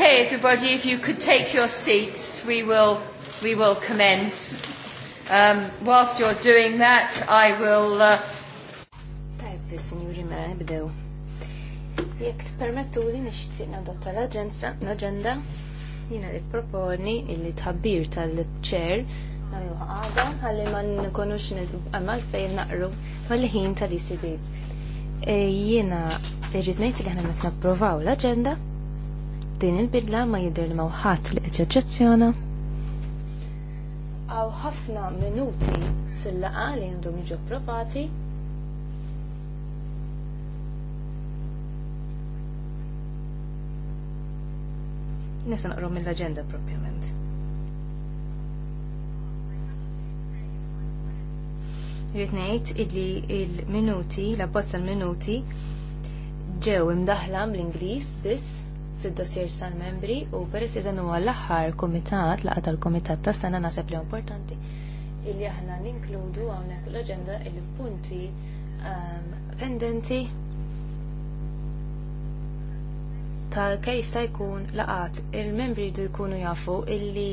Okay, everybody, if you could take your seats, we will, we will commence. Um, whilst you're doing that, I will... Uh... Tajb, signori, ma, nibdew. Jek t-permettu li nishtiq nadotta l-agenda, jina li proponi illi tħabbir tal-ċer namlu għada, għalli ma nkonux għamal fejn naqru mal-ħin tal-ICB. E, jina, irriznejti li għana metna provaw l-aġenda din il-bidla ma jidher li mawħat li qed Għaw ħafna minuti fil-laqa li għandhom jiġu approvati nisa naqrom mill-agenda propjament. Jitnejt ngħid illi il-minuti, la bozza l-minuti ġew imdaħla l ingliż biss fid-dossiers tal-membri u peress li dan huwa l-aħħar kumitat laqgħa tal-kumitat tas-sena naħseb li importanti illi aħna ninkludu hawnhekk l-aġenda il-punti ehm, pendenti tal-kej sta' jkun laqat il-membri jdu jkunu jafu illi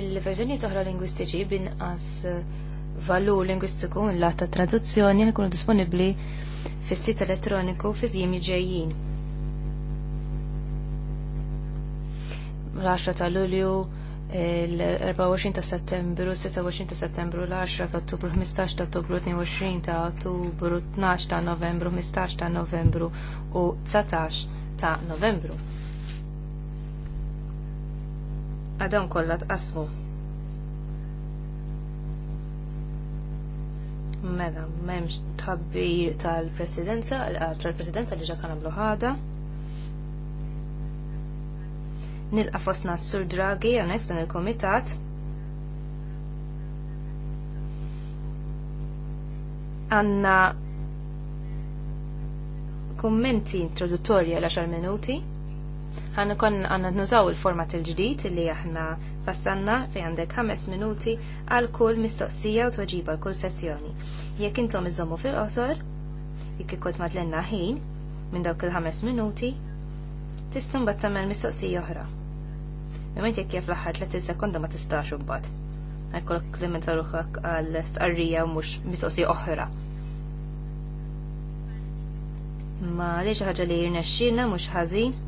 il-verżjoni oħra lingwistiċi binqas valur lingwistiku l lat ta' traduzzjoni jkunu disponibbli fis-sit elettroniku fi żjimi ġejjin l-10 ta' Lulju, l-24 ta' Settembru, 26 ta' Settembru, l-10 ta' Ottubru, 15 ta' Ottubru, 22 ta' Ottubru, 12 ta' Novembru, 15 ta' Novembru u 19 ta' Novembru. Għadhom kollha tqasmu. Mela, m'hemmx tabbir tal-presidenza, tal-presidenza li ġa kan ħada nilqa fosna s-sur Draghi għonek f'dan il-komitat. Għanna kummenti introduttorja l-10 minuti. Għanna kon għanna nużaw il-format il-ġdijt li aħna fassanna fi għandek 5 minuti għal kull mistoqsija u tweġiba għal kull sessjoni. Jekk intom iżommu fil-qosor, jekk ikot madlenna ħin minn dawk il-5 minuti, tista' mbagħad tagħmel mistoqsija oħra. Imma jekk kif l-aħħar 30 sekonda ma tistax imbagħad. Ekkolok limita ruħak għal starrija u mhux mistoqsija oħra. Ma li ħaġa li jirnexxilna mhux ħażin.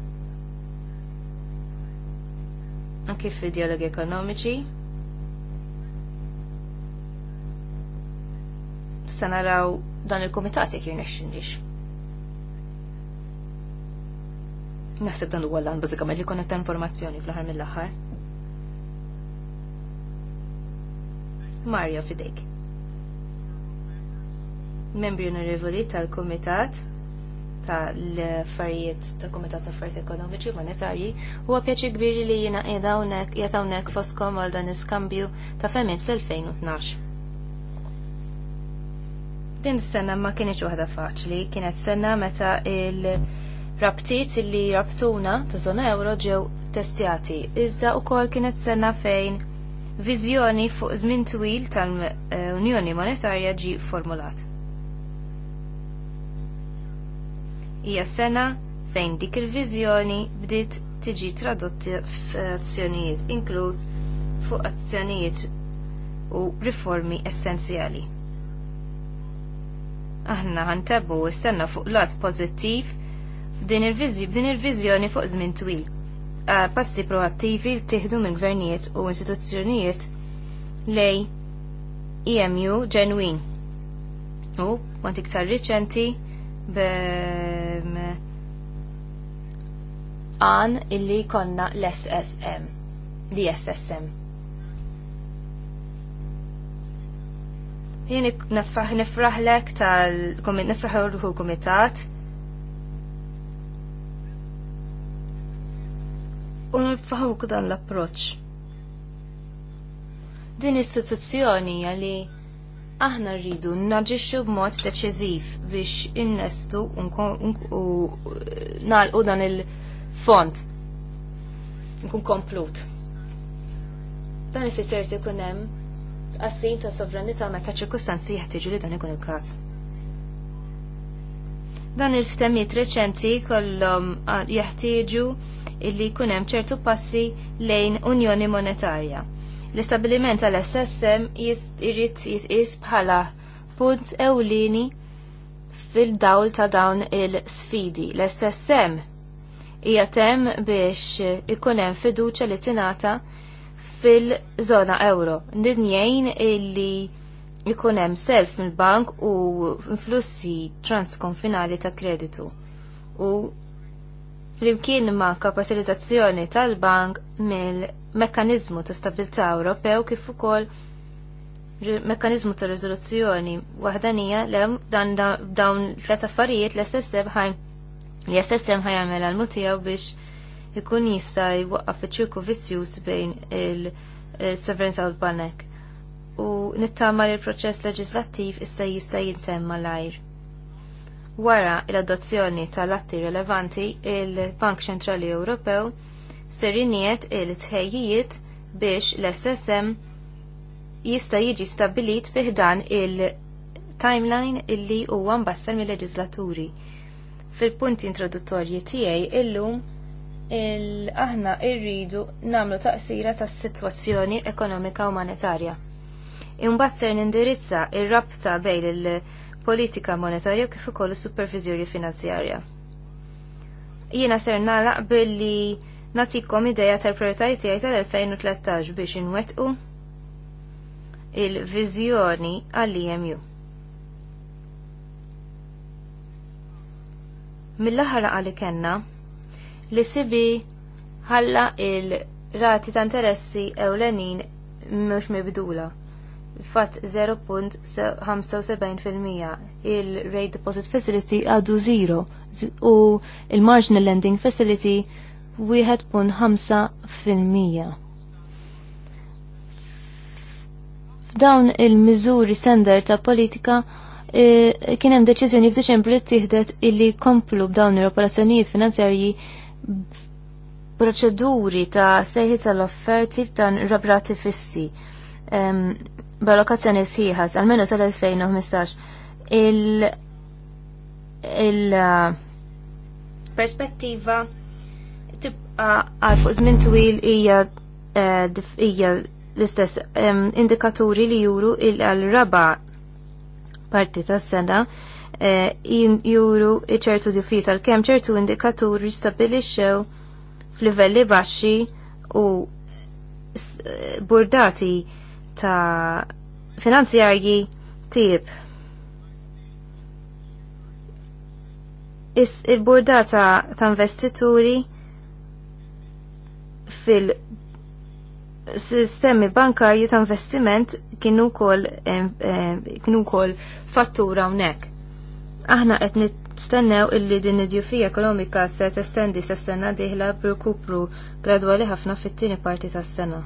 Anke f'dialogi ekonomiċi. Sanaraw naraw dan il-kumitat jekk jirnexxinlix. Nasib dan huwa lan bażikament li konna ta' informazzjoni fl-aħħar mill-aħħar. Mario fidejk. Membri onorevoli tal-Kumitat tal-affarijiet ta' Kumitat ta' Affarijiet Ekonomiċi u Monetarji, huwa pjaċi kbir li jiena qiegħda hawnhekk qiegħed hawnhekk foskom għal dan iskambju ta' femmint fl-2012. Din is-sena ma kienx waħda faċli, kienet sena meta il- rabtiet illi rabtuna ta' zona euro ġew testjati. Iżda wkoll kienet sena fejn viżjoni fuq żmien twil tal-Unjoni Monetarja ġi formulat. Hija sena fejn dik il-viżjoni bdiet tiġi tradotti f'azzjonijiet inkluż fuq azzjonijiet u riformi essenzjali. Aħna ħantebu istenna fuq lat pożittiv Din il-vizjoni fuq żmien twil. Passi proattivi tieħdu minn gvernijiet u istituzzjonijiet lej EMU ġenwin. U kont iktar riċenti għan illi konna l-SSM, l-SSM. Jien nifraħlek tal-komitat, nifraħ l-komitat, u nifahmu dan l-approċ. Din istituzzjoni għalli aħna rridu naġixxu b'mod deċiżiv biex innestu u nalqu dan il-font nkun komplut. Dan ifisser se jkun hemm qassim ta' sovranità meta ċirkustanzi jeħtieġu li dan ikun il-każ. Dan il-ftemiet reċenti kollhom ah, jeħtieġu illi jkun hemm ċertu passi lejn Unjoni Monetarja. L-istabiliment tal-SSM jirrit jis bħala punt ewlieni fil-dawl ta' dawn il-sfidi. L-SSM hija tem biex ikun hemm fiduċja li tingħata fil-żona euro. Nidnjejn illi ikun hemm self mill-bank u influssi transkonfinali ta' kreditu u flimkien ma' kapitalizzazzjoni tal-bank mill-mekkanizmu ta' stabilità Ewropew kif ukoll mekkanizmu ta' riżoluzzjoni waħdanija li dan dawn tliet affarijiet l-SSM ħaj li SSM ħajamel għal mutijaw biex ikun jista' jwaqqaf iċ-ċirku vizzjuż bejn il-sovranità u l-banek. U nittama li l-proċess leġislattiv issa jista' jintemm malajr. Wara l-adozzjoni tal-atti rilevanti, il-Bank Ċentrali Ewropew ser il-tħejjijiet biex l-SSM jista' jiġi stabbilit fih dan il-timeline illi huwa mbassar mill-leġislaturi. Fil-punti introduttorji tiegħi illum aħna rridu nagħmlu taqsira tas-sitwazzjoni ekonomika u monetarja. Imbagħad ser nindirizza r rabta bejn il- politika monetarja kif ukoll is-supervizjoni finanzjarja. Jiena ser nagħlaq billi nagħtikom ideja tal-prioritajiet tiegħi tal-2013 biex inwettqu il-viżjoni għall imu Mill-aħħar għalli kellna li sibi ħalla il-rati ta' interessi ewlenin mhux mibdula fatt 0.75% il-rate deposit facility għadu 0 u il-marginal lending facility 1.5%. F'dawn il-miżuri standard ta' politika eh, kien hemm deċiżjoni f'Diċembru li ttieħdet illi komplu b'dawn il-operazzjonijiet finanzjarji proċeduri ta' sejħiet tal-offerti b'dan rabrati fissi b'allokazzjoni sħiħas għalmenu sal-2015 il il uh, perspettiva tibqa għal fuq żmien twil hija eh, hija l-istess indikaturi li juru il-raba parti tas-sena eh, juru ċertu diffit għal kemm ċertu indikaturi stabilixxew f'livelli baxxi u burdati ta' finanzjarji tib. Is il-burdata ta' investituri fil- sistemi bankarju ta' investiment kienu kol, kienu kol fattura unek. Aħna qed nistennew illi din id-djufija ekonomika se testendi se sena diħla b'rikupru gradwali ħafna fit-tieni parti tas-sena.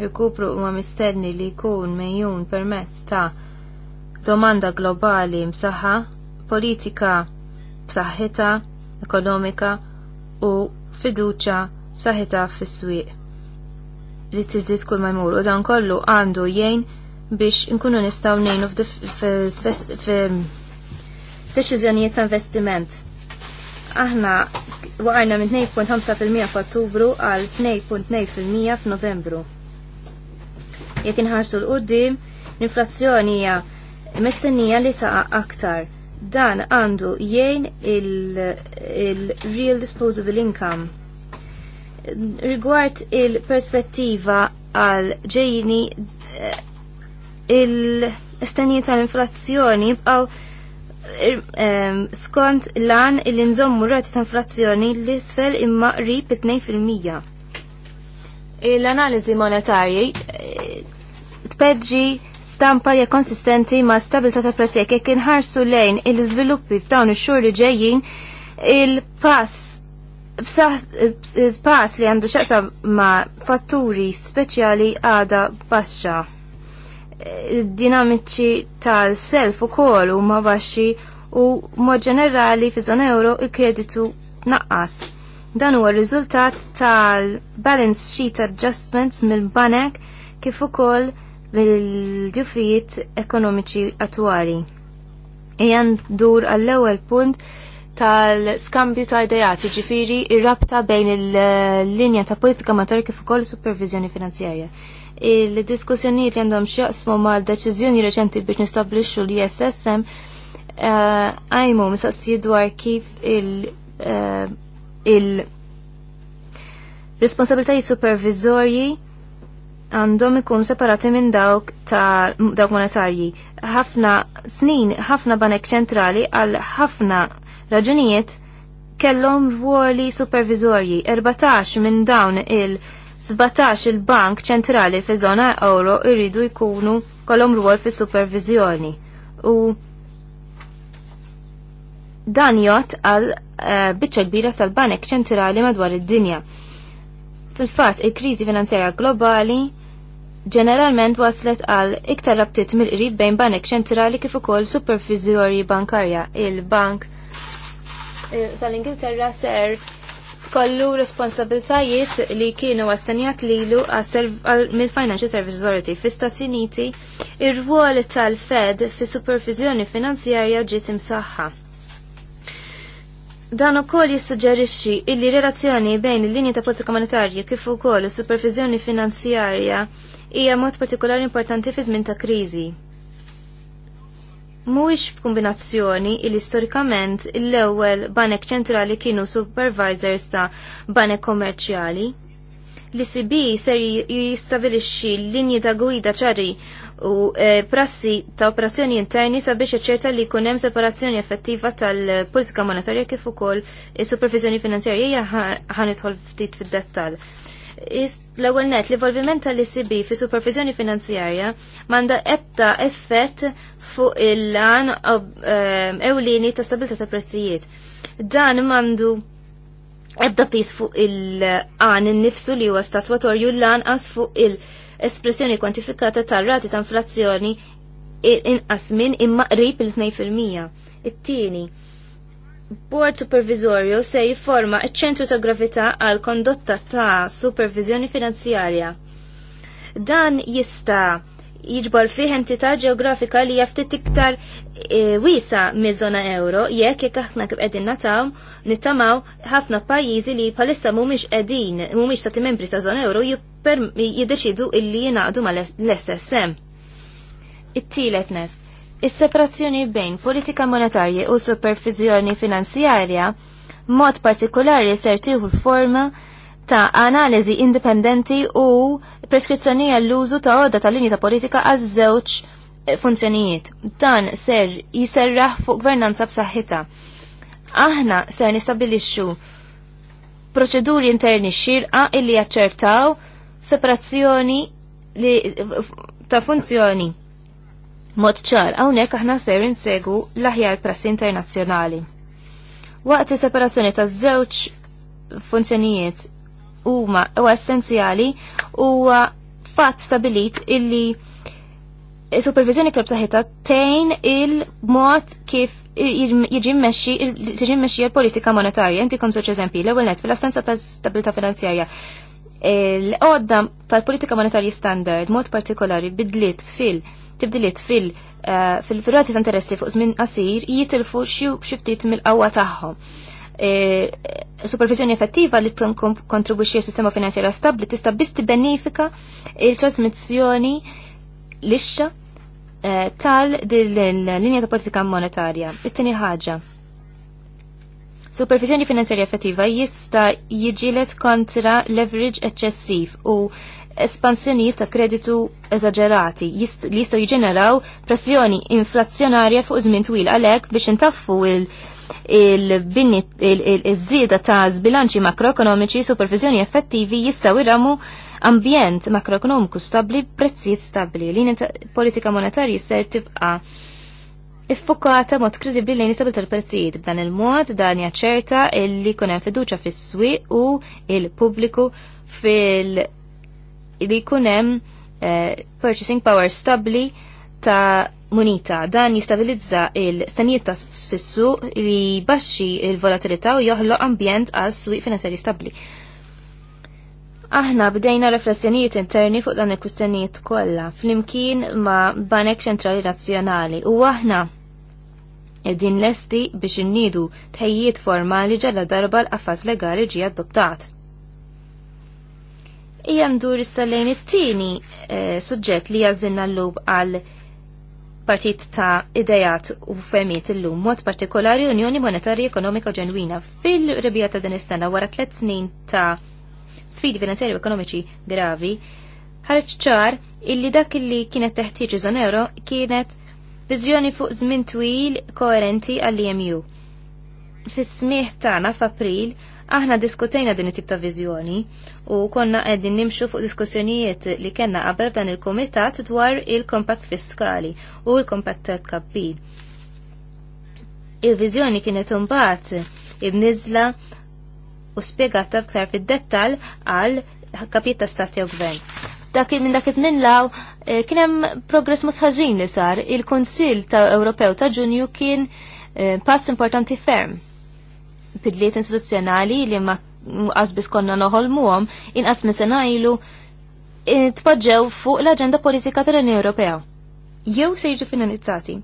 Irkupru huma mistenni li jkun mejjun permezz ta' domanda globali msaħħa, politika b'saħħitha, ekonomika u fiduċja b'saħħitha fis-swieq li tiżid kull ma jmur u dan kollu għandu jgħin biex nkunu nistaw nejnu f'deċiżjonijiet ta' investiment. Aħna waqarna minn 2.5% f'Ottubru għal 2.2% f'Novembru. Jekk inħarsu l-qoddim, l-inflazzjoni hija mistennija li ta' aktar. Dan għandu jgħin il-real il disposable income. Rigward il-perspettiva għal ġejni eh, il-istennija tal-inflazzjoni bqaw eh, skont lan il-inżommu rati ta' inflazzjoni li sfel imma rib 2% l-analizi monetarji eh, tpeġġi stampa hija konsistenti ma' stabilità ta' prezzi jekk inħarsu lejn il-żviluppi f'dawn ix-xhur li ġejjin il-pass pass li għandu xaqsa ma' fatturi speċjali għada baxxa. Eh, dinamiċi tal-self u kolu ma' baxxi u mod ġenerali fi zona euro il-kreditu naqqas Dan huwa r-riżultat tal-balance sheet adjustments mill-banek kif ukoll mill-ġufijiet ekonomiċi attwali. Ejan dur għall-ewwel punt tal-skambju ta' idejat, ġifiri ir-rabta bejn il-linja ta' politika matar kif ukoll supervizjoni finanzjarja il-diskussjonijiet li għandhom xjaqsmu mal deċiżjoni reċenti biex nistabblixxu l-ISSM eh, għajmu uh, mistoqsijiet dwar kif il- uh, il- Responsabiltajiet supervizorji għandhom ikun separati minn dawk ta' dawk monetarji. Ħafna snin, ħafna banek ċentrali għal ħafna raġunijiet kellhom ruoli supervizorji. 14 minn dawn il- 17 il-bank ċentrali fi zona euro irridu jkunu kolom ruol fi supervizjoni. U dan jot għal eh, biċċa kbira tal-banek ċentrali madwar id-dinja. Fil-fatt, il-kriżi finanzjarja globali ġeneralment waslet għal iktar rabtiet mill-qrib bejn banek ċentrali kif ukoll supervizjori bankarja. Il-bank eh, tal-Ingilterra ser kollu responsabiltajiet li kienu assenjat lilu mill-Financial Service Authority fi Stati Uniti ir-rwol tal-Fed fi supervizjoni finanzjarja ġiet imsaħħa Dan ukoll jissuġġerixxi illi relazzjoni bejn il-linji ta' politika monetarja kif ukoll is-supervizjoni finanzjarja hija mod partikolari importanti fi żmien ta' kriżi. Mhuwiex b'kombinazzjoni illi storikament l-ewwel banek ċentrali kienu supervisors ta' banek kommerċjali. L-ICB ser jistabilixxi linji ta' gwida ċari u e, prassi ta' operazzjoni interni sabiex iċċerta li jkun hemm separazzjoni effettiva tal-politika monetarja kif ukoll is-supervizjoni finanzjarja ħanitħol ftit fid-dettall. L-ewwel net l-involviment tal-ECB fi supervizjoni finanzjarja manda ebda effett fuq il-lan e, ewlieni ta' stabilità ta' prezzijiet. Dan mandu ebda pis fuq il-għan nifsu li huwa statwatorju l-lanqas fuq il-, -an, espressjoni kwantifikata tar-rati ta' inflazzjoni inqas minn imma qrib il-2%. It-tieni, Board Supervisorju se jifforma ċ ċentru ta' gravità għal kondotta ta' supervizjoni finanzjarja. Dan jista' jiġbor fih entità ġeografika li jaftit iktar e, wisa miż-żona euro jekk jek aħna kif qegħdin nataw nittamaw ħafna pajjiżi li bħalissa mhumiex qegħdin mhumiex stati membri ta' żona euro jiddeċidu illi jingħaqdu mal-SSM. It-tielet net. Is-separazzjoni bejn politika monetarja u supervizjoni finanzjarja mod partikolari ser tieħu l-forma ta' analiżi indipendenti u preskrizzjoni għall-użu ta' għodda tal-linji ta' politika għaż-żewġ eh, funzjonijiet. Dan ser jiserraħ fuq gvernanza b'saħħitha. Aħna ser nistabilixxu proċeduri interni xirqa illi jaċċertaw separazzjoni li ta' funzjoni. Mod ċar, hawnhekk aħna ser insegu l-aħjar prassi internazzjonali. Waqt separazzjoni ta' żewġ funzjonijiet huma u essenzjali huwa fatt stabilit illi supervizjoni klub saħħita tejn il-mod kif jiġi mmexxi tiġi politika monetarja. Inti kom żewġ eżempji, l-ewwel net fil-assenza ta' stabilita finanzjarja. L-għodda tal-politika monetarji standard mod partikolari bidlit fil- tibdiliet fil- eh, fil firrati ta' interessi fuq żmien qasir jitilfu xiu ftit mill-qawwa tagħhom. E, supervisjoni effettiva li tkun s sistema finanzjera stabbli tista' biss tibbenefika il-trasmissjoni lixxa e, tal linja ta' politika monetarja. It-tieni ħaġa. Supervisjoni finanzjarja effettiva jista' jiġilet kontra leverage eċċessiv u espansjonijiet ta' kreditu eżaġerati li jistgħu jiġeneraw pressjoni inflazzjonarja fuq żmien twil għalhekk biex intaffu il- il-bini il-żieda ta' zbilanċi makroekonomiċi supervizjoni effettivi jistaw irramu ambjent makroekonomiku stabli prezzijiet stabli. Lini politika monetarji ser tibqa' iffokata mod kredibli lejn istabil tal-prezzijiet b'dan il-mod dan jaċċerta illi kun hemm fiduċja fis-swieq u il-pubbliku fil- li kun hemm eh, purchasing power stabli ta' munita. Dan jistabilizza il-stanijiet ta' sfissu li baxxi il-volatilità u joħloq ambjent għal swieq finanzjari stabli. Aħna bdejna riflessjonijiet interni fuq dan il-kustjonijiet kollha flimkien ma' Banek Ċentrali Nazzjonali u aħna din lesti biex innidu tħejjiet formali ġalla darba l affaz legali ġi adottat. Ijan dur issa lejn it-tieni eh, suġġett li jażinna l-lub għal partit ta' idejat u femiet illum mod partikolari Unjoni Monetarja Ekonomika Ġenwina fil-rebija ta' din is-sena wara tliet snin ta' sfidi finanzjarji ekonomiċi gravi ħareġ ċar illi dak illi kienet teħtieġ iżon euro kienet viżjoni fuq żmien twil koerenti għall-EMU. Fis-smieħ tagħna f'April Aħna diskutejna din it-tip ta' viżjoni u konna qegħdin nimxu fuq diskussjonijiet li kellna qabel dan il-kumitat dwar il kompatt fiskali u l kompatt tal Il-viżjoni kienet imbagħad ibniżla u spjegata b'ktar fid-dettall għal kapit ta' stati u gvern. Dak minn dak iż-żmien law eh, kien hemm progress mhux ħażin li sar, il-Kunsill ta' Ewropew ta' Ġunju kien eh, pass importanti ferm bidliet istituzzjonali li ma qasbis konna noħolmuhom inqas minn se ilu eh, tpoġġew fuq l-aġenda politika tal-Unjoni Ewropea. Jew se jiġu finanizzati.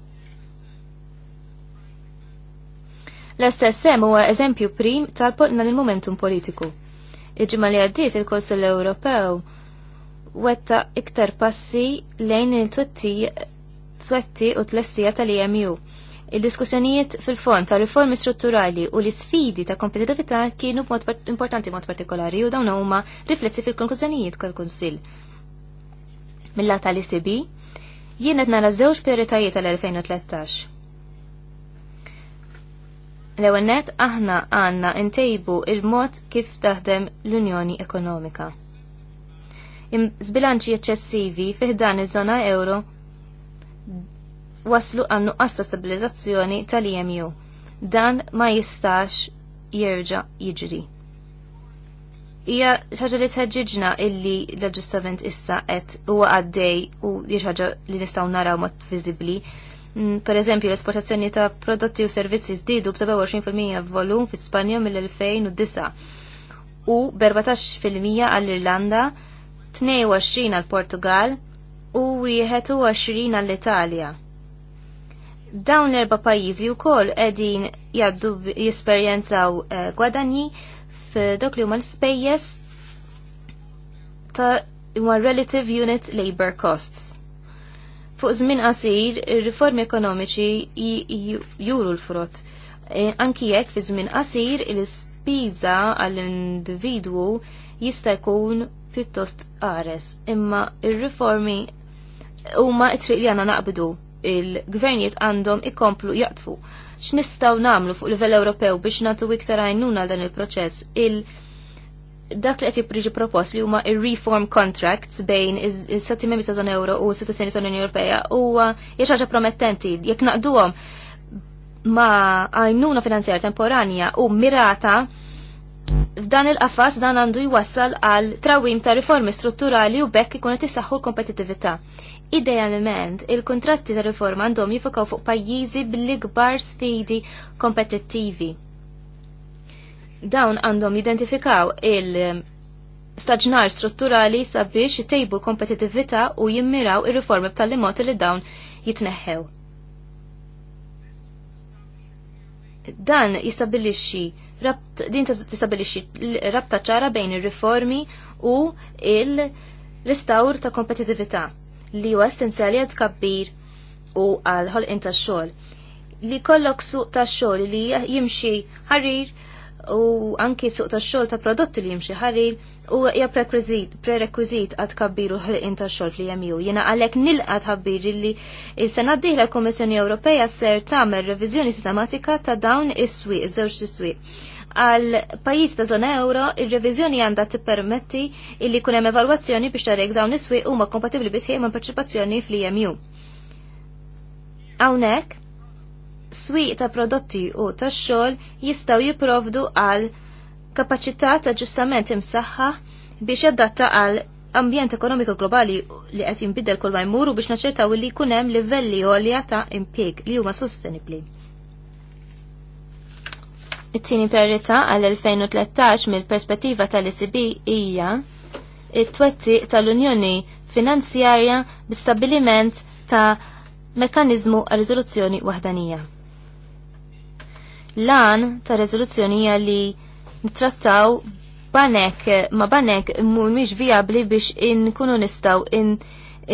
L-SSM huwa eżempju prim tal-polna il-momentum politiku. Iġma li għaddiet il-Konsil Ewropew wetta iktar passi lejn il-twetti u u lessija tal-EMU Il-diskussjonijiet fil-fond ta' riformi strutturali u l-isfidi ta' kompetitività kienu b'mod importanti mod partikolari u dawn huma riflessi fil-konklużjonijiet tal-Kunsill. Mill-la tal-ICB, jien qed nara żewġ prioritajiet tal-2013. L-ewwel net aħna għandna ntejbu il-mod kif taħdem l-Unjoni Ekonomika. Zbilanċi eċċessivi fiħdan iż-żona euro waslu għannu ta' stabilizzazzjoni tal-EMU. Dan ma jistax jirġa jiġri. Ija xaġa li tħeġġiġna illi l-ġustament issa qed huwa għaddej u xaġa li nistgħu naraw mod viżibbli. Mm, per eżempju, l-esportazzjoni ta' prodotti u servizzi żdiedu b'27% volum fi Spanja mill-2009 u b'14% għall-Irlanda, 22 għall-Portugal u 21 għall-Italja. Dawn l-erba pajjiżi wkoll qegħdin jaddu jesperjenzaw eh, gwadanji f'dok li huma l-spejjeż ta' huma relative unit labor costs. Fuq żmien qasir, ir-riformi ekonomiċi juru l-frott. Eh, anki jekk fi żmien qasir il-spiża għall-individwu jista' jkun pjuttost qares, imma ir-riformi huma t-triq li għana naqbdu il-gvernijiet għandhom ikomplu jaqtfu. X'nistgħu nagħmlu fuq livell Ewropew biex nagħtu iktar għajnuna għal dan il-proċess il dak li qed jippriġi propost li huma ir-reform contracts bejn is-sati membri ta' żona euro u s-sitwazzjoni ta' Unjoni Ewropea huwa hija ħaġa promettenti jekk naqduhom ma' għajnuna finanzjarja temporanja u mirata f'dan il-qafas dan għandu jwassal għal trawim ta' riformi strutturali u bekk ikun qed isaħħu l-kompetittività. Idealment, il-kontratti ta' riforma għandhom jifakaw fuq pajjiżi bl-ikbar sfidi kompetittivi. Dawn għandhom jidentifikaw il- staġnar strutturali sabiex jtejbu l-kompetitivita u jimmiraw ir-riformi b'tal mod li dawn jitneħħew. Dan jistabilixxi din tistabilixi rabta ċara bejn ir-riformi u il-ristawr ta' kompetitività li huwa essenzjali għad kabbir u għal ħolqin ta' xogħol. Li kollok suq ta' xogħol li jimxi ħarir u anki suq ta' xogħol ta' prodotti li jimxi ħarir u hija prerekwiżit għad kabbir u ħolqin ta' xogħol li hemm jew. Jiena għalhekk nilqa' ħabbir li s-sena d-dieħla l-Kummissjoni Ewropea ser tagħmel reviżjoni sistematika ta' dawn is-swieq, iż-żewġ is-swieq għal pajjiż ta' zona euro, ir-reviżjoni għandha tippermetti illi jkun hemm evalwazzjoni biex tarek dawn niswi u huma kompatibbli bisħieq ma' parċipazzjoni fl-EMU. Hawnhekk swi ta' prodotti u tax-xogħol jistgħu jipprovdu għal kapaċità ta' ġustament imsaħħa biex jaddatta għal ambjent ekonomiku globali li qed jinbidel kull ma jmur u biex naċċertaw li jkun hemm livelli għolja ta' impieg li huma sostenibbli. It-tieni priorità għal-2013 mill-perspettiva tal-ECB hija it-twetti tal-Unjoni Finanzjarja b'stabiliment ta' mekanizmu għal riżoluzzjoni waħdanija. Lan ta' riżoluzzjoni hija li nittrattaw banek ma banek mhumiex viabli biex inkunu nistgħu in,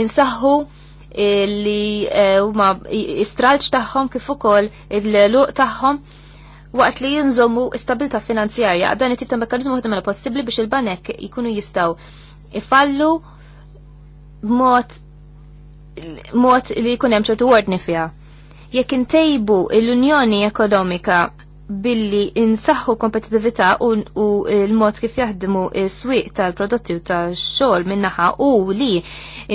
insaħħu li eh, huma uh, istralġ tagħhom kif ukoll il-luq tagħhom waqt li jinżommu stabilta finanzjarja. Dan it-tip ta' mekkanizmu ħadem possibbli biex il-banek ikunu jistaw ifallu mod mod li jkun hemm ċertu ordni fiha. Jekk intejbu l-Unjoni Ekonomika billi insaħħu kompetitività u, l-mod kif jaħdmu s-swieq tal-prodotti u tax-xogħol minnaħa u li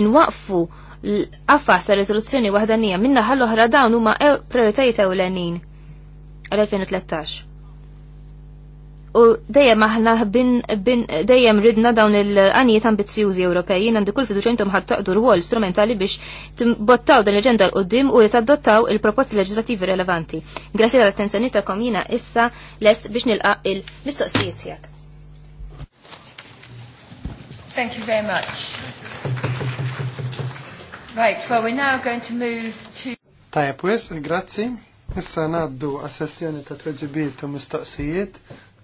inwaqfu l affas ta' riżoluzzjoni waħdanija minnaħa l-oħra dawn huma e- prioritajiet ewlenin. 2013 U dejjem aħna bin, bin dejjem ridna dawn il-qanijiet ambizzjużi Ewropej, jien għandi kull fiduċa intom ħadd taqdu rwol strumentali biex timbottaw din l-aġenda l qoddim u jitadottaw il-proposti leġislattivi relevanti. Grazzi tal-attenzjoni tagħkom jiena issa lest biex nilqa' il-mistoqsijiet tiegħek. Thank you very much. Right, well we're now going to move to... Tajab, wis, grazzi. Issa naddu għas-sessjoni ta' tweġibiet u mistoqsijiet.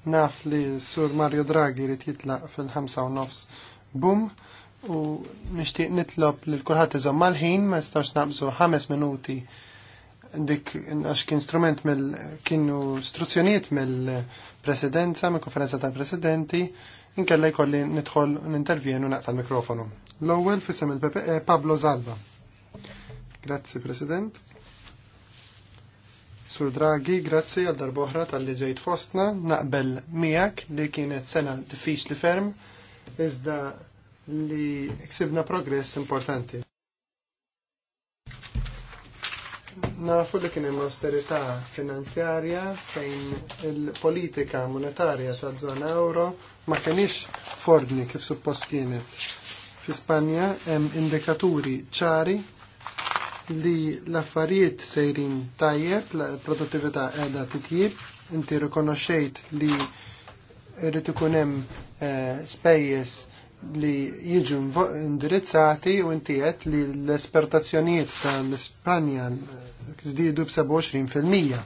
Naf li sur Mario Draghi rrit jitlaq fil-5 u nofs bum u nishtiq nitlob li l kurħat iżom mal-ħin ma jistax nabżu 5 minuti dik għax kien strument mill kienu mill-presidenza, mill-konferenza tal-presidenti, inkella jkolli nidħol n-intervjenu naqta l-mikrofonu. L-ewwel fisem il-PPE eh, Pablo Zalba. Grazzi, President. Sur Draghi, grazzi għal darboħra tal-li ġejt fostna, naqbel miegħek li kienet sena diffiċli ferm, iżda li ksibna progress importanti. Nafu li kien hemm austerità finanzjarja fejn il-politika monetarja taż-żona euro ma kienx fordni kif suppost kienet. Fi Spanja hemm indikaturi ċari li l-affarijiet sejrin tajjeb, l-produttività qiegħda titjib, inti rikonoxxejt li rrid ikun hemm eh, spejjeż li jiġu indirizzati u inti qed li l-esportazzjonijiet tal ispanja eh, żdiedu b'27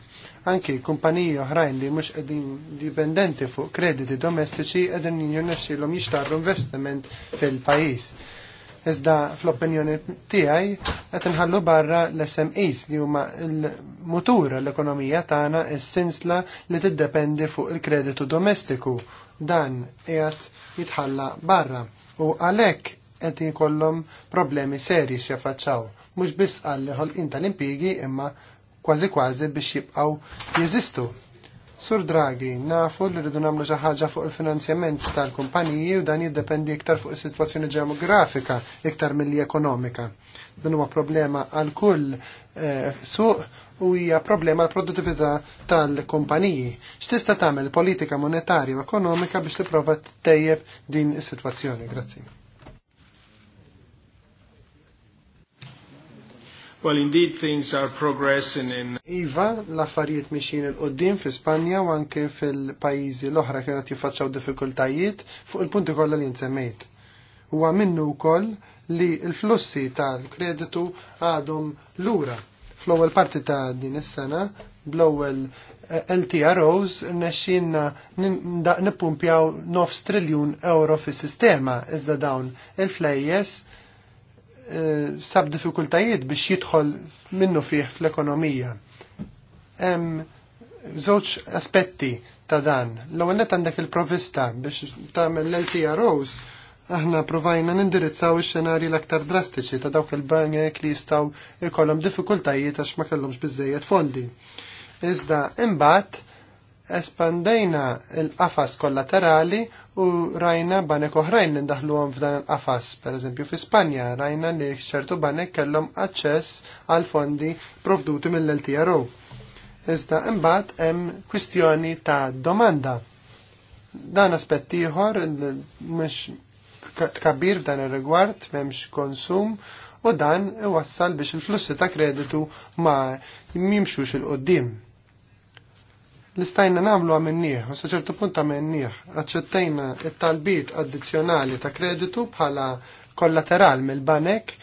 anki kumpaniji oħrajn li mhux qegħdin dipendenti fuq krediti domestiċi qegħdin jirnexxilhom jixtarru investiment fil-pajjiż iżda fl-opinjoni tiegħi qed inħallu barra l-SMEs li huma l-mutur l-ekonomija tagħna is-sinsla li tiddependi fuq il-kreditu domestiku. Dan qiegħed jitħalla barra u għalhekk qed jkollhom problemi seri x'jaffaċċaw. Mhux biss għall ħolqien tal-impjiegi imma kważi kważi biex jibqgħu jeżistu. Sur Draghi, nafu li rridu nagħmlu xi ħaġa fuq il-finanzjament tal-kumpaniji u dan jiddependi iktar fuq is-sitwazzjoni ġeografika iktar milli ekonomika. Dan huwa problema għal kull eh, suq u hija problema għal produttività tal-kumpaniji. X'tista' tagħmel politika monetarja u ekonomika biex tipprova tejjeb din is-sitwazzjoni? Grazzi. Well, indeed, things are progressing in... Iva, l-affarijiet miexin il-qoddim fi Spanja u anke fil-pajizi l-oħra kienet jifacċaw difficultajiet fuq il-punti kollha li nsemmejt. Huwa minnu wkoll li l-flussi tal-kreditu għadhom lura. Fl-ewwel parti ta' din is-sena, bl-ewwel eh, LTROs nexxinna nippumpjaw 9 triljun euro fis-sistema iżda dawn il-flejjes Eh, sab diffikultajiet biex jidħol minnu fih fl-ekonomija. Zoċ żewġ aspetti ta' dan. L-ewwel net għandek il-provista biex tagħmel l-LTROs aħna provajna nindirizzaw ix-xenarji l-aktar drastiċi ta' dawk il-banek li jistgħu jkollhom diffikultajiet għax ma kellhomx biżejjed fondi. Iżda imbagħad espandejna l-qafas kollaterali u rajna banek oħrajn li ndaħluhom f'dan il-qafas. Per eżempju fi Spanja rajna li ċertu banek kellhom aċċess għal fondi provduti mill-LTRO. Iżda imbagħad hemm kwistjoni ta' domanda. Dan aspett ieħor mhux tkabbir f'dan ir-rigward m'hemmx konsum u dan iwassal biex il-flussi ta' kreditu ma jimxux il-qoddim nistajna namlu għamennieħ, u saċertu punt għamennieħ, għacċettajna il-talbit addizjonali ta' kreditu bħala kollateral mill-banek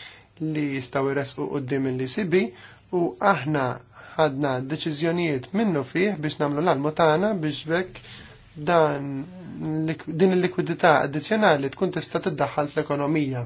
li jistaw jresqu qoddim l-ICB u aħna ħadna deċiżjonijiet minnu fih biex namlu l-almu tagħna biex bekk dan din il-likwidità addizjonali tkun tista' tiddaħħal fl-ekonomija.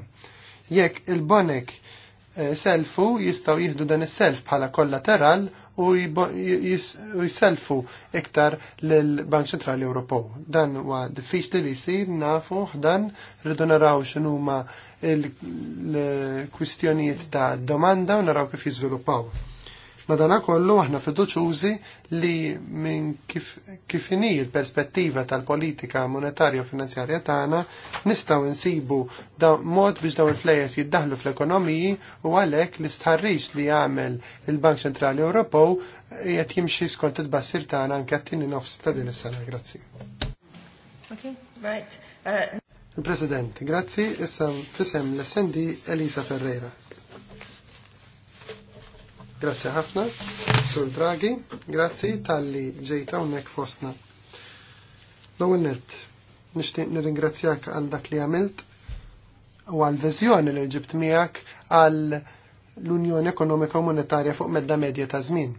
Jekk il-banek eh, selfu jistaw jihdu dan is-self bħala kollateral u jiselfu iktar l-Bank Centrali Ewropew. Dan huwa diffiċli li jsir nafu dan rridu naraw x'inhuma l-kwistjonijiet ta' domanda u naraw kif jiżviluppaw. Madana kollu aħna fiduċużi li minn kif, kifini il-perspettiva tal-politika monetarja u finanzjarja tagħna nistgħu insibu da mod biex dawn il-flejes jiddaħlu fl-ekonomiji u għalhekk l-istħarriġ li jagħmel il-Bank Ċentrali Ewropew qed jimxi skont il-bassir tagħna anke għattini nofs ta' din is-sena. Grazzi. Okay, uh, President, grazzi, issa fissem l-essendi Elisa Ferreira. Grazzi ħafna, Sur Draghi, grazzi tal-li ġejta unnek fostna. l nishtiq nixtieq nirringrazzjak għal dak li għamilt u għal viżjoni li ġibt miegħek għal l-Unjoni Ekonomika u Monetarja fuq medda medja ta' żmien.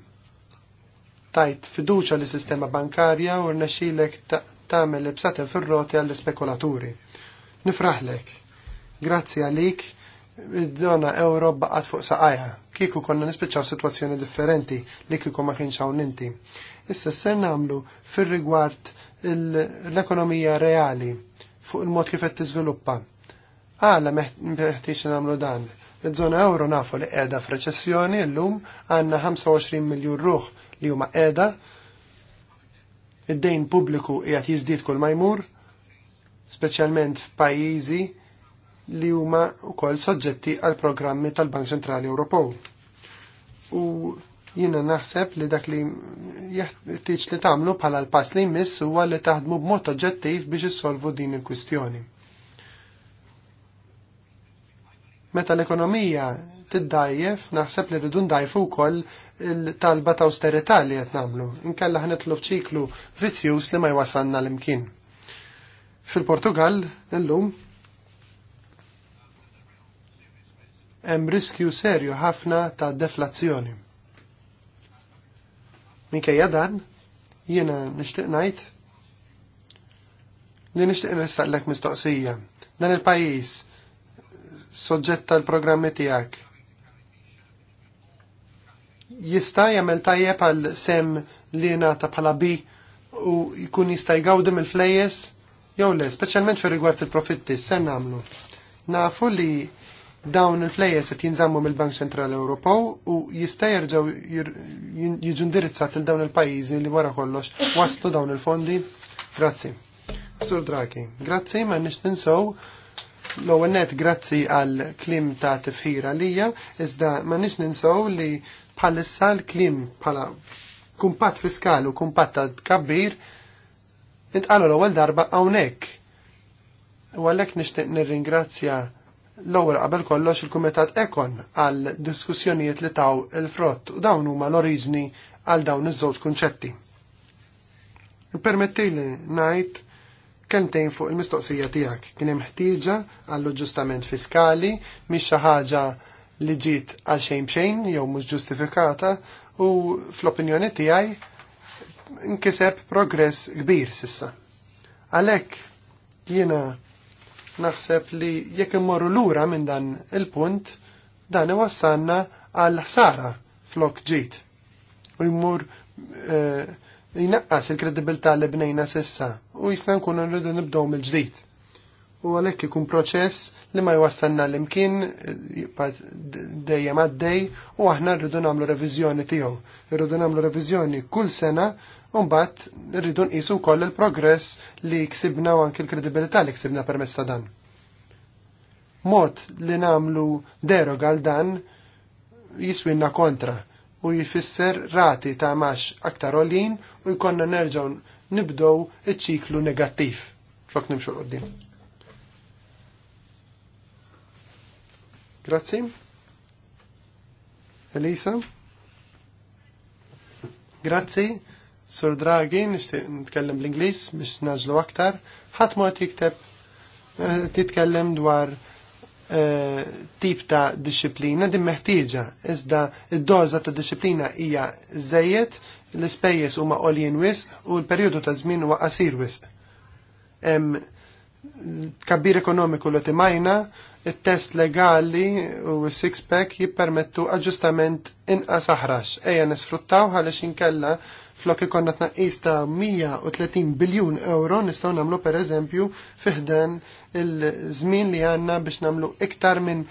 Tajt fiduċa li sistema bankarja u rnexxilek tagħmel ibsatem fir-roti għall spekulaturi Nifraħlek. Grazzi għalik, id-dona Ewro baqgħet fuq saqajja kieku konna nispiċċaw situazzjoni differenti li kieku ma kienx hawn inti. Issa ser nagħmlu fir-rigward l-ekonomija reali fuq il-mod kif qed tiżviluppa. Għala meħtiex nagħmlu dan. Iż-żona euro nafu li qiegħda f'reċessjoni llum għandna 25 miljun ruħ li huma qiegħda. Id-dejn pubbliku qiegħed jiżdied kull ma jmur, speċjalment f'pajjiżi li huma wkoll soġġetti għal programmi tal-Bank Ċentrali Ewropew. U jiena naħseb li dak li jeħtieġ li tagħmlu bħala l-pass li jmiss huwa li taħdmu b'mod oġġettiv biex issolvu din il-kwistjoni. Meta l-ekonomija tiddajjef, naħseb li rridu ndajfu wkoll il-talba ta' austerità li qed nagħmlu. Inkella ħnitlu f'ċiklu vizzjuż li ma jwasalna l-imkien. Fil-Portugal, illum, hemm riskju serju ħafna ta' deflazzjoni. Minkejja dan, jiena nixtieq ngħid li nixtieq nistaqlek mistoqsija. Dan il-pajjiż soġġett tal-programmi tiegħek. Jista' jagħmel tajjeb għal sem li ta' bħala bi u jkun jista' jgawdim il-flejjes jew le, speċjalment fir rigward il-profitti, se nagħmlu. Nafu li dawn il-flejjes qed jinżammu mill-Bank Ċentrali Ewropew u jista' jerġgħu jiġu indirizzat il dawn il-pajjiżi li wara kollox waslu dawn il-fondi. Grazzi. Sur Draki, grazzi ma nix ninsow l-ewwel net grazzi għal klim ta' tifħira lija, iżda ma nix ninsow li bħalissa l-klim bħala kumpat fiskali u kumpat ta' tkabbir intqalu l-ewwel darba hawnhekk. U għalhekk nixtieq nirringrazzja l-ewwel qabel kollox il-Kumitat Ekon għal diskussjonijiet li taw il-frott u dawn huma l-oriġni għal dawn iż-żewġ kunċetti. Permettili ngħid kemtejn fuq il-mistoqsija tiegħek kien hemm ħtieġa għall ġustament fiskali mhix xi ħaġa li ġiet għal xejn xejn jew mhux ġustifikata u fl-opinjoni tiegħi nkiseb progress kbir sissa. Għalhekk jiena naħseb li jekk immorru lura minn dan il-punt, dan wassanna għal ħsara flok ġit. U jmur eh, jnaqqas il-kredibilità li bnejna sissa u jisna nkunu rridu nibdew mill-ġdid. U għalhekk ikun proċess li ma jwassanna l-imkien eh, dejjem għaddej u aħna rridu nagħmlu reviżjoni tiegħu. Irridu nagħmlu reviżjoni kull sena Umbat, rridun nqisu wkoll il-progress li ksibna u anke l-kredibilità li ksibna permezz ta' dan. Mod li namlu deroga għal dan jiswinna kontra u jifisser rati ta' max aktar olin u jkonna nerġaw nibdow iċ-ċiklu negattiv. Flok nimxu qoddim. Grazzi. Elisa. Grazzi Sur Draghi, nishtiq nitkellem bl-Inglis biex naġlu aktar, ħadd mod jikteb eh, titkellem dwar eh, tip ta' disciplina din meħtieġa, iżda id-doza ta' disciplina hija żejjed, l-ispejjeż huma qoljin wisq u l-perjodu ta' żmien huwa qasir wisq. Hemm kabbir ekonomiku li timajna, it-test legali u s-six pack jippermettu aġġustament inqas aħrax. Ejja nisfruttaw għaliex inkella flok ikonna tnaqqis ta' 130 biljun euro nistgħu nagħmlu pereżempju fiħdan il-żmien li għandna biex nagħmlu iktar minn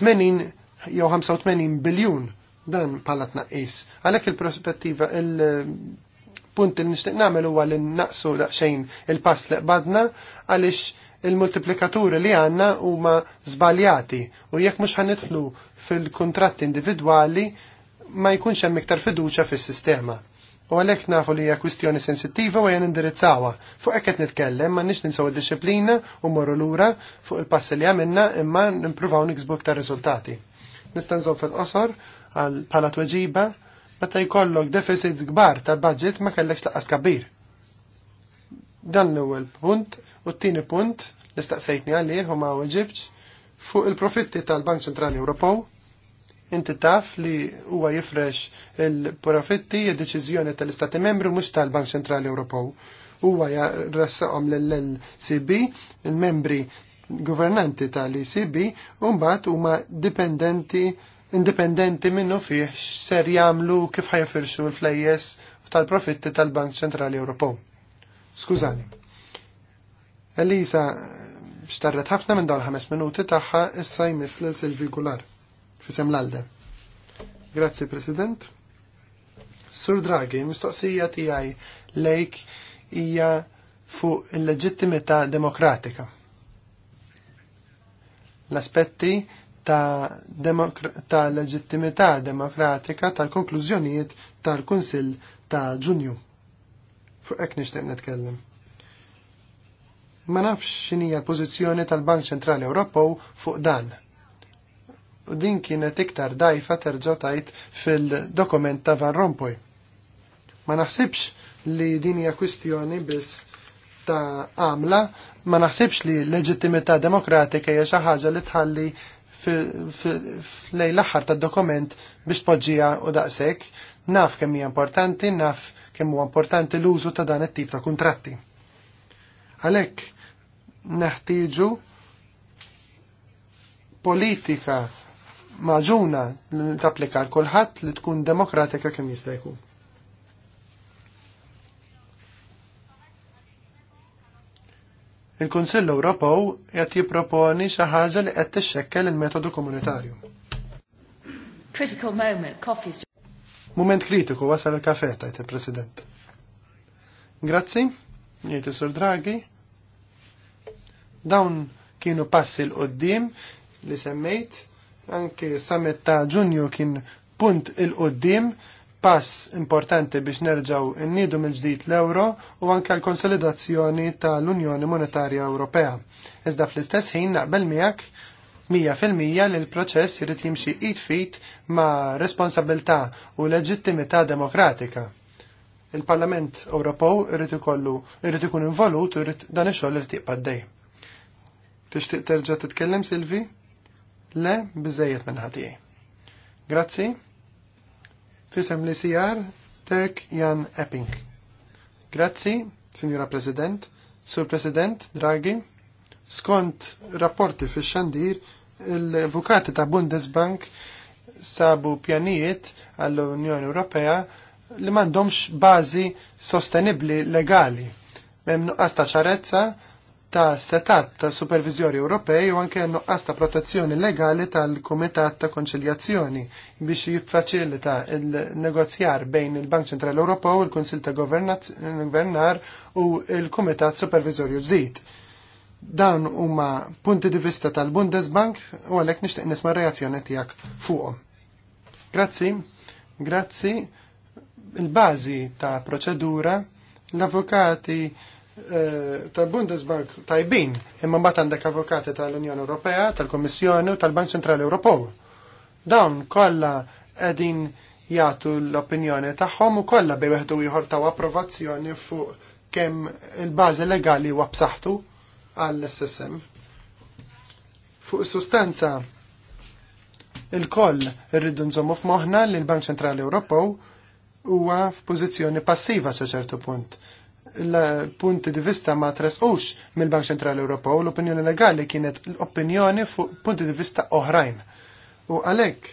80 jew 85 biljun dan bħala tnaqqis. Għalhekk il-prospettiva il-punt li nixtieq nagħmel huwa li naqsu daqsxejn il-pass li qbadna għaliex il-multiplikaturi li għanna huma zbaljati u jekk mhux ħanidħlu fil-kontratti individwali ma jkunx hemm iktar fiduċja fis-sistema u għalhekk nafu li hija kwistjoni sensittiva u għajan indirizzawa. Fuq hekk qed nitkellem ma nix ninsaw il disciplina u morru lura fuq il-passi li għamilna imma nimprovaw niksbuk ta' riżultati. Nista' nżomm fil-qosor għal bħala tweġiba meta jkollok deficit kbar tal-budget ma kellekx laqas kabir. Dan l-ewwel punt u t-tieni punt li staqsejtni għalih u ma fuq il-profitti tal-Bank Ċentrali Ewropew Inti taf li huwa jifrex il-profitti e deċiżjoni tal-Istati Membri mhux tal-Bank Ċentrali Ewropew. Huwa jarrassaqhom lill lcb il-membri governanti tal-ECB, u mbagħad huma dipendenti indipendenti minnu fih ser jagħmlu kif ħajfirxu l-flejjes tal-profitti tal-Bank Ċentrali Ewropew. Skużani. Elisa xtarret ħafna minn dawn ħames minuti tagħha issa jmiss l Silvi Gular. Fisem l-alde. Grazzi, President. Sur Draghi, mistoqsija tijaj lejk hija fuq il-leġittimità demokratika. L-aspetti ta', demokra ta leġittimità demokratika tal-konklużjonijiet tal-Kunsill ta' Ġunju. Fuq hekk nixtieq netkellem. Ma nafx x'inhi l-pożizzjoni tal-Bank Ċentrali Ewropew fuq dan u din kienet iktar dajfa terġo tajt fil-dokument ta' Van Rompuy. Ma naħsibx li din hija kwistjoni biss ta' għamla, ma naħsibx li leġittimità demokratika hija xi ħaġa li tħalli lejn l-aħħar tad-dokument biex poġġija u daqshekk, naf kemm hija importanti, naf kemm huwa importanti l-użu ta' dan it-tip ta' kuntratti. Għalhekk neħtieġu politika maġuna li tapplika l kulħadd li tkun demokratika kem jista' jkun. Il-Kunsill Ewropew qed jipproponi xi ħaġa li qed tixxekkel il-metodu komunitarju. Critical moment, coffee's Moment kritiku wasal il-kafe tajt il-President. Grazzi, is sur Draghi. Dawn kienu passi l-qoddim li semmejt Anke summit ta' ġunju kien punt il-qoddim, pass importanti biex nerġaw innidu mill-ġdid l-euro u anke l-konsolidazzjoni tal-Unjoni Monetarja Ewropea. Iżda fl-istess ħin naqbel miegħek 100 fil-mija li l-proċess jrid jimxi id fit ma' responsabilità u leġittimità demokratika. Il-Parlament Ewropew irid ikollu irid ikun involut u irid dan ix-xogħol irtiq paddej. Tixtieq terġa' titkellem Silvi? Le, bizzejiet minn ħatijaj. Grazzi. Fisem li sijar, Turk Jan Epping. Grazzi, Signora President, Sur President, Draghi. Skont rapporti fi xandir, il-vukati ta' Bundesbank sabu pjanijiet għall-Unjoni Ewropea li mandomx bazi sostenibli legali. Mem nuqqas ta' ċarezza ta' setat ta' supervizjoni Ewropej u anke nuqqas ta' protezzjoni legali tal-Kumitat ta' Konċiljazzjoni biex jiffaċilita il-negozjar bejn il-Bank Ċentrali Ewropew, il-Kunsil ta' Governar u il-Kumitat Supervizorju ġdid. Dan huma punti di vista tal-Bundesbank u għalhekk nixtieq nisma' reazzjoni tiegħek fuqhom. Grazzi, grazzi. Il-bażi ta' proċedura l-avukati Eh, tal-Bundesbank tajbin, imma mbagħad għandek avukati tal-Unjoni Ewropea, tal-Kommissjoni u tal-Bank Centrali Ewropew. Dawn kollha qegħdin jagħtu l-opinjoni tagħhom u kollha bej weħdu ieħor taw approvazzjoni fuq kemm il-bażi legali huwa b'saħħtu għall-SSM. Fuq sustanza il-koll irridu nżommu f'moħħna li l-Bank Ċentrali Ewropew huwa f'pożizzjoni passiva sa ċertu punt l-punti di vista ma tresqux mill-Bank Ċentrali Ewropew l-opinjoni legali kienet l-opinjoni fuq punti di vista oħrajn. U għalhekk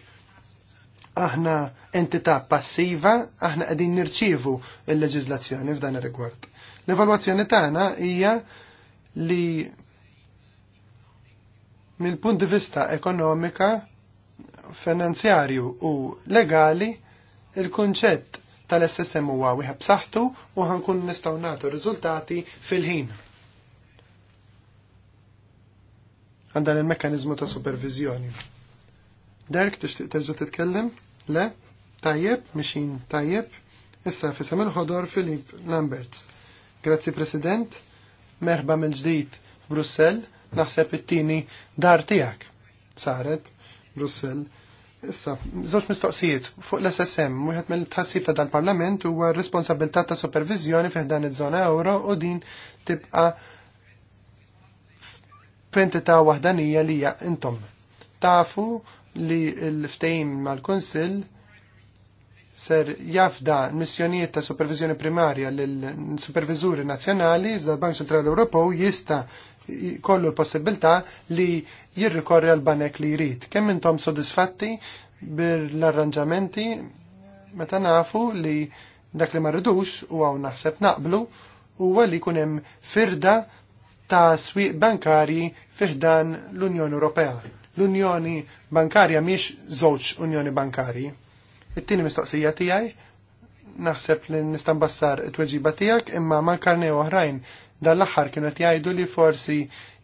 aħna entità passiva, aħna qegħdin nirċievu l-leġiżlazzjoni f'dan ir-rigward. L-evalwazzjoni tagħna hija li mill-punt di vista ekonomika, finanzjarju u legali il-kunċett tal-SSM u wieħed b'saħħtu u ħankun nistgħu nagħtu riżultati fil-ħin. Għandan il-mekkaniżmu ta' supervizjoni. Derk tixtieq terġa' titkellem? Le? Tajjeb, mixin tajjeb. Issa fisem il-ħodor Filip Lamberts. Grazzi President, merħba mill-ġdid Brussel. naħseb it-tieni dar tiegħek. Saret, Brussell Issa, żewġ mistoqsijiet fuq l-SSM, wieħed mill-tħassib ta' dal-Parlament huwa r-responsabilità ta' supervizjoni fih dan il żona euro u din tibqa' f'entità waħdanija li hija intom. Tafu li l-ftehim mal-Kunsill ser jafda missjonijiet ta' supervizjoni primarja lill-supervizuri nazzjonali iżda l-Bank Central Ewropew jista' kollu l-possibilità li jirrikorri għal banek li jrid. Kemm intom sodisfatti bil-arranġamenti meta nafu li dak li ma rridux u għaw naħseb naqblu u li kun hemm firda ta' swieq bankari fiħdan l-Unjoni Ewropea. L-Unjoni Bankarja miex żewġ Unjoni Bankarji. It-tieni mistoqsija tiegħi naħseb li nista' nbassar it-tweġiba tiegħek imma mankarni oħrajn dan l-aħħar kienu qed jgħidu li forsi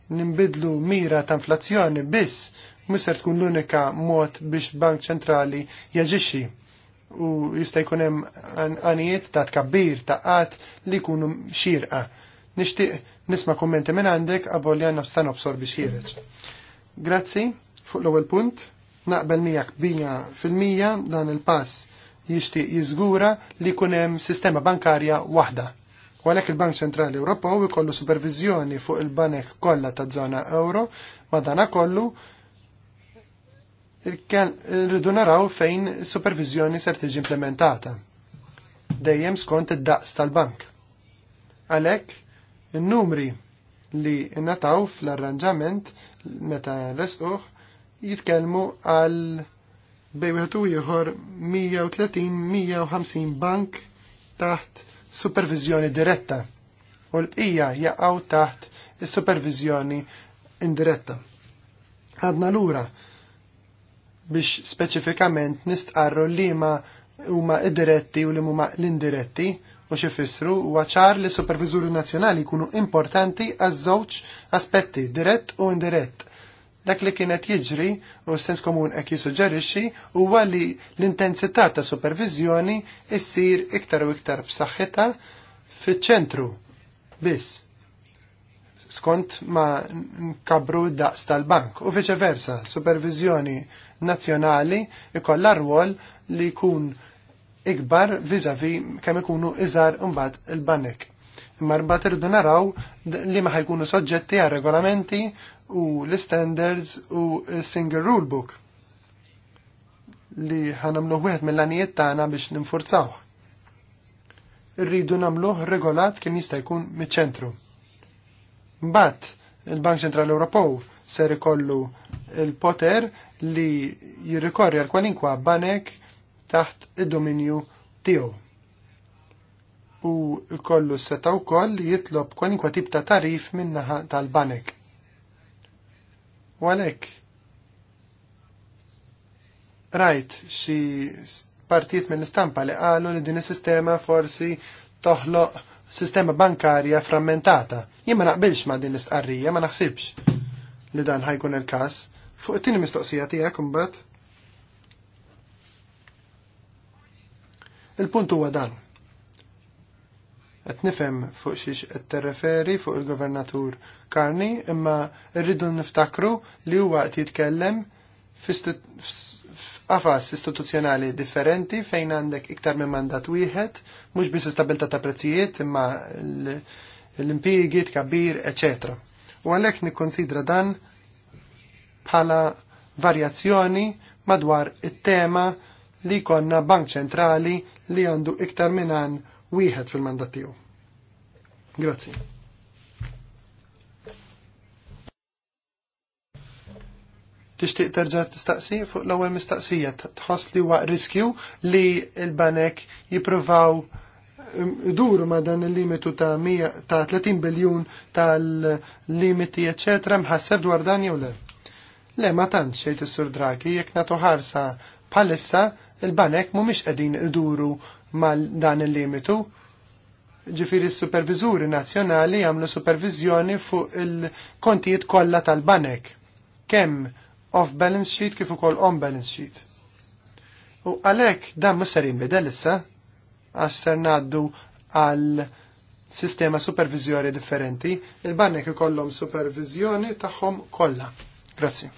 nimbidlu mira ta' inflazzjoni biss miser tkun l-unika mod biex bank ċentrali jaġixxi u jista' jkun hemm għanijiet ta' tkabbir ta' qatt li jkunu xirqa. Nixtieq nisma' kummenti minn għandek qabel li għandna f'stan obsor biex ħireġ. Grazzi, fuq l-ewwel punt, naqbel miegħek bija fil-mija dan il-pass jixtieq jiżgura li jkun hemm sistema bankarja waħda U il-Bank Centrali Ewropew ikollu supervizjoni fuq il-banek kollha ta' żona euro dana kollu rridu naraw fejn supervizjoni ser tiġi implementata dejjem skont id-daqs tal-bank. Għalhekk in-numri li nataw fl-arranġament meta resquh jitkellmu għal bej wieħed ieħor 130-150 bank taħt supervizjoni diretta u l-bqija jaqgħu taħt is-supervizjoni indiretta. Għadna lura biex speċifikament nistqarru li ma huma id-diretti u li huma l-indiretti u xifissru u ċar li supervizuri nazjonali kunu importanti għaż żewġ aspetti, dirett u indirett, Dak li kienet jiġri u sens komun ek jisuġġerixxi huwa li l-intensità ta' supervizjoni jissir iktar u iktar b'saħħitha fiċ-ċentru biss skont ma nkabru daqs tal-bank u viċeversa, supervizjoni nazzjonali ikolla rwol li jkun ikbar vizavi kemm ikunu iżar mbagħad il-banek. Imma mbagħad irridu naraw li ma ħajkunu soġġetti għal regolamenti u l-standards u single rulebook li ħanamluħ wieħed mill-għanijiet tagħna biex ninfurzaw. Irridu namluħ regolat kem jista' jkun miċ-ċentru. Mbagħad il-Bank Ċentrali Ewropew ser ikollu il-poter li jirrikorri għal kwalinkwa banek taħt id-dominju tiegħu. U kollu seta' wkoll li jitlob kwalinkwa tip ta' tarif minnaħa tal-banek U għalhekk rajt xi partit mill-istampa li qalu li din is-sistema forsi toħloq sistema bankarja frammentata. Jien ma naqbilx ma' din l-istqarrija, ma naħsibx li dan ħajkun il-każ. Fuq it-tieni mistoqsija tiegħek imbagħad. Il-punt huwa dan Qed nifhem fuq xiex qed terreferi fuq il-Governatur Karni imma rridu niftakru li huwa qed jitkellem f'qafas istituzzjonali differenti fejn għandek iktar minn mandat wieħed, mhux biss istabilta ta' prezzijiet imma l-impjiegi tkabbir, eċetera. U għalhekk nikkonsidra dan bħala varjazzjoni madwar it-tema li konna bank ċentrali li għandu iktar minn wieħed fil-mandat tiegħu. Grazzi. Tixtieq terġa' tistaqsi fuq l-ewwel mistaqsija tħoss li waqt riskju li l-banek jippruvaw um, duru ma dan il-limitu ta' 30 biljun tal-limiti eccetera mħasseb dwar dan jew le. Le ma tantx xejt is-sur Draghi jekk nagħtu ħarsa palissa il-banek mhumiex qegħdin iduru mal dan il-limitu. Ġifiri s-supervizuri nazjonali għamlu supervizjoni fuq il-kontijiet kollha tal-banek. Kemm off-balance sheet kif ukoll on-balance sheet. U għalhekk dan mhux ser jinbidel issa għax ser ngħaddu għal sistema supervizjoni differenti, il-banek ikollhom supervizjoni tagħhom kollha. Grazzi.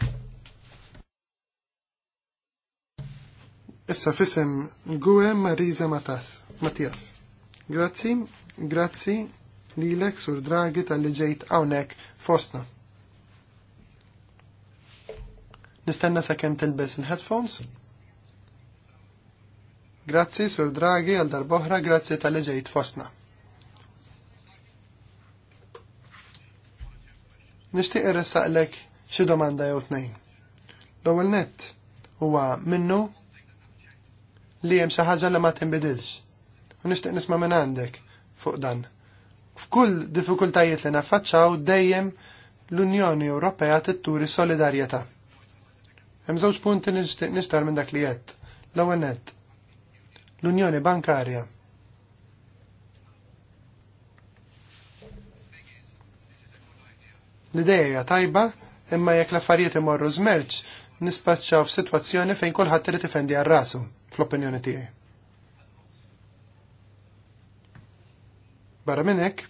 Issa fisem Gue Marisa Matas. Mattias. Grazzi, grazzi lilek sur dragi tal-li ġejt hawnhekk fosna. Nistenna sakemm tilbes il-headphones. Grazzi sur dragi għal darboħra, grazzi tal-li ġejt fostna. Nishtiq irresaqlek xi domanda jew tnejn. L-ewwel nett huwa minnu li jem saħħaġa ħaġa li ma tinbidilx. U nixtieq nisma' minn għandek fuq dan. F'kull diffikultajiet li naffaċċaw dejjem l-Unjoni Ewropea titturi solidarjetà. Hemm żewġ punti nixtieq nixtar minn dak li jett. L-ewwel nett. L-Unjoni Bankarja. L-ideja tajba, imma jekk l-affarijiet imorru żmerġ, nispaċċaw f'sitwazzjoni fejn kulħadd irid ifendi għar rasu fl-opinjoni tiegħi. Barra minn hekk,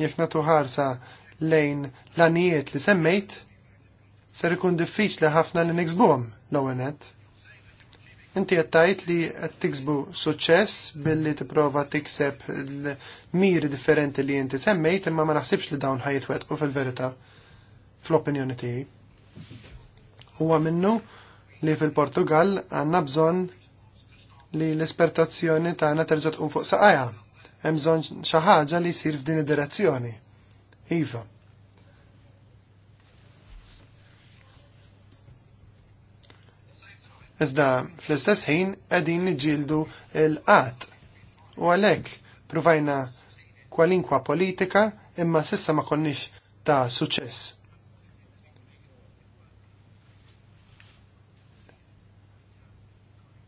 jekk nagħtu ħarsa lejn l-anijiet li semmejt, ser ikun diffiċli ħafna li niksbuhom l-ewwel Inti qed tgħid li qed tiksbu suċċess billi tipprova tikseb l-miri differenti li inti semmejt imma ma naħsibx li dawn ħajitwetqu fil-verità fl-opinjoni tiegħi. Huwa minnu li fil-Portugal għandna bżonn li l-espertazzjoni tagħna terġa' tqum fuq saqajja. Hemm bżonn xi ħaġa li jsir f'din id-direzzjoni. Iva. Iżda fl-istess ħin qegħdin niġġieldu l-qatt. U għalhekk provajna kwalinkwa politika imma sissa ma konniex ta' suċess.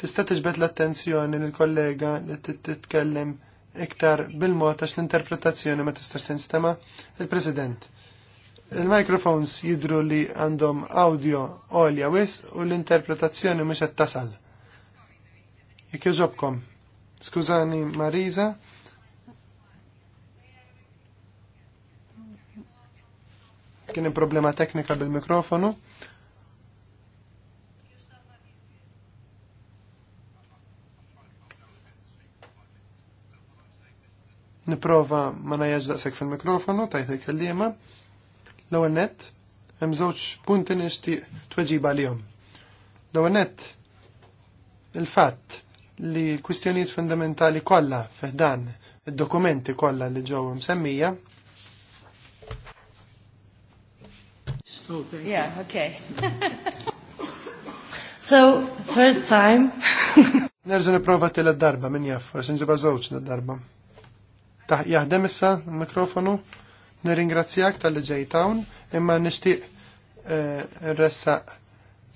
Tista' tiġbed l-attenzjoni lill-kollega li titkellem iktar bil-mod għax l-interpretazzjoni ma tistax tinstema' il-President. Il-microphones jidru li għandhom audio għolja wis u l-interpretazzjoni mhux qed tasal. Jekk jogħġobkom. Skużani Marisa. Kien problema teknika bil-mikrofonu. Niprofa ma najaġ daqsek fil-mikrofonu, tajt il-kellima. L-ewwel nett hemm żewġ punti nixtieq tweġiba għalihom. L-ewwel nett il-fatt li l-kwistjonijiet fundamentali kollha fiħdan id-dokumenti kollha li ġew msemmija. Oh, yeah, okay. so, third time. Nerġa' nipprova tielet darba min jaff, forsi nġibha żewġ darba. Taħ jaħdem issa mikrofonu. Nirringrazzjak tal-li ġejtawn, imma nishtiq eh, ressa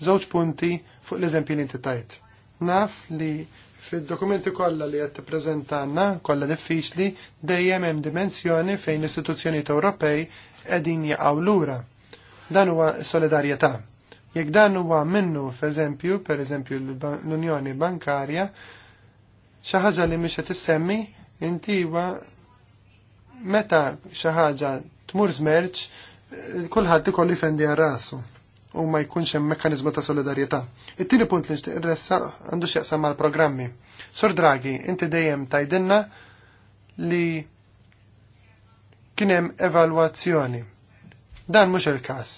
żewġ punti fuq l-eżempji li inti tajt. Naf li fil-dokumenti kollha li qed tippreżentanna kollha diffiċli dejjem hemm dimensjoni fejn l-istituzzjonijiet Ewropej qegħdin jaqgħu lura. Dan huwa solidarjetà. Jekk dan huwa minnu f'eżempju, pereżempju l-Unjoni Bankarja, xi ħaġa li mhix qed issemmi inti huwa meta xi ħaġa tmur żmerġ, kulħadd ikolli fendi għal u ma jkunx hemm mekkaniżmu ta' solidarjetà. It-tieni punt li nixtieq irressa għandu x'jaqsam mal-programmi. Sur Draghi, inti dejjem tajdinna li kien hemm evalwazzjoni. Dan mhux il-każ.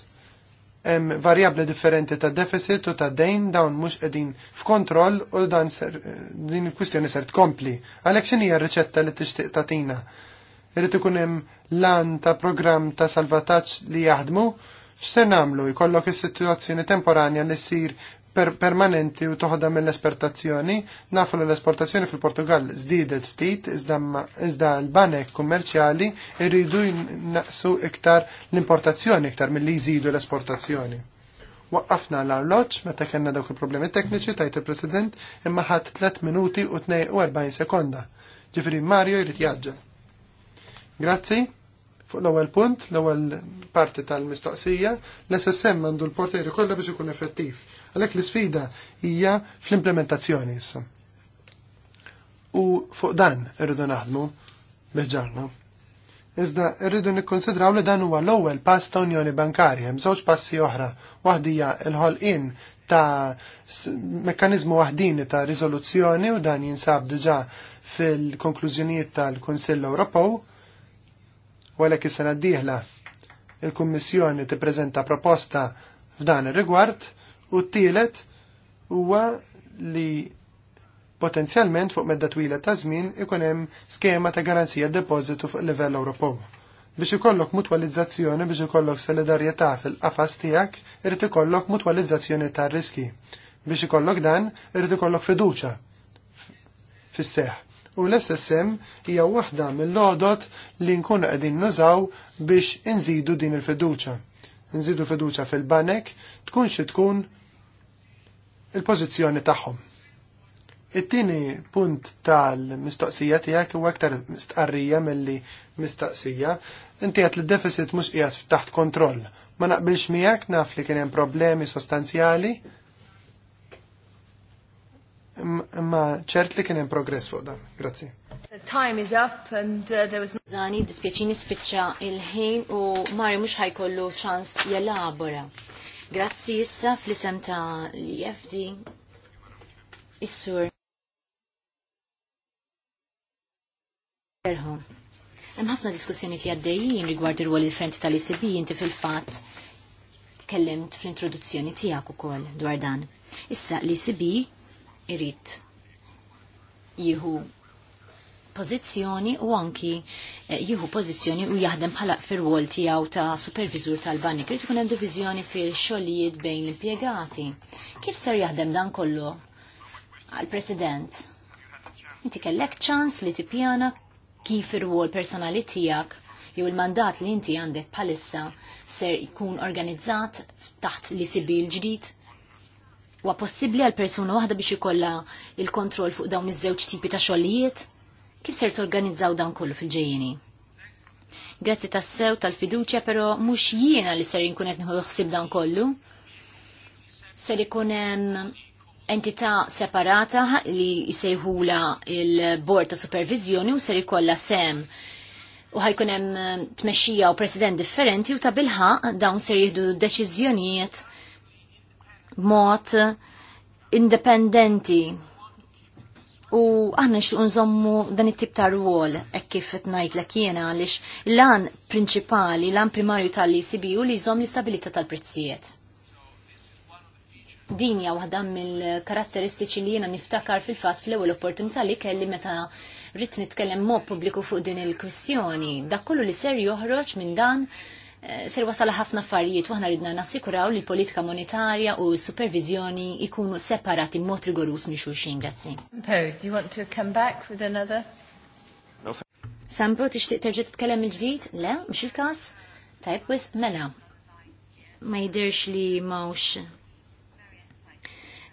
Hemm varjabbli differenti ta' deficit u ta' dejn dawn mhux qegħdin f'kontroll u dan ser, din il-kwistjoni ser tkompli. Għalhekk x'inhi r-riċetta li tixtieq tagħtina? Irrid ikun hemm lan ta' programm ta' salvataġġ li jaħdmu f'se nagħmlu jkollok is-sitwazzjoni temporanja li sir per permanenti u toħda mill-esportazzjoni. Nafu li l-esportazzjoni fil-Portugal zdidet ftit, iżda l-banek kummerċjali irridu jnaqsu iktar l-importazzjoni iktar milli jżidu l-esportazzjoni. Waqqafna l-arloċ meta kellna dawk il-problemi tekniċi tajt il-President imma ħadd 3 minuti u 42 sekonda. Ġifieri Mario jrid jaġġel. Grazzi. Fuq l-ewwel punt, l-ewwel parti tal-mistoqsija, l-SSM għandu l-porteri kollha biex ikun effettiv. Għalhekk l-isfida hija fl-implementazzjoni issa. U fuq dan irridu naħdmu bil-ġarna. Iżda rridu nikkonsidraw li dan huwa l-ewwel pass ta' Unjoni Bankarja, hemm żewġ passi oħra. Waħd hija l-ħolqien ta' mekkaniżmu waħdini ta' riżoluzzjoni u dan jinsab diġà fil-konklużjonijiet tal-Kunsill Ewropew U kisana diħla. d-dieħla il-Kummissjoni tippreżenta proposta f'dan ir-rigward u t-tielet huwa li potenzjalment fuq medda twila ta' żmien ikun hemm skema ta' garanzija depożitu fuq livell Ewropew. Biex ikollok mutwalizzazzjoni biex ikollok solidarjetà fil-qafas tiegħek, irid ikollok mutwalizzazzjoni tar riski. Biex ikollok dan, irid ikollok fiduċa fis-seħ u l-SSM hija waħda mill-lodot li nkunu qegħdin nużaw biex inżidu din il-fiduċa. Nżidu fiduċa fil-banek tkun xi tkun il-pożizzjoni tagħhom. It-tieni punt tal-mistoqsija tiegħek huwa aktar mistqarrija milli mistaqsija. Inti qed l-deficit mhux qiegħed taħt kontroll. Ma naqbilx miegħek naf li kien hemm problemi sostanzjali imma ċert li kien hemm progress fuq dan. Grazzi. Time is up and uh, there was Zani dispiaċi nispiċċa il-ħin u Mario mhux ħajkollu ċans jelabora. Grazzi issa fl-isem ta' l-IFD. E Is-sur. Hemm ħafna diskussjoni li għaddejjin rigward ir-rwol differenti tal isb inti fil-fatt kellimt fl-introduzzjoni tiegħek ukoll dwar dan. Issa l isb e irrit jieħu pożizzjoni u anki eh, jieħu pożizzjoni u jaħdem bħala fir wol tiegħu ta' supervizur tal bani Irid ikun hemm fil-xogħlijiet bejn l-impjegati. Kif ser jaħdem dan kollu għal-President? Inti kellek ċans li tippjana kif ir wol personali tiegħek jew il-mandat li inti għandek bħalissa ser jkun organizzat taħt li sibi l-ġdid Wa possibbli għal persuna waħda biex ikollha il-kontroll fuq dawn iż-żewġ tipi ta' xogħlijiet? Kif ser torganizzaw dawn kollu fil-ġejjini? Grazzi tas-sew tal-fiduċja, però mhux jiena li ser inkun qed nieħu ħsieb dawn kollu. Ser ikun hemm entità separata li jsejħula il-Bord ta' Supervizjoni u ser ikollha sem u ħajkun hemm tmexxija u president differenti u ta' bilħaq dawn ser jieħdu deċiżjonijiet mod indipendenti. U aħna xtuq nżommu dan it-tip ta' rwol, ek kif tnajdlek jiena għaliex l-an prinċipali, l-an primarju tal-ECB u li jżomm l-istabilità tal-prezzijiet. Din hija waħda mill-karatteristiċi li jiena niftakar fil-fatt fl-ewwel opportunità li kelli meta rrit nitkellem mod pubbliku fuq din il-kwistjoni. Dak kollu li ser joħroġ minn dan ser wasala ħafna affarijiet aħna ridna nassikuraw li l-politika monetarja u s-supervizjoni ikunu separati mod rigorus minn xulxin, grazzi. do you want to come back with another? No, Sampo, tixtieq terġa' titkellem il-ġdid? Le, mhux il-każ? Tajb wis mela. Ma jidirx li mawx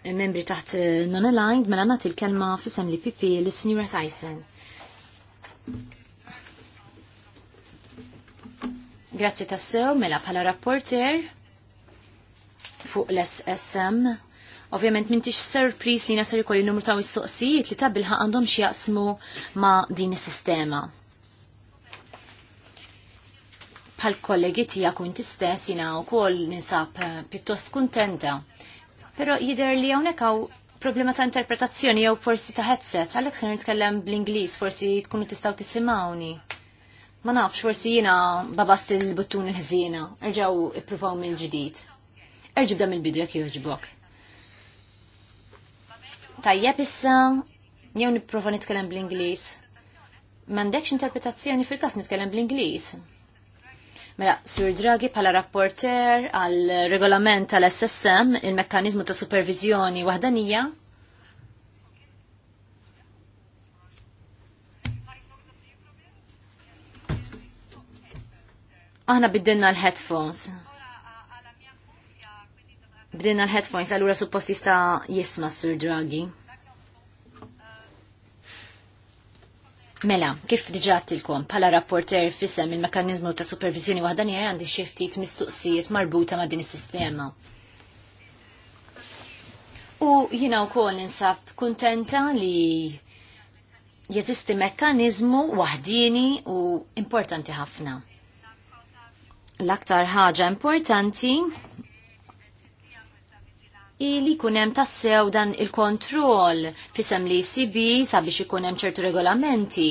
membri taħt eh, non-aligned, mela nagħti l kelma fisem li pipi l-Sinjura Tyson. Grazzi tassew, mela bħala rapporter fuq l-SSM. Ovvjament mintix surpris li nasar il numru ta' mistoqsijiet li ta' bilħa għandhom xjaqsmu ma' din is-sistema bħal kollegi tiegħek kun tistess jina u kol ninsab eh, pittost kontenta. Pero jider li għonek għaw problema ta' interpretazzjoni jew forsi ta' headset, għalhekk se nitkellem bl-Inglis, forsi tkunu tistaw tisimawni. Ma nafx, forsi jina babast il-buttun il-ħzina, irġaw ippruvaw mill-ġdid. Irġibda mill-bidu jek joġbok. Tajjeb issa, jew nipprova nitkellem bl-Ingliż. M'għandekx interpretazzjoni fil-każ nitkellem bl-Ingliż. Mela, Sur Draghi pala rapporter għal regolament tal-SSM, il-mekkanizmu ta' supervizjoni wahdanija, aħna biddinna l-headphones. Bdinna l-headphones, allura suppost jista jisma s-sur Draghi. Mela, kif diġattilkom pala rapporter fissem il-mekanizmu ta' supervizjoni waħdanija għandi xi ftit mistuqsijiet marbuta ma' din is-sistema. U jina wkoll insab kontenta li jeżisti mekkaniżmu waħdini u importanti ħafna l-aktar ħaġa importanti li kunem tassew dan il-kontroll fisem li CB sabiex ikunem ċertu regolamenti,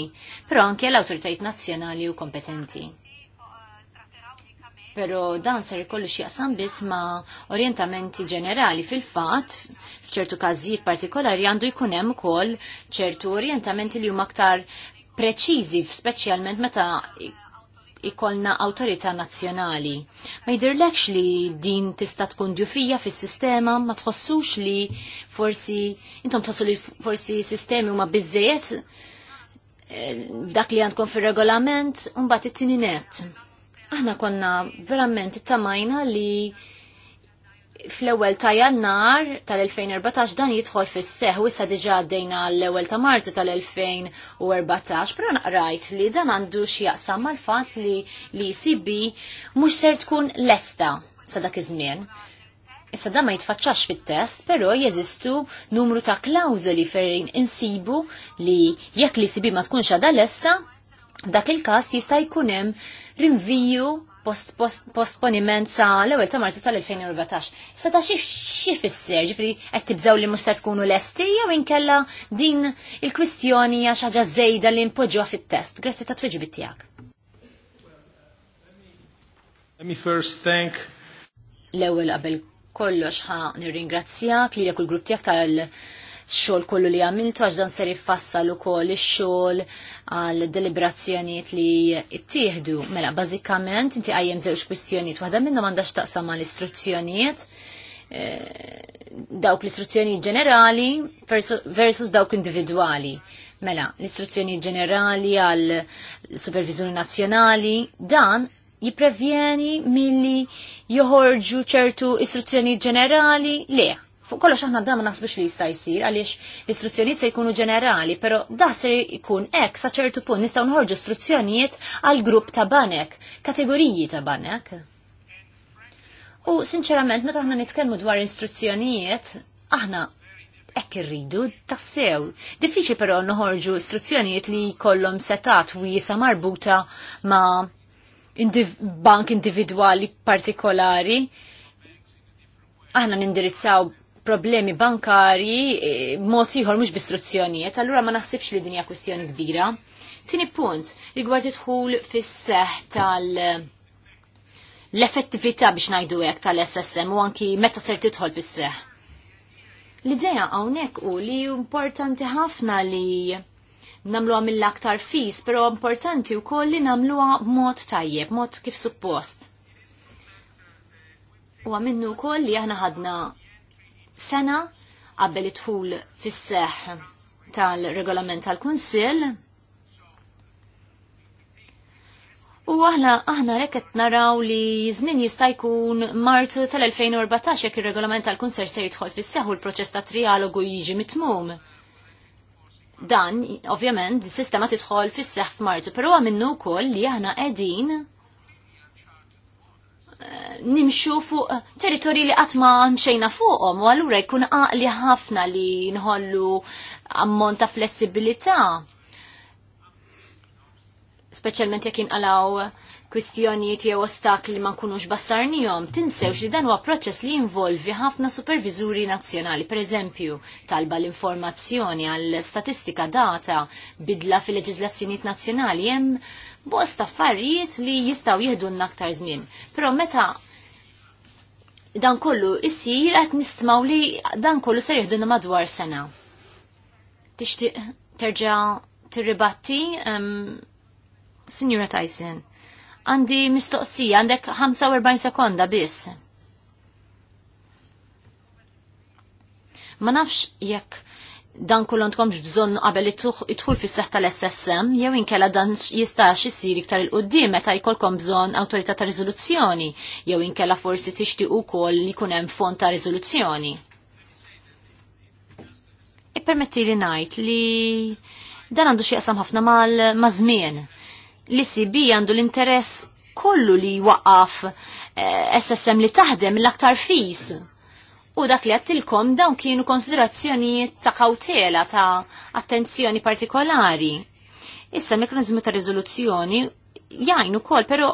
pero anke l-autoritajt nazzjonali u kompetenti. Pero dan ser kollu xieqsam biss ma orientamenti ġenerali fil-fat, fċertu każijiet partikolari għandu jkunem kol ċertu orientamenti li huma aktar preċiżi, speċjalment meta ikolna awtorità nazzjonali. Ma jidirlekx li din tista' tkun djufija fis-sistema, ma tħossux li forsi intom tħossu li forsi sistemi huma biżejjed eh, dak li għandkom fir-regolament u mbagħad it tini net. Aħna konna verament it-tamajna li fl-ewwel ta' Jannar tal-2014 dan jidħol fis-seħ u issa diġà għaddejna l-ewwel ta' Marzu tal-2014, però naqrajt li dan għandu jaqsam mal-fatt li li CB mhux ser tkun lesta sa dak iż-żmien. Issa da ma jitfaċċax fit-test, però jeżistu numru ta' klawżoli ferrin insibu li jekk li sibi ma tkunx għada lesta, dak il-każ jista' jkun hemm rinviju postponiment sa l-ewwel ta' Marzu tal-2014. Sa ta' xi fisser, ġifri qed tibżgħu li mhux se l lesti jew inkella din il-kwistjoni għax ħaġa żejda li npoġġuha fit-test. Grazzi ta' tweġibit tiegħek. Let me first thank l-ewwel qabel kollox ħa nirringrazzjak li kull grupp tiegħek tal- xol kollu li għamiltu għax dan ser jiffassal ukoll ix-xogħol għal deliberazzjoniet li jittieħdu. Mela bażikament inti qajjem żewġ kwistjonijiet waħda minnhom għandha taqsam għal istruzzjonijiet eh, dawk l-istruzzjoni ġenerali versus dawk individwali. Mela, l-istruzzjoni ġenerali għal supervizjoni nazzjonali, dan jiprevjeni milli joħorġu ċertu istruzzjoni ġenerali leħ. Fuq kollox aħna da ma naħsbux li jista' jsir għaliex l-istruzzjonijiet se jkunu ġenerali, però da se jkun hekk sa ċertu punt nistgħu nħorġu istruzzjonijiet għal grupp ta' banek, kategoriji ta' banek. U sinċerament meta aħna nitkellmu dwar istruzzjonijiet, aħna hekk irridu tassew. Diffiċi però noħorġu istruzzjonijiet li jkollhom setat wiesa marbuta ma' indiv bank individwali partikolari aħna nindirizzaw problemi bankari e, mod ieħor mhux bistruzzjonijiet, allura ma naħsibx li dinja kwistjoni kbira. Tini punt, rigward idħul fis-seħ tal- l-effettività biex ngħidu hekk tal-SSM u anki meta ser tidħol fis-seħ. L-idea hawnhekk u li importanti ħafna li namluha mill-aktar fis, però importanti wkoll li namluha mod tajjeb, mod kif suppost. U minnu koll li aħna ħadna sena qabel itħul fis-seħ tal-regolament tal-Kunsill. U aħna aħna rek qed naraw li żmien jista' jkun Marzu tal-2014 jekk ir-regolament tal-Kunsill se jidħol fis-seħ u l-proċess ta' trialogu jiġi mitmum. Dan, ovvjament, sistema tidħol fis-seħ f'Marzu, però minnu wkoll li aħna qegħdin nimxu fuq territori li qatt ma mxejna fuqhom u allura jkun għaqli ħafna li nħollu ammont ta' flessibilità. Speċjalment jekk inqalaw kwistjonijiet jew ostakli ma nkunux bassarnijom, tinsewx li dan huwa proċess li jinvolvi ħafna superviżuri nazzjonali, pereżempju talba l-informazzjoni għall statistika data bidla fil leġizlazzjoniet nazzjonali hemm bosta affarijiet li jistaw jihdu n-aktar żmien. Però meta dan kollu issir qed nistmaw li dan kollu ser jihdu madwar sena. Tixtieq terġa' tirribatti um, Signora Tyson. Għandi mistoqsija, għandek 45 sekonda biss. Ma nafx jekk dan kullu tkomx bżonn qabel idħul fis-seħħ tal-SSM jew inkella dan jistax isir iktar il qudiem meta jkollkom bżonn awtorità ta' riżoluzzjoni jew inkella forsi tixtieq ukoll li jkun hemm fond ta' riżoluzzjoni. Ippermetti e li ngħid li dan għandu xieqsam ħafna mal-mażmien. L-ICB għandu l-interess kollu li waqaf eh, SSM li taħdem l-aktar fis U dak li għattilkom dawn kienu konsiderazzjonijiet ta' kautela ta' attenzjoni partikolari. Issa mekanizmi ta' rizoluzzjoni jajnu kol, pero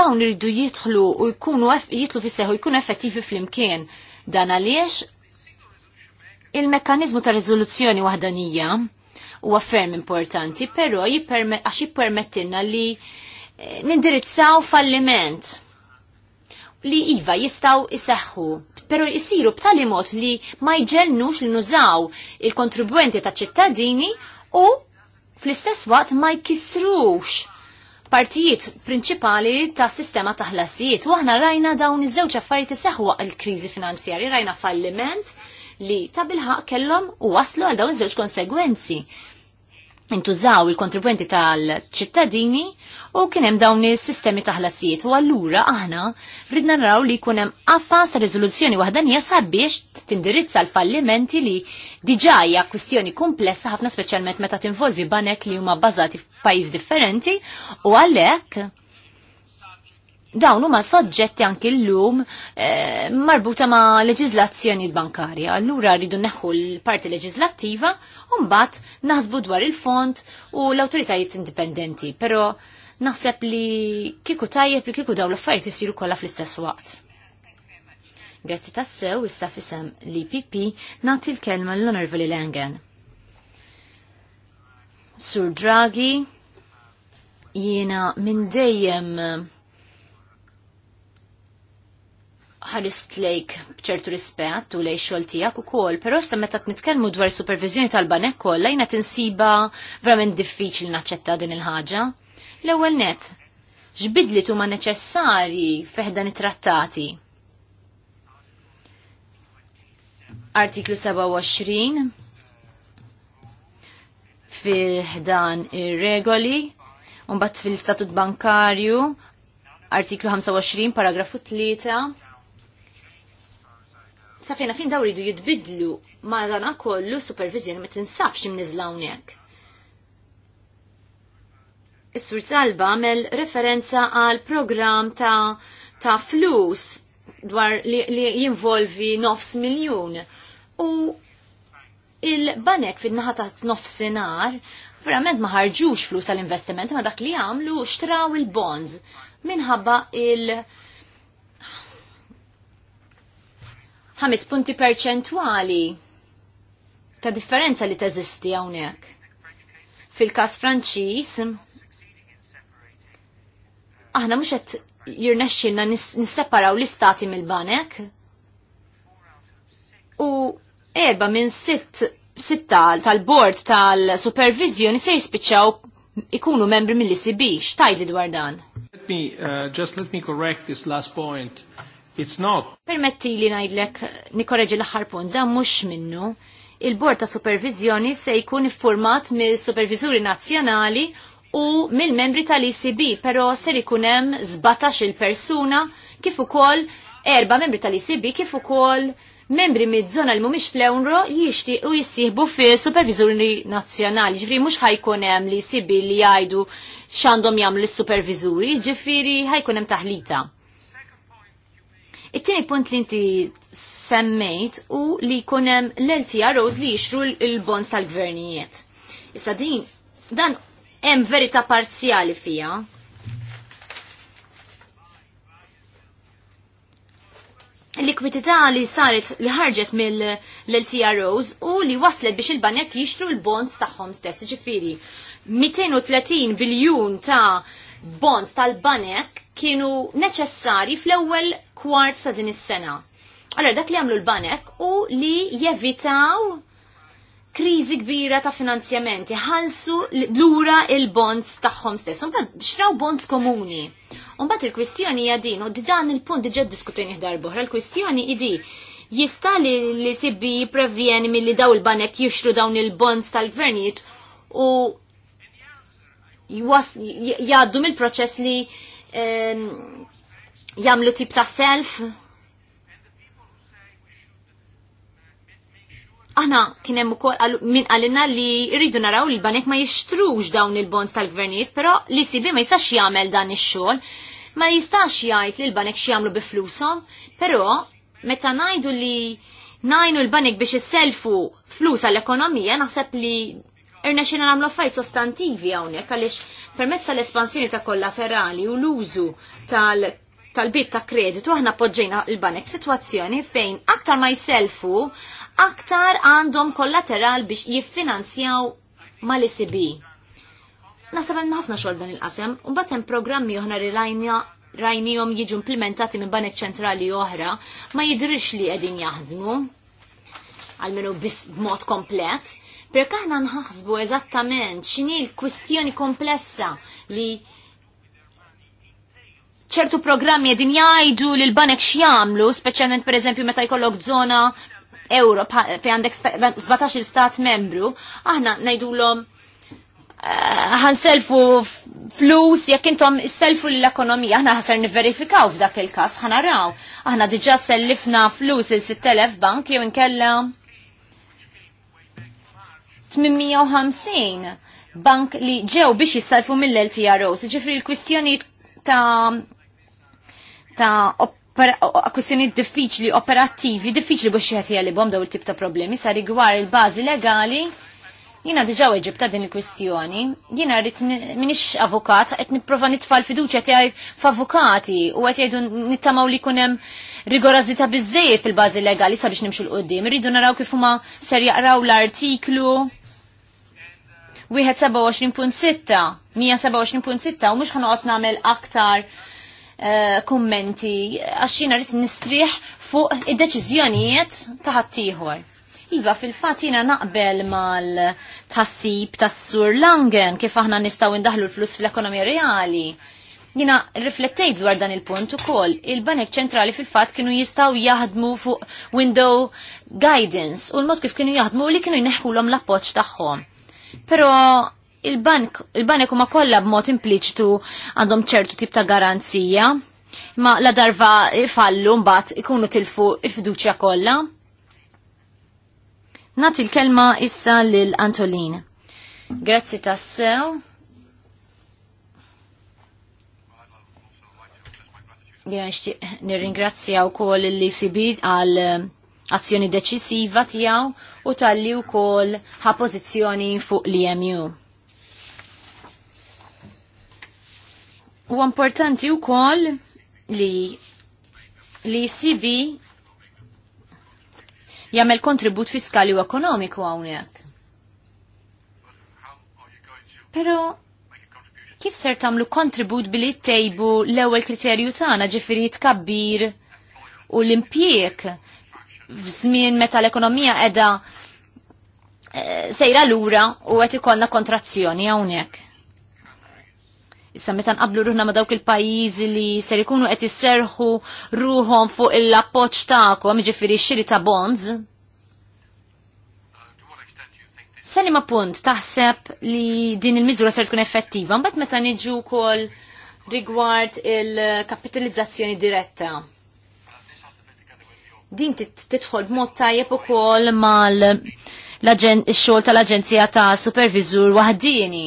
dawn irridu jitħlu u jkunu jitlu fisseħu jkunu effettivi fl-imkien. Dan għaliex il-mekanizmu ta' rizoluzzjoni wahdanija u affermi importanti, pero għax jippermettinna li eh, nindirizzaw falliment li iva jistaw iseħħu, pero jisiru b'tali mod li ma jġelnux li nużaw il-kontribwenti ta' ċittadini u fl-istess waqt ma jkissrux partijiet prinċipali ta' sistema ta' ħlasijiet. U aħna rajna dawn iż-żewġ affarijiet iseħħu il-kriżi finanzjarji, rajna falliment li ta' bilħaq kellhom u waslu għal dawn iż-żewġ konsegwenzi intużaw il-kontribwenti tal-ċittadini u kien hemm dawn is-sistemi ta' ħlasijiet u allura aħna ridna naraw li jkun hemm affas riżoluzzjoni waħdanija sabiex tindirizza l-fallimenti li diġà hija kwistjoni komplessa ħafna speċjalment meta tinvolvi banek li huma bbażati f'pajjiż differenti u għalhekk dawn huma soġġetti anki llum e, marbuta ma' leġislazzjoni bankarja. Allura rridu neħu l-parti leġislattiva u mbagħad naħsbu dwar il-fond u l-awtoritajiet indipendenti, però naħseb li kieku tajjeb li kieku dawn l-affarijiet isiru kollha fl-istess waqt. Grazzi tassew issa fisem li PP nagħti l-kelma l-Onorevoli Langen. Sur Draghi, jiena minn dejjem ħarist lejk bċertu rispett u lej xol tijak u kol, pero sa meta t-nitkelmu dwar supervizjoni tal-banek kol, lejna tinsiba verament diffiċli naċċetta din il-ħagġa. L-ewel net, ġbidli tu ma neċessari feħdan it-trattati. Artiklu 27 fi dan ir-regoli, un bat fil-statut bankarju, artiklu 25, paragrafu 3, safjena fin daw ridu jitbidlu ma dan kollu supervizjoni ma tinsabx imnizlawnek. Is-Sur Zalba għamel referenza għal program ta' ta' flus dwar li, li jinvolvi nofs miljun. U il-banek fid-naħa ta' senar, verament ma ħarġux flus għal-investiment ma dak li għamlu xtraw il-bonds minħabba il-, -bonds, Ħames punti perċentwali ta' differenza li teżisti hawnhekk. Fil-każ Franċiż aħna mhux qed jirnexxinna nisseparaw l-istati mill-banek. U erba minn sitt sitta tal-bord tal-supervizjoni se jispiċċaw ikunu membri mill-ICB. X'tajli dwar dan? Let me, uh, just let me correct this last point. It's not. Permetti li najdlek nikorreġi l-aħħar punt, dan mhux minnu. Il-Bord ta' Supervizjoni se jkun iffurmat mill-Supervizuri Nazzjonali u mill-membri tal icb però ser ikun hemm 17 il-persuna kif ukoll erba membri tal icb kif ukoll membri mid-żona li mhumiex fl ewro jixti u jissieħbu fil supervizuri nazzjonali. Ġifieri mhux ħajkun hemm li ECB li jgħidu x'għandhom jagħmlu l-supervizuri, ġifieri ħajkun hemm taħlita. It-tieni punt li inti semmejt u li kunem l-LTROs li jixru l-bonds tal-gvernijiet. Issa din, dan hemm verità parzjali fija. L-likwidità li saret li ħarġet mill-LTROs u li waslet biex il-banek jixtru l-bonds tagħhom stess, ġifiri. 230 biljun ta' bonds tal-banek kienu neċessari fl-ewwel kwart sa din is-sena. Allora dak li għamlu l-banek u li jevitaw kriżi kbira ta' finanzjamenti, ħalsu lura il-bonds tagħhom stess. Mbagħad xraw bonds komuni. Mbagħad il-kwistjoni hija din, u dan il-punt diġà diskutejn iħdar boħra, il-kwistjoni idi jista' li li sibbi jipprevjeni milli daw il-banek jixtru dawn il-bonds tal-gvernijiet u jgħaddu mill-proċess li jamlu tip ta' self. Aħna kien hemm ukoll min għalina li rridu naraw li l-banek ma jixtrux dawn il-bonds tal-gvernijiet, però li sibi ma jistax jagħmel dan ix-xogħol, ma jistax jgħid li l-banek x'jagħmlu biflushom, però meta ngħidu li najnu l-banek biex jisselfu flus għall-ekonomija, naħseb li irna xina namlu affarijiet sostantivi hawnhekk għaliex permezz tal-espansjoni ta' kollaterali u l-użu tal- tal bib ta' kreditu aħna poġġejna l-banek f'sitwazzjoni fejn aktar ma jiselfu, aktar għandhom kollateral biex jiffinanzjaw mal-ECB. Nasab għanna ħafna xogħol dan il-qasem, u hemm programmi oħna rilajnja rajnijom jiġu implementati minn banek ċentrali oħra, ma jidrix li qegħdin jaħdmu, għalmenu biss b'mod komplet, perk aħna nħaħsbu eżattament x'inhi l-kwistjoni komplessa li ċertu programmi din jajdu li l-banek xjamlu, speċjalment per eżempju meta jkollok zona euro fej għandek 17 stat membru, aħna najdulhom eh, ħanselfu flus jekk intom selfu l-ekonomija, aħna ħasar niverifikaw f'dak il-każ, raw. Aħna diġà sellifna flus il 6000 bank jew inkella 850 bank li ġew biex jissalfu mill ltro siġifri l-kwistjoni ta' ta' kwestjoni diffiċli, operattivi, diffiċli biex jħet jgħalibom daw il-tip ta' problemi, sa' rigwar il-bazi legali, jina diġa weġib ta' din il-kwestjoni, jina rrit minix avukat, għet niprofa nitfall fiduċa tijaj f'avukati u għet jajdu nittamaw li kunem rigorazita bizzejiet fil-bazi legali sabiex nimxu l-qoddim, rridu naraw kif huma ser jaqraw l-artiklu 27.6, 127.6 u mux ħanoqot namel aktar Eh, kummenti għax jiena rrid nistrieħ fuq id-deċiżjonijiet ta' ħaddieħor. Iva, fil-fat jina naqbel mal-tassib tas-sur Langen kif aħna nistaw indaħlu l-flus fl-ekonomija reali. Jina riflettejt dwar dan il-punt ukoll il-Banek ċentrali fil-fat kienu jistaw jaħdmu fuq window guidance u l-mod kif kienu jaħdmu li kienu jneħħu l-om l-appoċ tagħhom. Pero il-bank, il-banek huma kollha b'mod impliċtu għandhom ċertu tip ta' garanzija, ma la darba fallu mbagħad ikunu tilfu il-fiduċja kollha. Nati l-kelma issa lil Antolin. Grazzi tassew. nirringrazzja u kol l-ICB għal eh, azzjoni deċisiva tijaw u tal-li e u kol ħa pozizjoni fuq l-EMU. U importanti wkoll li li CB jagħmel kontribut fiskali u ekonomiku hawnhekk. Però kif ser tagħmlu kontribut billi tejbu l-ewwel kriterju tagħna ġifieri tkabbir u l-impjieg f'żmien meta l-ekonomija qiegħda eh, sejra lura u qed ikollna kontrazzjoni hawnhekk. Issa meta nqablu ruħna ma' dawk il-pajjiżi li ser ikunu qed isserħu ruhom fuq il-appoġġ tagħkom, jiġifieri xiri ta' bonds. Sali ma' punt taħseb li din il-miżura ser tkun effettiva, mbagħad meta niġu wkoll rigward il-kapitalizzazzjoni diretta. Din titħol b'mod tajjeb ukoll mal xogħol tal-Aġenzija ta' Supervisur waħdini?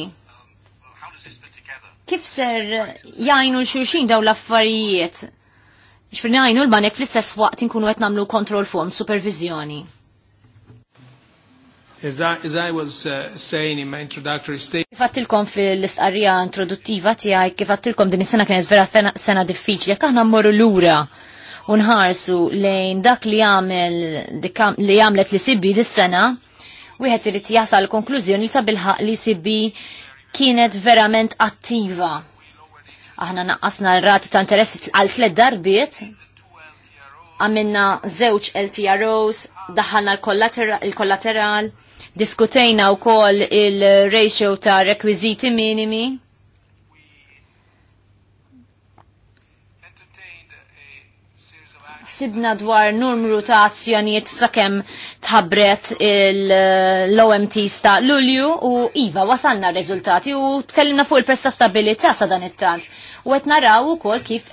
kif ser jajnu l-xurxin daw l-affarijiet? ċfirni għajnu l-banek fl-istess waqt inkunu għet namlu kontrol fuqom supervizjoni. As I, as I was uh, saying in my introductory statement. Kif fil-istqarrija introduttiva tiegħi kif għattilkom din is-sena kienet vera sena diffiċli, jekk aħna mmorru lura u nħarsu lejn dak li jagħmel li jagħmlet li sibbi dis-sena, wieħed irid jasal konklużjoni ta' bilħaq li sibbi kienet verament attiva. Aħna naqqasna l-rati ta' interessi għal tliet darbiet, għamilna żewġ LTROs, daħħalna l-kollateral, diskutejna u koll il-ratio ta' rekwiziti minimi ħsibna dwar numru ta' azzjonijiet sakemm tħabbret l-OMT sta' Lulju u Iva wasalna r-riżultati u tkellimna fuq il-presta stabilità sa' dan it-tant. U qed naraw ukoll kif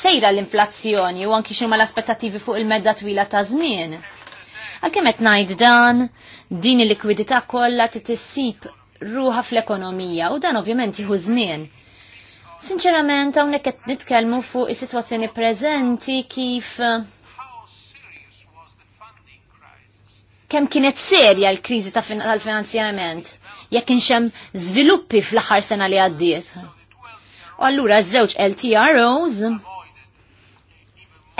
sejra l-inflazzjoni u anki x'huma l-aspettattivi fuq il-medda twila ta' żmien. Għalkemm qed ngħid dan, din il-likwidità kollha titissib ruha fl-ekonomija u dan ovvjament jieħu żmien Sinċerament, hawnhekk qed nitkellmu fuq is-sitwazzjoni prezenti, kif eh, kemm kienet serja l-kriżi tal-finanzjament, jekk kienx hemm żviluppi fl-aħħar sena li għaddiet. U allura ż-żewġ LTROs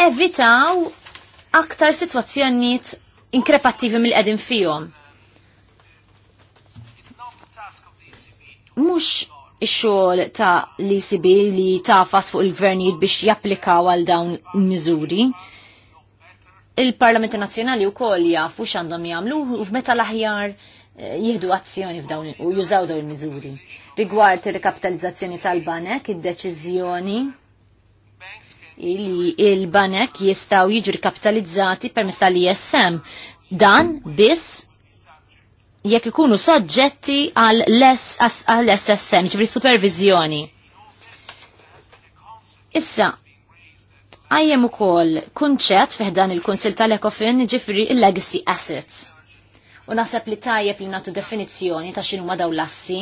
evitaw aktar sitwazzjonijiet inkrepattivi mill qedin fihom. Mhux ix-xogħol ta' li sibil e li tafas fuq il-gvernijiet biex japplikaw għal dawn miżuri. Il-Parlamenti Nazzjonali wkoll jafu xandom jagħmlu u f'meta l-aħjar eh, jieħdu azzjoni f'dawn u jużaw dawn il-miżuri. Rigward ir-rekapitalizzazzjoni tal-banek, id-deċiżjoni li il-banek jistaw jiġu rikapitalizzati per tal-ISM. Dan biss jekk ikunu soġġetti għall ssm ġifri supervizjoni. Issa, għajjem u kol kunċet fiħdan il-Konsil tal-Ekofin ġifri il-Legacy Assets. U naħseb li tajjeb li natu definizjoni ta' xinu madaw lassi.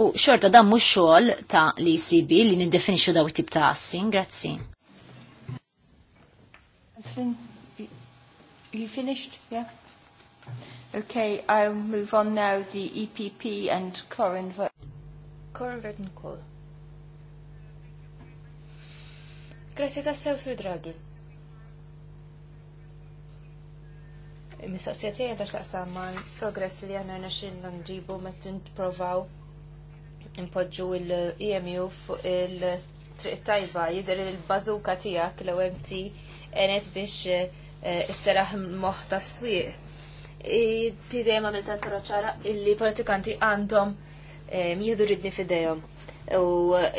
U xorta dammu mux xol ta' li sibi li nindefinixu daw tip ta' assi. Grazzi. You finished? Yeah? Okay, I'll move on now the EPP and Corin Ver Corin Vertenkol. Grazie tassew sur draghi. Mistaqsija tiegħi għandha x'taqsam mal-progress li aħna rnexxinna nġibu meta nipprovaw impoġġu l-EMU fuq il-triq tajba jidher il-bażuka tiegħek l-OMT għenet biex eh, isseraħ moħħ tas-swieq ti dejjem għamil tal-proċara illi politikanti għandhom eh, jihdu ridni fidejhom. U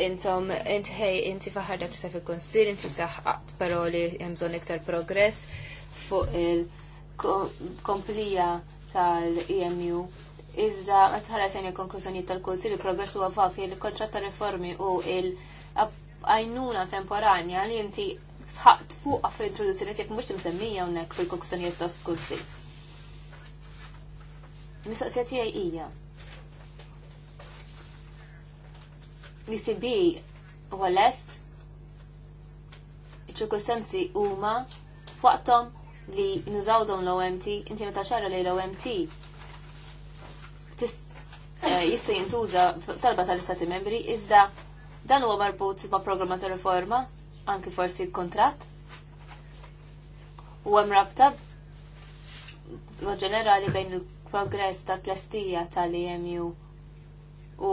intom, intħej, inti faħar dak li il-konsil, inti saħqat paroli jemżon iktar progress fuq il-komplija tal-EMU. Iżda, ma tħares jenja konklużjoni tal-konsil, il-progress huwa vak il-kontrat ta' reformi u il-għajnuna temporanja li inti sħaqt fuq għaf l-introduzzjoni jek mux semmija unnek fil-konklużjoni tal-konsil Mistoqsija tiegħi hija. L-ICB huwa lest iċ-ċirkustanzi huma fuqhom li nużaw dawn l-OMT, inti meta xara li l-OMT eh, jista' jintuża talba tal-Istati Membri iżda dan huwa marbut ma' programma ta' riforma, anki forsi kontratt. U hemm rabta ma' ġenerali bejn il progress ta' tlestija tal-EMU u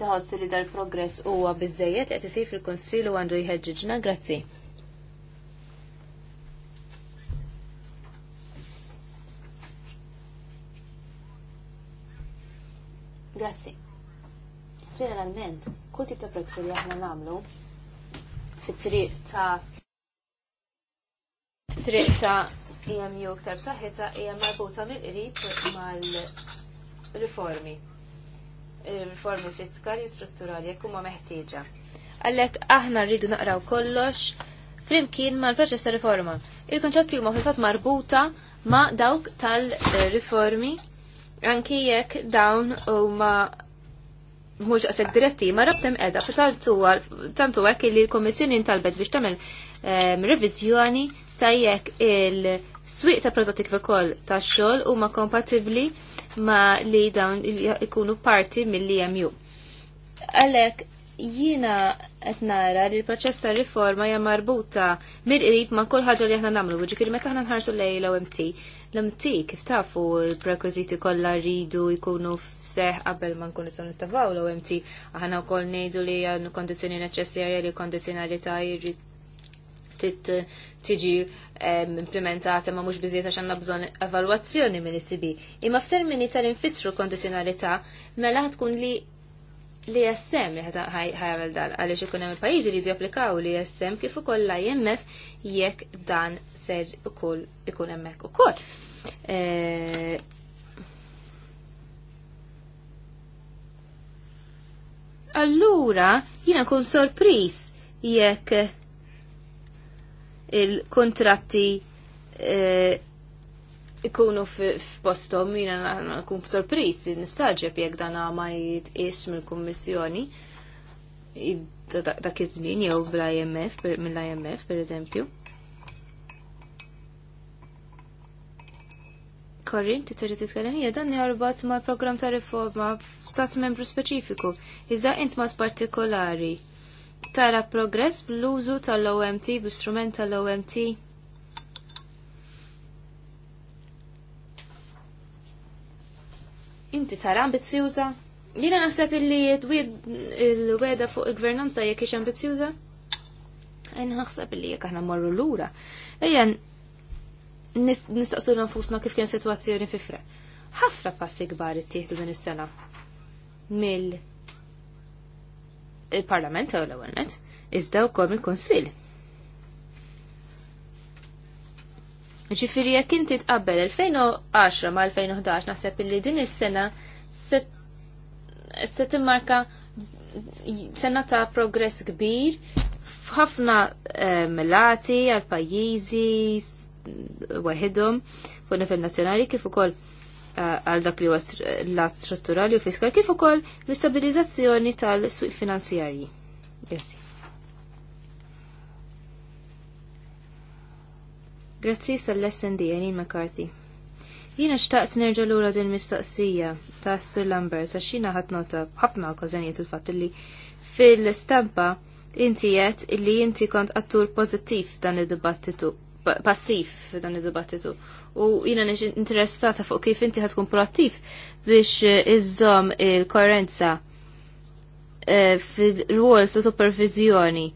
ħossi li dal-progress huwa biżejjed qed isir fil u għandu jħeġġiġna, grazzi. Grazzi. Ġeneralment, kull tip ta' progress li aħna nagħmlu fit-triq ta' fit-triq ta' jew ktar saħħita hija marbuta mill-qrib mal-riformi. Riformi fiskali u strutturali jekk huma meħtieġa. Għalhekk aħna rridu naqraw kollox flimkien mal-proċess ta' riforma. Il-konċetti huma fil-fatt marbuta ma' dawk tal-riformi anki jekk dawn huma mhux qasek diretti ma' rabtem qiegħda fi tantu hekk li l-Kummissjoni ntalbet biex tagħmel ehm, revizjoni tajjek jekk il-swieq ta' prodotti kif ukoll tax-xogħol huma kompatibbli ma' li dawn ikunu parti mill-EMU. Għalhekk jiena qed nara li l-proċess ta' riforma hija marbuta mill-qrib ma' kull ħaġa li aħna nagħmlu, ġifieri meta aħna nħarsu lejn l-OMT. L-OMT kif tafu l prekwiżiti kollha rridu jkunu seħ qabel ma nkunu se nittavaw l-OMT. Aħna wkoll ngħidu li hija kondizzjoni neċessarja li kondizzjonalità jrid tiġi implementata ma mhux bizziet għax għandna bżonn evalwazzjoni minn icb e Imma f'termini tal-infissru kondizjonalità mela tkun li e li jessem li ħajal dan għaliex ikun hemm il-pajjiżi li jdu applikaw li jessem kif ukoll l-IMF jekk dan ser ukoll ikun hemmhekk ukoll. E, Allura jiena nkun sorpris jekk il-kontratti eh, ikunu f'postom jina kun sorpris nistaġeb jekk dan ma jitqis mill-kummissjoni dak iż-żmien jew bl-IMF mill-IMF pereżempju. Korrin, ti t titkellem hija dan jarbat mal-programm ta' riforma stat membru speċifiku. Iżda intmat partikolari tara progress bl-użu tal-OMT, bl-istrument tal-OMT. Inti tara ambizjuża? Jiena naħseb illi il-weda fuq il-gvernanza jekk ambizjuża? ambizzjuża? naħseb illi jekk aħna morru lura. Ejja nistaqsu nfusna kif kien sitwazzjoni fifra. Ħafna passi kbar tieħdu din is-sena mill il-Parlament u l-ewwel izdaw iżda wkoll il-Kunsill. Ġifiri, jekk inti tqabbel 2010 ma' 2011 naħseb li din is-sena se timmarka sena ta' progress kbir f'ħafna eh, melati għal pajjiżi weħidhom fuq nifel nazzjonali kif ukoll għal dak li huwa l-att strutturali u fiskal kif ukoll l-istabilizzazzjoni tal-swieq finanzjarji. Grazzi. Grazzi sal-SND Anin McCarthy. Jiena xtaqt nerġa' lura din mistoqsija ta' Sir Lambert għax xina ħadd nota b'ħafna okkażjonijiet il fat li fil-stampa inti qed li inti kont attur pożittiv dan id-dibattitu passiv f'dan id-dibattitu. U jina nix interessata fuq kif inti ħatkun proattiv biex eh, iżom il-koerenza eh, fil ruol sa' supervizjoni.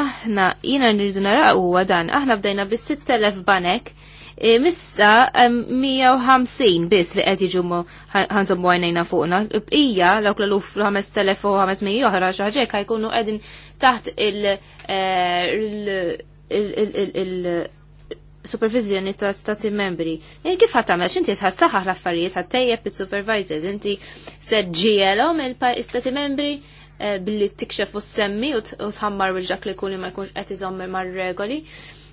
Aħna, jina nirridu naraq huwa dan, aħna bdejna bis-6000 banek, eh, Mista 150 biss li qed jiġu ħanżommu għajnejna fuqna. Bqija lawk l u 500 oħra xaħġek ħaġa jkunu qegħdin taħt il- il-supervizjoni ta' stati membri. E kif ħat tagħmel x'inti tħassaħaħ l-affarijiet għat tejjeb is-supervisors, inti se il-stati membri eh, billi tikxef u semmi u t-ħammar bil-ġak li kulli ma jkunx qed iżommir mar-regoli.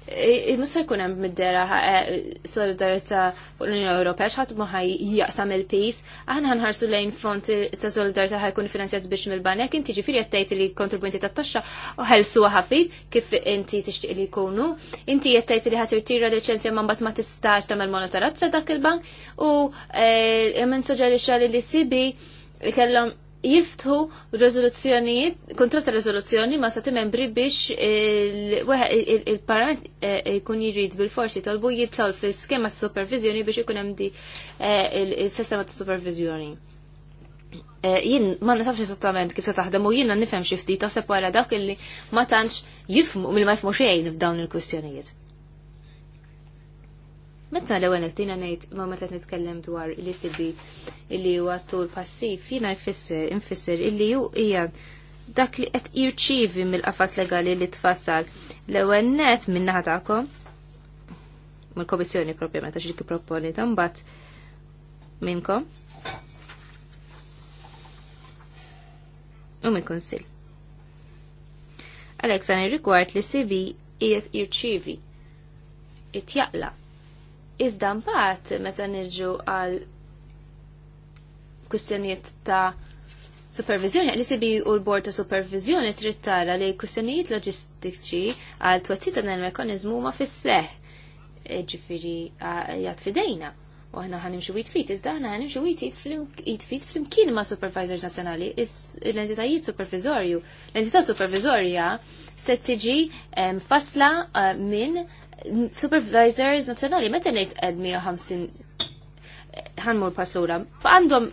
Eh, eh, musa jkun hemm middera eh, solidarità fuq l-Unjoni Ewropea x'ħadd ma ħaj jaqsam il-pis, aħna ħanħarsu lejn fond ta' solidarità ħajkun finanzjat biex mill-banek, inti ġifieri qed tgħid li kontribwenti tat-taxxa ħelsuha ħafif kif inti tixtieq li jkunu, inti qed tgħid li ħadd irtira liċenzja ma mbagħad ma tistax tagħmel monitoraġġ dak il-bank u minn suġġerixxa li l-CB kellhom jiftħu rezoluzzjonijiet, kontrat rezoluzzjoni ma stati membri biex il-parlament jkun eh, jirid bil-forsi talbu jitlaw fil-skema ta' supervizjoni biex ikun hemm di eh, il-sistema ta' supervizjoni. Eh, jien ma nisafx esattament kif se taħdem u jiena nifhem xi ftit taħseb wara dawk illi ma tantx jifmu mill ma jifmu xejn f'dawn il-kwistjonijiet. Meta l-ewwel qed nejt, ngħid ma meta nitkellem dwar li sibi illi huwa tul passiv jiena jfisser infisser illi hu hija dak li qed jirċievi mill-qafas legali li tfassal l-ewwel net min-naħa tagħkom mill-Komissjoni propjament għax dik proponi ta' mbagħad minnkom u mill-Kunsill. Għalhekk dan ir-rigward li sibi e qiegħed jirċievi it-jaqla' Iżda mbagħad meta nirġu għal kwistjonijiet ta' supervizjoni, li sibi e u l-bord ta' supervizjoni trid tara li kwistjonijiet loġistiċi għal twettita dan il-mekanizmu ma fis-seħ e ġifiri jgħat fidejna. U ħana ħanimxu jitfit, iżda ħana ħanimxu jitfit fl-imkien ma' supervisors nazjonali, l-entitajiet supervizorju. L-entità supervizorja se tiġi fasla eh, minn supervisors nazzjonali meta ngħid qed 150 ħanmur pass lura għandhom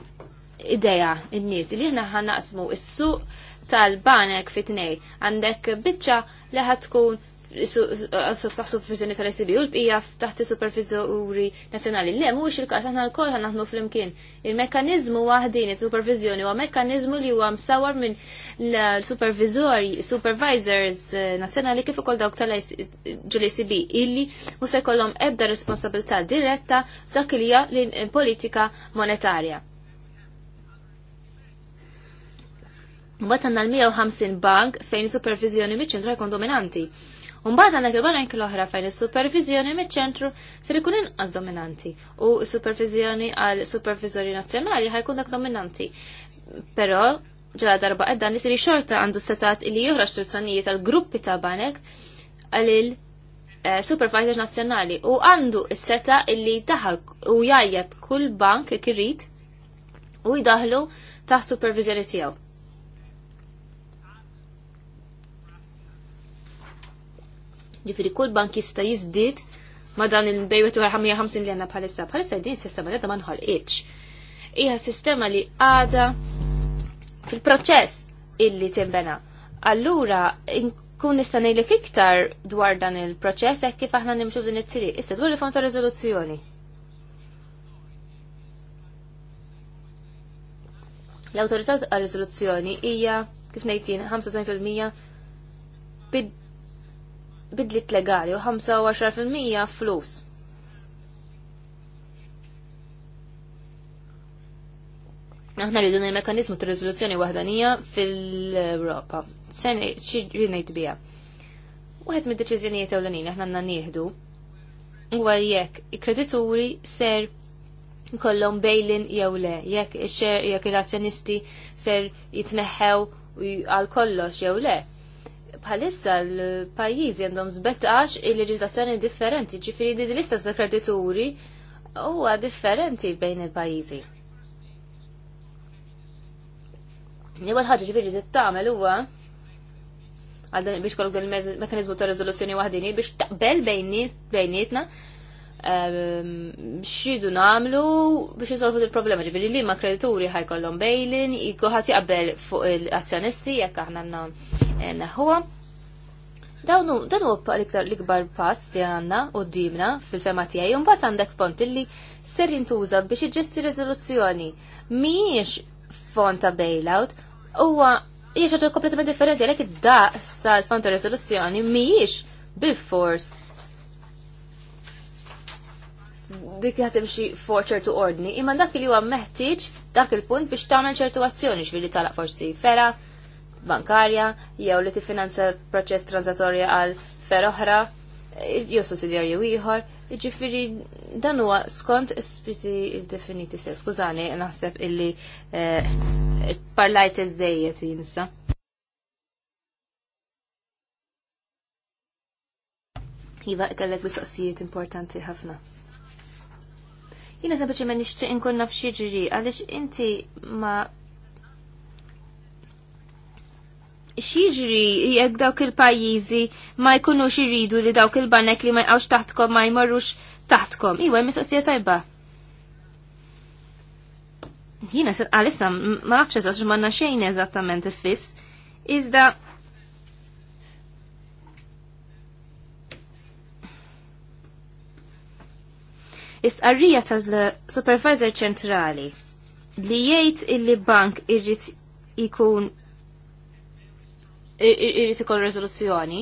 idea n-nies li aħna naqsmu is-suq tal-banek fit tnejn għandek biċċa li ħatkun taħt supervizjoni tal-STB u l-bqija taħt supervizjoni nazjonali. Le, mux il-kas, aħna l-kol ħanaħnu fl-imkien. Il-mekanizmu wahdin, il-supervizjoni, huwa mekanizmu li huwa msawar minn l-supervisors eh, nazjonali kif ukoll dawk tal ġul stb illi u se kollhom ebda responsabilità diretta f'dak li hija l-politika eh, monetarja. Mbatt għandna l-150 bank fejn supervizjoni miċ-ċentra jkun dominanti. Mbagħad għandek il-bank l-oħra fejn is-supervizjoni miċ-ċentru ser ikun inqas dominanti u s-supervizjoni għal supervizori nazzjonali ħajkun dak dominanti. Però ġala darba għedda nisir xorta għandu setat li joħra struzzjonijiet tal gruppi ta' banek il eh, supervisor nazzjonali u għandu s-seta illi daħal u jajjat kull bank kirrit u jidaħlu taħt supervizjoni tiegħu Ġifiri kull bank jista' jiżdied ma dan il-bejwet 150 li għanna bħalissa. Bħalissa din sistema li ma nħolqitx. Hija sistema li għada fil-proċess illi timbena. Allura kun nista' ngħidlek iktar dwar dan il-proċess hekk kif aħna nimxu din it tiri Issa dwar li fanta ta' riżoluzzjoni. L-awtorità ta' riżoluzzjoni hija kif nejtin, 95% bid bidlit legali u 25% flus. Aħna rridu il-mekanizmu ta' riżoluzzjoni waħdanija fil-Europa. Sen xi ngħid biha. Waħed mid-deċiżjonijiet ewlenin aħna għandna nieħdu huwa jekk il-kredituri ser kollom bejlin jew le, jekk ix jekk il-azzjonisti ser jitneħħew għal kollox jew le bħalissa l-pajjiżi għandhom zbettax il-leġislazzjoni differenti, ġifieri di l-lista ta' kredituri huwa differenti bejn il-pajjiżi. L-ewwel ħaġa ġifieri li tagħmel huwa għal biex kollok dan il-mekanizmu ta' riżoluzzjoni waħdini biex taqbel bejnietna ehm, xidu namlu biex jisolfu il-problema ġibiri li ma kredituri ħajkollhom bejlin, jikkuħat jaqbel fuq il-azzjonisti jekk aħna neħuwa. Dawnu, dan huwa l-iktar l-ikbar pass li għandna dimna fil-fema tiegħi un mbagħad għandek font illi ser jintuża biex iġesti rezoluzzjoni. Mhijiex font ta' bailout, huwa hija xi kompletament differenti għalhekk id-daqs tal-font ta' rezoluzzjoni, mhijiex bil-fors dik xie fuq ċertu ordni, imma dak li huwa meħtieġ dak il-punt biex tagħmel ċertu azzjoni x'vili talaq forsi fera, bankarja jew li tiffinanza proċess transatorja għal fer oħra jew sussidjarju ieħor, jiġifieri dan huwa skont ispiti definiti sew. Skużani, naħseb illi eh, parlajt iż jinsa. Iva, kellek bisoqsijiet importanti ħafna. Jina sempliċement nixtieq inkun naf xi ġiri għaliex inti ma' xieġri jekk dawk il-pajjiżi ma jkunux iridu li dawk il-banek li ma jqawx taħtkom ma jmorrux taħtkom. Iwa, mis-sosja tajba. Jina, għalissa, ma nafx eżax manna xejn eżattament il-fiss, iżda is arrija tal-Supervisor ċentrali li jgħid illi bank irrit ikun irrid ikol rezoluzzjoni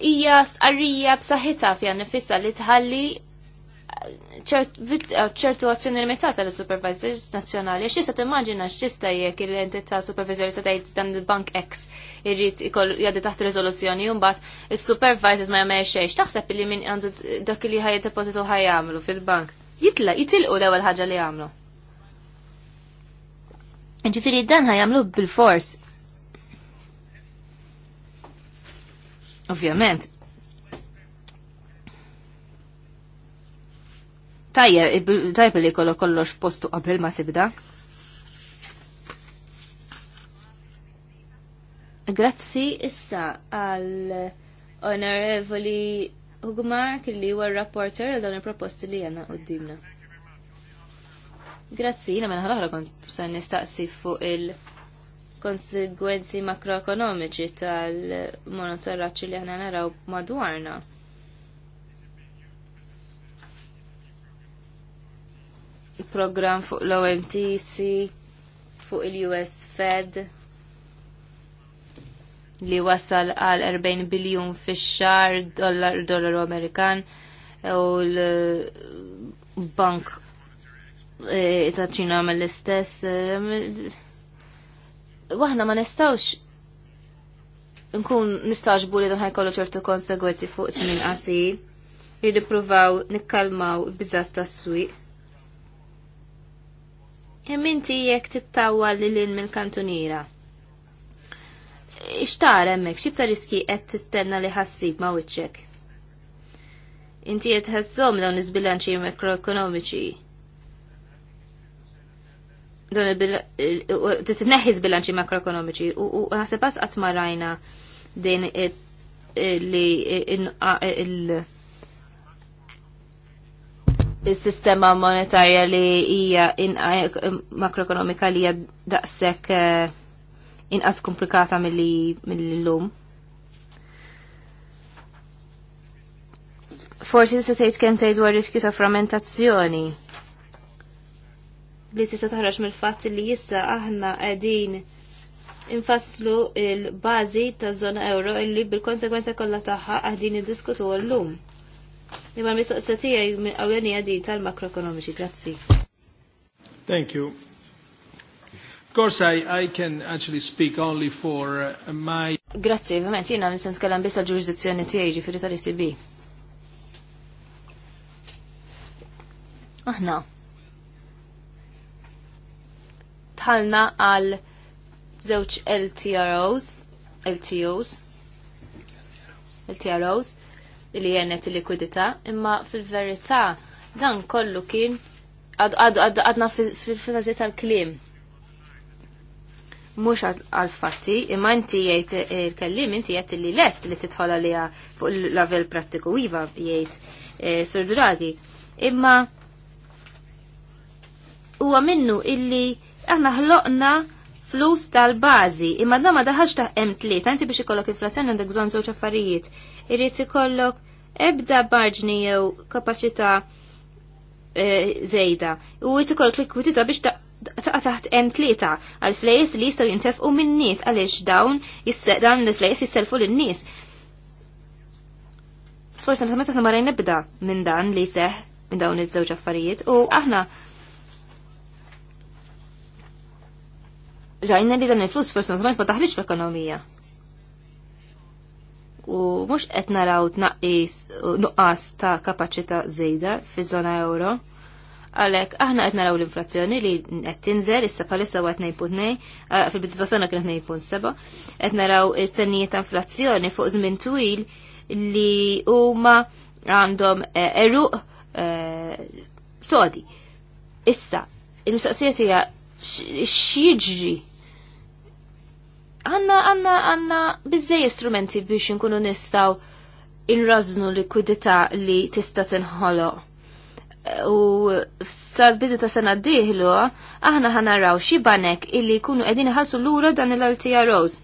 hija stqarrija b'saħħitha fiha nifissa li tħalli eh, eh, ċertu azzjoni limitata l supervisors nazzjonali. t-immagina timmaġina x'ista jek l-entità supervisori ta' tgħid dan il-bank X irrit ikoll jaddi taħt riżoluzzjoni u mbagħad is-supervisors ma jagħmel xejn. X'taħseb li min għandu dak li ħajja depositu ħajjamlu fil-bank? Jitla, jitilqu l-ewwel ħaġa li jagħmlu. Ġifiri dan ħajamlu bil-fors Ovvjament. Tajja, tajja li kollu kollox postu qabel ma tibda. Grazzi issa għal onorevoli Ugmar li huwa rapporter għal dawn il-proposti li għanna dimna. Grazzi, jina minna ħal-ħra kont nistaqsi fuq il- konsegwenzi makroekonomiċi tal-monitoraċ li aħna naraw madwarna. Program fuq l-OMTC, fuq il-US Fed, li wasal għal 40 biljun fi xar dollar Amerikan u l-bank eh, ta' ċina mill-istess waħna ma nistawx nkun nistaġbu li dan ħajkollu ċertu konsegwenti fuq snin qasi li nippruvaw nikkalmaw biżat tas-swieq. Hemm inti jekk tittawwa lil lin mill-kantuniera. Ixtar hemmhekk x'ibta riski qed tistenna li ħassib ma' wiċċek. Inti qed ħassom dawn iż-bilanċi makroekonomiċi titneħħis bilanċi makroekonomiċi u naħseb għas qatt ma rajna din li il-sistema monetarja li hija makroekonomika li hija daqshekk eh, inqas komplikata mill-lum. Forsi se tgħid kemm tgħid dwar riskju ta' frammentazzjoni li tista' taħroġ mill-fatt li issa aħna qegħdin infasslu il-bażi taż-żona euro illi bil-konsekwenza kollha tagħha qegħdin niddiskutu llum. Imma mistoqsija tiegħi minn qawlenija din tal-makroekonomiċi. Grazzi. Thank you. Of course, I, I can actually speak only for uh, my... Grazzi, ovvijament, jina la tkellem biss għal-ġurisdizzjoni tiegħi ġifieri tal-ECB. Aħna, tħalna għal żewġ LTROs, LTOs, LTROs, li jennet il-likwidità, imma fil-verità dan kollu kien għadna fil-fazi tal-klim. Mux għal-fatti, imma inti jgħid il-kellim, inti jgħid li lest li titħol għalija fuq il-level pratiku iva jgħid e, Sur Draghi. Imma huwa minnu illi aħna ħloqna flus tal-bazi, imma da ma daħħax ta' M3, inti biex ikollok inflazzjoni għandek bżonn żewġ affarijiet. Irid ikollok ebda barġni jew kapaċità zejda. E, u irid ikollok likwidità biex taqa' taħt M3 għal flejs li jistgħu jintefqu min-nies għaliex dawn dawn il-flejs jisselfu lin-nies. Sforsi meta ma rajn nibda minn dan li seħ minn dawn iż-żewġ affarijiet u aħna ġajna li dan il-flus fortunatament ma taħriġ fl-ekonomija. U mhux qed naraw tnaqqis nuqqas ta' kapaċità żejda fi zona euro. Għalhekk aħna qed naraw l-inflazzjoni li qed tinżel issa bħalissa huwa qed 2.2 fil-bidu ta' sena kien seba. qed naraw istennijiet ta' inflazzjoni fuq żmien twil li huma għandhom e, eru e, sodi. Issa, il-mistoqsija tiegħek x'jiġri għanna għanna għanna bizzej istrumenti biex nkunu nistaw inraznu likwidità li tista' tinħolo. U sal-bidu ta' sena diħlu, aħna ħana raw xi banek illi jkunu qegħdin l lura dan il-LTROs.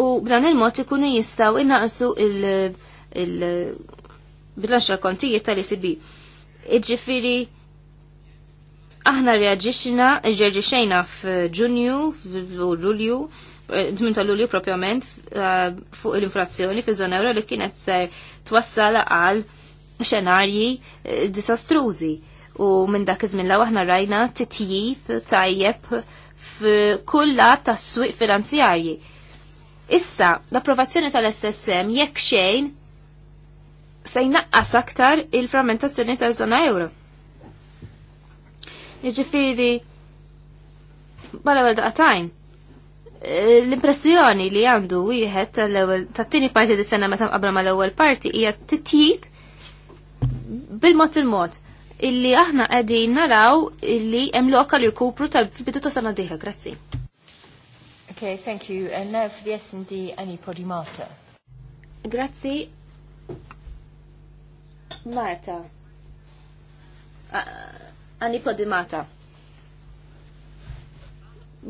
U b'dan il-mod ikunu jistgħu innaqsu il- il bilanċa kontijiet tal-ECB. Iġifieri Aħna reagġiċina, ġerġiċejna f'Ġunju, f'Lulju, 8 ta' Lulju propjament eh, fuq l-inflazzjoni fi zona euro li kienet ser twassala għal xenarji eh, disastrużi. U minn dak iż-żmien law aħna rajna titjib tajjeb f'kulla tas-swieq finanzjarji. Issa, l-approvazzjoni tal-SSM jekk xejn se jnaqqas aktar il-frammentazzjoni tal-żona euro. Jiġifieri bħala għal daqtajn, eh, L-impressjoni li għandu wieħed tal-ewwel tat-tieni parti dis sena meta ma mal-ewwel parti hija t-tip bil-mod il-mod illi aħna qegħdin naraw illi hemm lokal il-kupru tal-bidu ta' sena dieħla, grazzi. Okay, thank you. And now for the S&D, Annie Podimata. Grazzi. Marta. Ah, Anni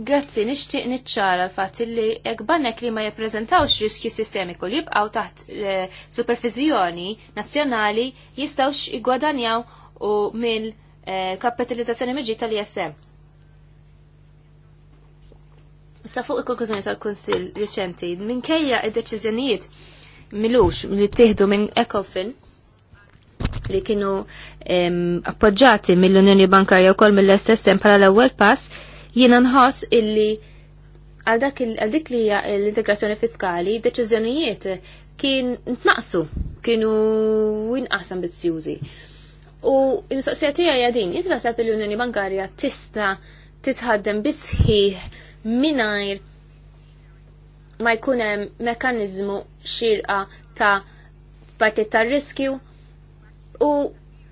Grazzi, nixtieq niċċara l fat li jekk li ma jippreżentawx riskju sistemiku li jibqgħu taħt eh, supervizjoni nazzjonali jistgħux igwadanjaw u mill eh, kapitalizzazzjoni meġi tal-ISM. Sa fuq il-konklużjoni tal-Kunsill riċenti, minkejja id-deċiżjonijiet milux li tieħdu minn Ecofin li kienu appoġġati mill-Unjoni Bankarja wkoll mill-SSM bħala l-ewwel pass, jiena nħoss illi għal dik li hija l-integrazzjoni fiskali, deċiżjonijiet kien ntnaqsu, kienu inqas ambizzjużi. U l-mistoqsija tiegħi hija din, inti taħseb l-Unjoni Bankarja tista' titħaddem bisħiħ mingħajr ma jkun hemm mekkaniżmu xirqa ta' partit tar-riskju u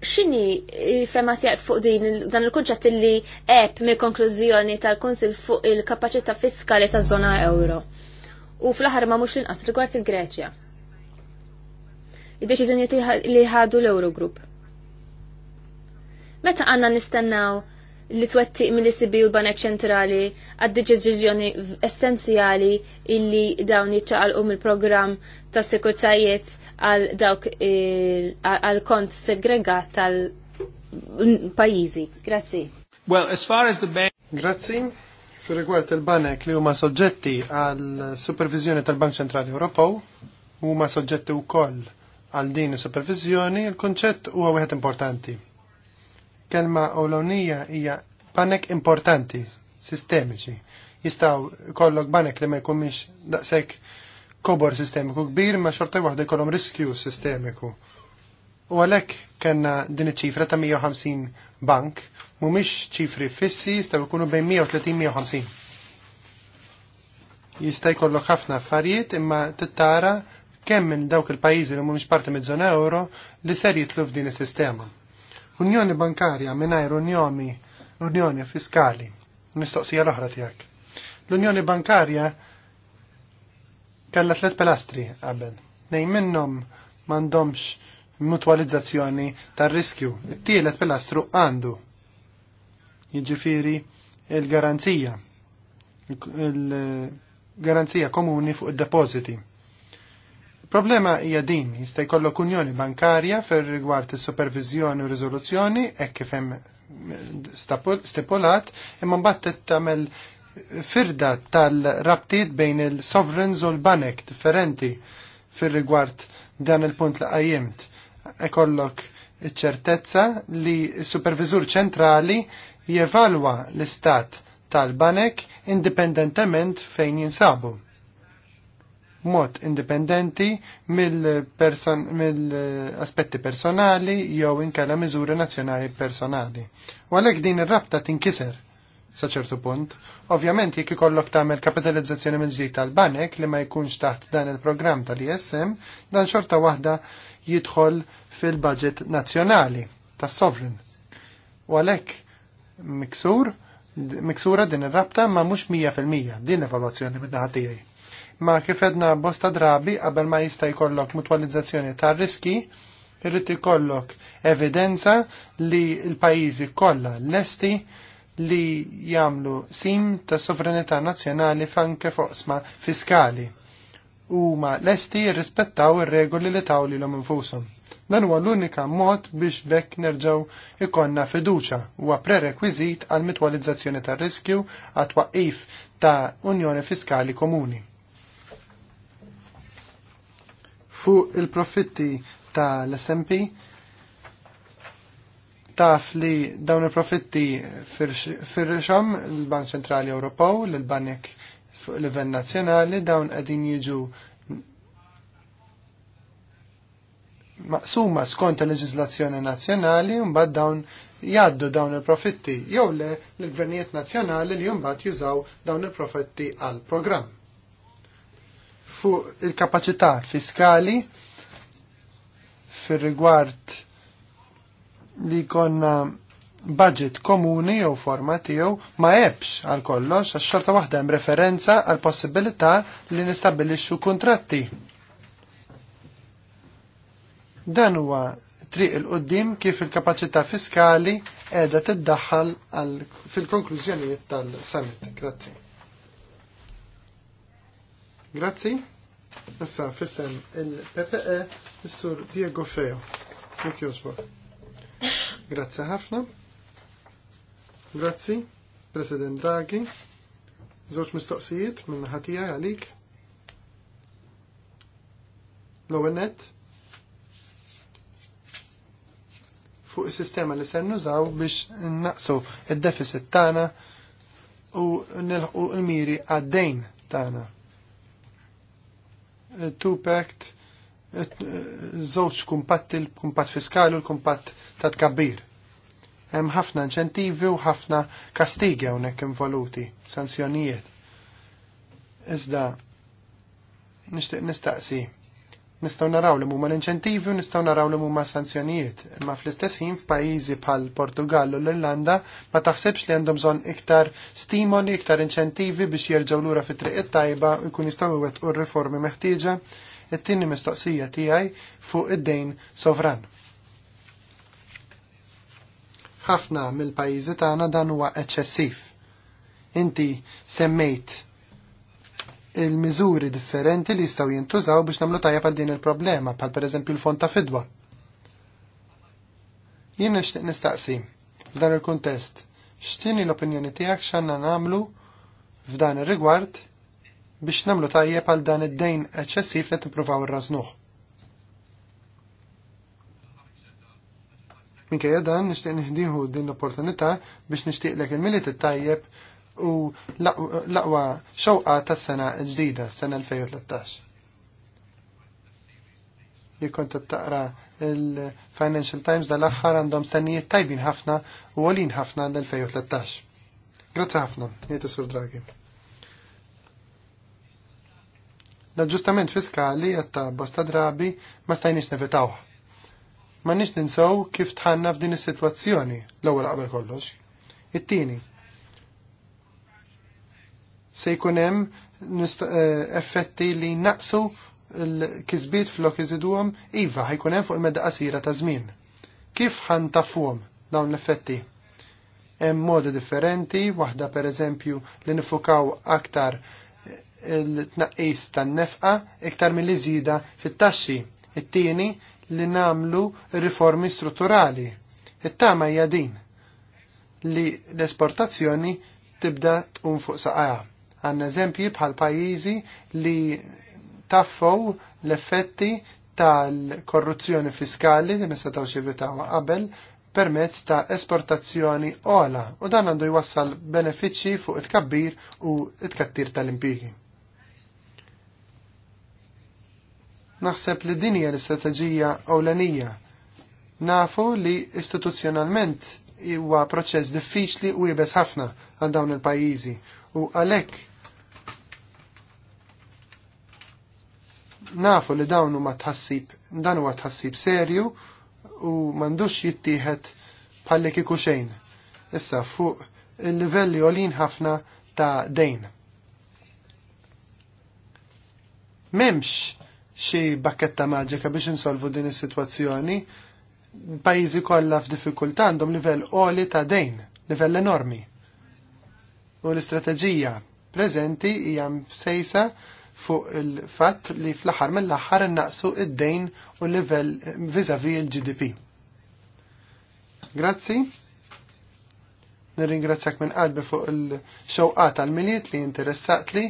xini fema tijak fuq din dan il-konċett li eb mill konklużjoni tal konsil fuq il-kapacità fiskali ta' zona euro? U fl-aħħar ma mhux linqas rigward il-Greċja. id deċizjoni li ħadu l eurogrupp Meta għanna nistennaw li twettiq mill-ECB u l-Banek Ċentrali għad deċizjoni essenzjali illi dawn jiċċaqalqu mill-programm ta' sekurtajiet għal dawk għal kont segregat tal pajizi. Grazzi. Well, as far as the bank... Grazzi. Fi rigward il-banek li huma soġġetti għal supervizjoni tal-Bank Ċentrali Ewropew, huma soġġetti wkoll għal din supervizjoni, il-konċett huwa wieħed importanti. Kelma ewlenija hija banek importanti, sistemiċi. Jistaw kollok banek li ma jkunx daqshekk kobor sistemiku kbir ma xorta waħda jkollhom riskju sistemiku. U għalhekk kellna din iċ-ċifra ta' 150 bank, mhumiex ċifri fissi jistaw ikunu bejn 130-150. Jista' jkollok ħafna affarijiet imma tittara kemm minn dawk il-pajjiżi li mhumiex parti miż-żona euro li ser jitlu f'din is-sistema. Unjoni bankarja mingħajr unjoni unjoni fiskali. Mistoqsija l-oħra tiegħek. L-Unjoni Bankarja kella tlet pilastri qabel. Nejn minnhom m'għandhomx mutualizzazzjoni tar-riskju. It-tielet pilastru għandu. Jiġifieri il-garanzija. Il-garanzija komuni fuq id depositi Problema hija din jista' jkollok unjoni bankarja fir rigward is-supervizjoni u riżoluzzjoni hekk kif hemm stipulat imma mbagħad tagħmel firda tal-rabtiet bejn il-sovereigns u l-banek differenti fil-rigward dan il-punt li qajjimt. Ekollok ċertezza li supervizur ċentrali jevalwa l-istat tal-banek indipendentement fejn jinsabu. Mod indipendenti mill-aspetti -person, mil personali jew inkella miżuri nazzjonali personali. U għalhekk din ir-rabta tinkiser sa ċertu punt. Ovvjament jekk ikollok tagħmel kapitalizzazzjoni minn ġdid tal-banek li ma jkunx taħt dan il-programm tal-ISM, dan xorta waħda jidħol fil-budget nazzjonali tas-sovereign. U għalhekk miksur miksura din ir-rabta ma mhux 100% din evalwazzjoni minn naħa tiegħi. Ma kif edna bosta drabi qabel ma jista' jkollok mutwalizzazzjoni tar-riski, irrid ikollok evidenza li l-pajjiżi kollha lesti esti li jagħmlu sim ta' sovranità nazzjonali fanke foqsma fiskali huma lesti jirrispettaw ir-regoli li taw lilhom infushom. Dan huwa l-unika mod biex bekk nerġaw ikonna fiduċa huwa prerekwiżit għal mitwalizzazzjoni tar-riskju għat twaqif ta' Unjoni Fiskali Komuni. Fuq il-profitti tal-SMP taf li dawn il-profitti fir-xam il-Bank Ċentrali Ewropew, l-Banek fuq livell nazzjonali, dawn qegħdin jiġu maqsuma skont il-leġizlazzjoni nazzjonali u mbagħad dawn jgħaddu dawn il-profitti jew le l-gvernijiet nazzjonali li mbagħad jużaw dawn il-profitti għal programm. Fuq il-kapaċità fiskali fir-rigward li konna budget komuni jew forma tiegħu ma ebx għal kollox għax xorta waħda hemm referenza għal possibilità li nistabbilixxu kuntratti. Dan huwa triq il-qoddim kif il-kapaċità fiskali qiegħda tiddaħħal fil-konklużjonijiet tal-summit. Grazzi. Grazzi. Issa fissem il-PPE is-sur Diego Feo. Jekk jożbor. Grazzi ħafna. Grazzi, President Draghi. Zoċ mistoqsijiet minn ħatija għalik. L-ewwel fuq is-sistema li sennu zaw biex naqsu il deficit tagħna u nilħu l-miri għaddejn tagħna. Two pact, eh, eh, żewġ kumpatt il-kumpatt fiskali u l-kumpatt ta' tkabbir. Hemm ħafna inċentivi u ħafna kastigi hawnhekk involuti, sanzjonijiet. Iżda nixtieq nistaqsi. Nistgħu naraw li huma l-inċentivi u nistgħu naraw li huma sanzjonijiet, imma fl-istess ħin f'pajjiżi bħal Portugallu u l-Irlanda ma taħsibx li għandhom bżonn iktar stimoli, iktar inċentivi biex jerġgħu lura fit-triq it-tajba u jkun jistgħu iwettqu r-riformi meħtieġa. It-tieni mistoqsija tiegħi fuq id-dejn sovran ħafna mill-pajjiżi tagħna dan huwa eċċessiv. Inti semmejt il-miżuri differenti li jistgħu jintużaw biex nagħmlu tajja għal din il-problema, bħal pereżempju l-fond ta' fidwa. Jien nixtieq nistaqsi f'dan il-kuntest x'tieni l-opinjoni tiegħek x'għandna nagħmlu f'dan ir-rigward biex nagħmlu tajjeb għal dan id-dejn eċċessiv li tippruvaw irrażnuh. Minkejja dan nixtieq nihdiħu din l-opportunità biex nixtieqlek il-miliet tajjeb u laqwa aqwa xewqa tas-sena l-ġdida, sena 2013. Jikon taqra il-Financial Times dal-aħħar għandhom stennijiet tajbin ħafna u għolin ħafna l-2013. Grazzi ħafna, jieti Sur dragi. L-aġġustament fiskali għatta bosta drabi ma stajniex nevitawħ. Ma nix ninsaw kif tħanna f'din is-sitwazzjoni l-ewwel qabel kollox. It-tieni. Se jkun hemm eh, effetti li naqsu l-kisbiet flok iżiduhom iva ħajkun hemm fuq il-medda qasira ta' żmien. Kif ħan tafuhom dawn l-effetti? Hemm modi differenti, waħda pereżempju li nifukaw aktar il-tnaqqis tan-nefqa iktar mill-li żida fit-taxxi. It-tieni li namlu riformi strutturali. It-tama hija din li l-esportazzjoni tibda tqum fuq saqaja. Għan eżempji bħal pajjiżi li taffow l-effetti tal-korruzzjoni fiskali li nista' tawxivitaw qabel permezz ta' esportazzjoni ola u dan għandu jwassal benefiċċji fuq it-kabbir u it-kattir tal-impjigi. Naħseb li din hija l-istrateġija ewlenija. Nafu li istituzzjonalment huwa proċess diffiċli u jibes ħafna għal dawn il-pajjiżi u għalhekk nafu li dawn huma tħassib dan huwa tħassib serju u m'għandux jittieħed bħalli kieku xejn. Issa fuq il-livelli għolin ħafna ta' dejn. Memx xi bakketta maġika biex insolvu din is-sitwazzjoni. Pajjiżi kollha f'diffikultà għandhom livell qoli ta' dejn, livell enormi. U l-istrateġija preżenti hija sejsa fuq il-fatt li fl-aħħar mill-aħħar innaqsu id-dejn u l livell viżavi à il-GDP. Grazzi. Nirringrazzjak minn qalbi fuq il-xewqa tal-miliet li interessatli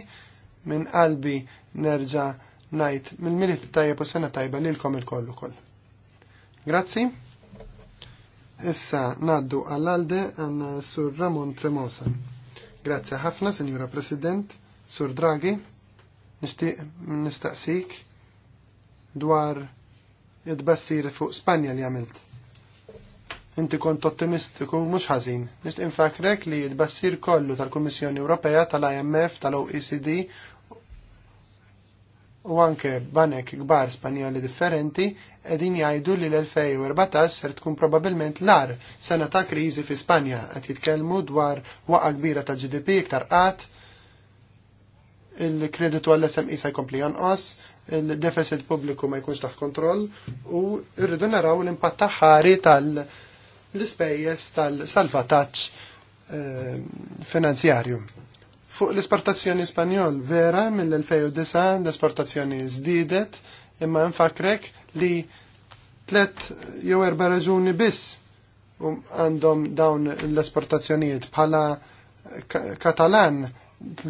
minn qalbi nerġa' najt mill-milit tajjeb u sena tajba lilkom il-koll Grazzi. Issa naddu għall-alde għan Sur Ramon Tremosa. Grazzi ħafna, Senjura President, Sur Draghi, nistaqsik dwar id-bassir fuq Spanja li għamilt. Inti kont ottimistiku mhux ħażin. Nistaqsik infakrek li id bassir kollu tal-Kummissjoni Ewropea, tal-IMF, tal-OECD u anke banek kbar Spanjoli differenti qegħdin jgħidu li l-2014 ser tkun probabbilment lar sena ta' kriżi fi Spanja qed jitkellmu dwar waqa kbira ta' GDP iktar qatt il-kreditu għall-SMI e se jkompli jonqos, il-deficit pubbliku ma jkunx taħt kontroll u rridu naraw l-impatt ħari tal-ispejjeż tal-salvataġġ eh, finanzjarju. Fuq l-esportazzjoni Spanjol, vera, mill-2009 l-esportazzjoni żdiedet, imma nfakrek li tlet jew erba' raġuni biss um, għandhom dawn l-esportazzjonijiet bħala Katalan.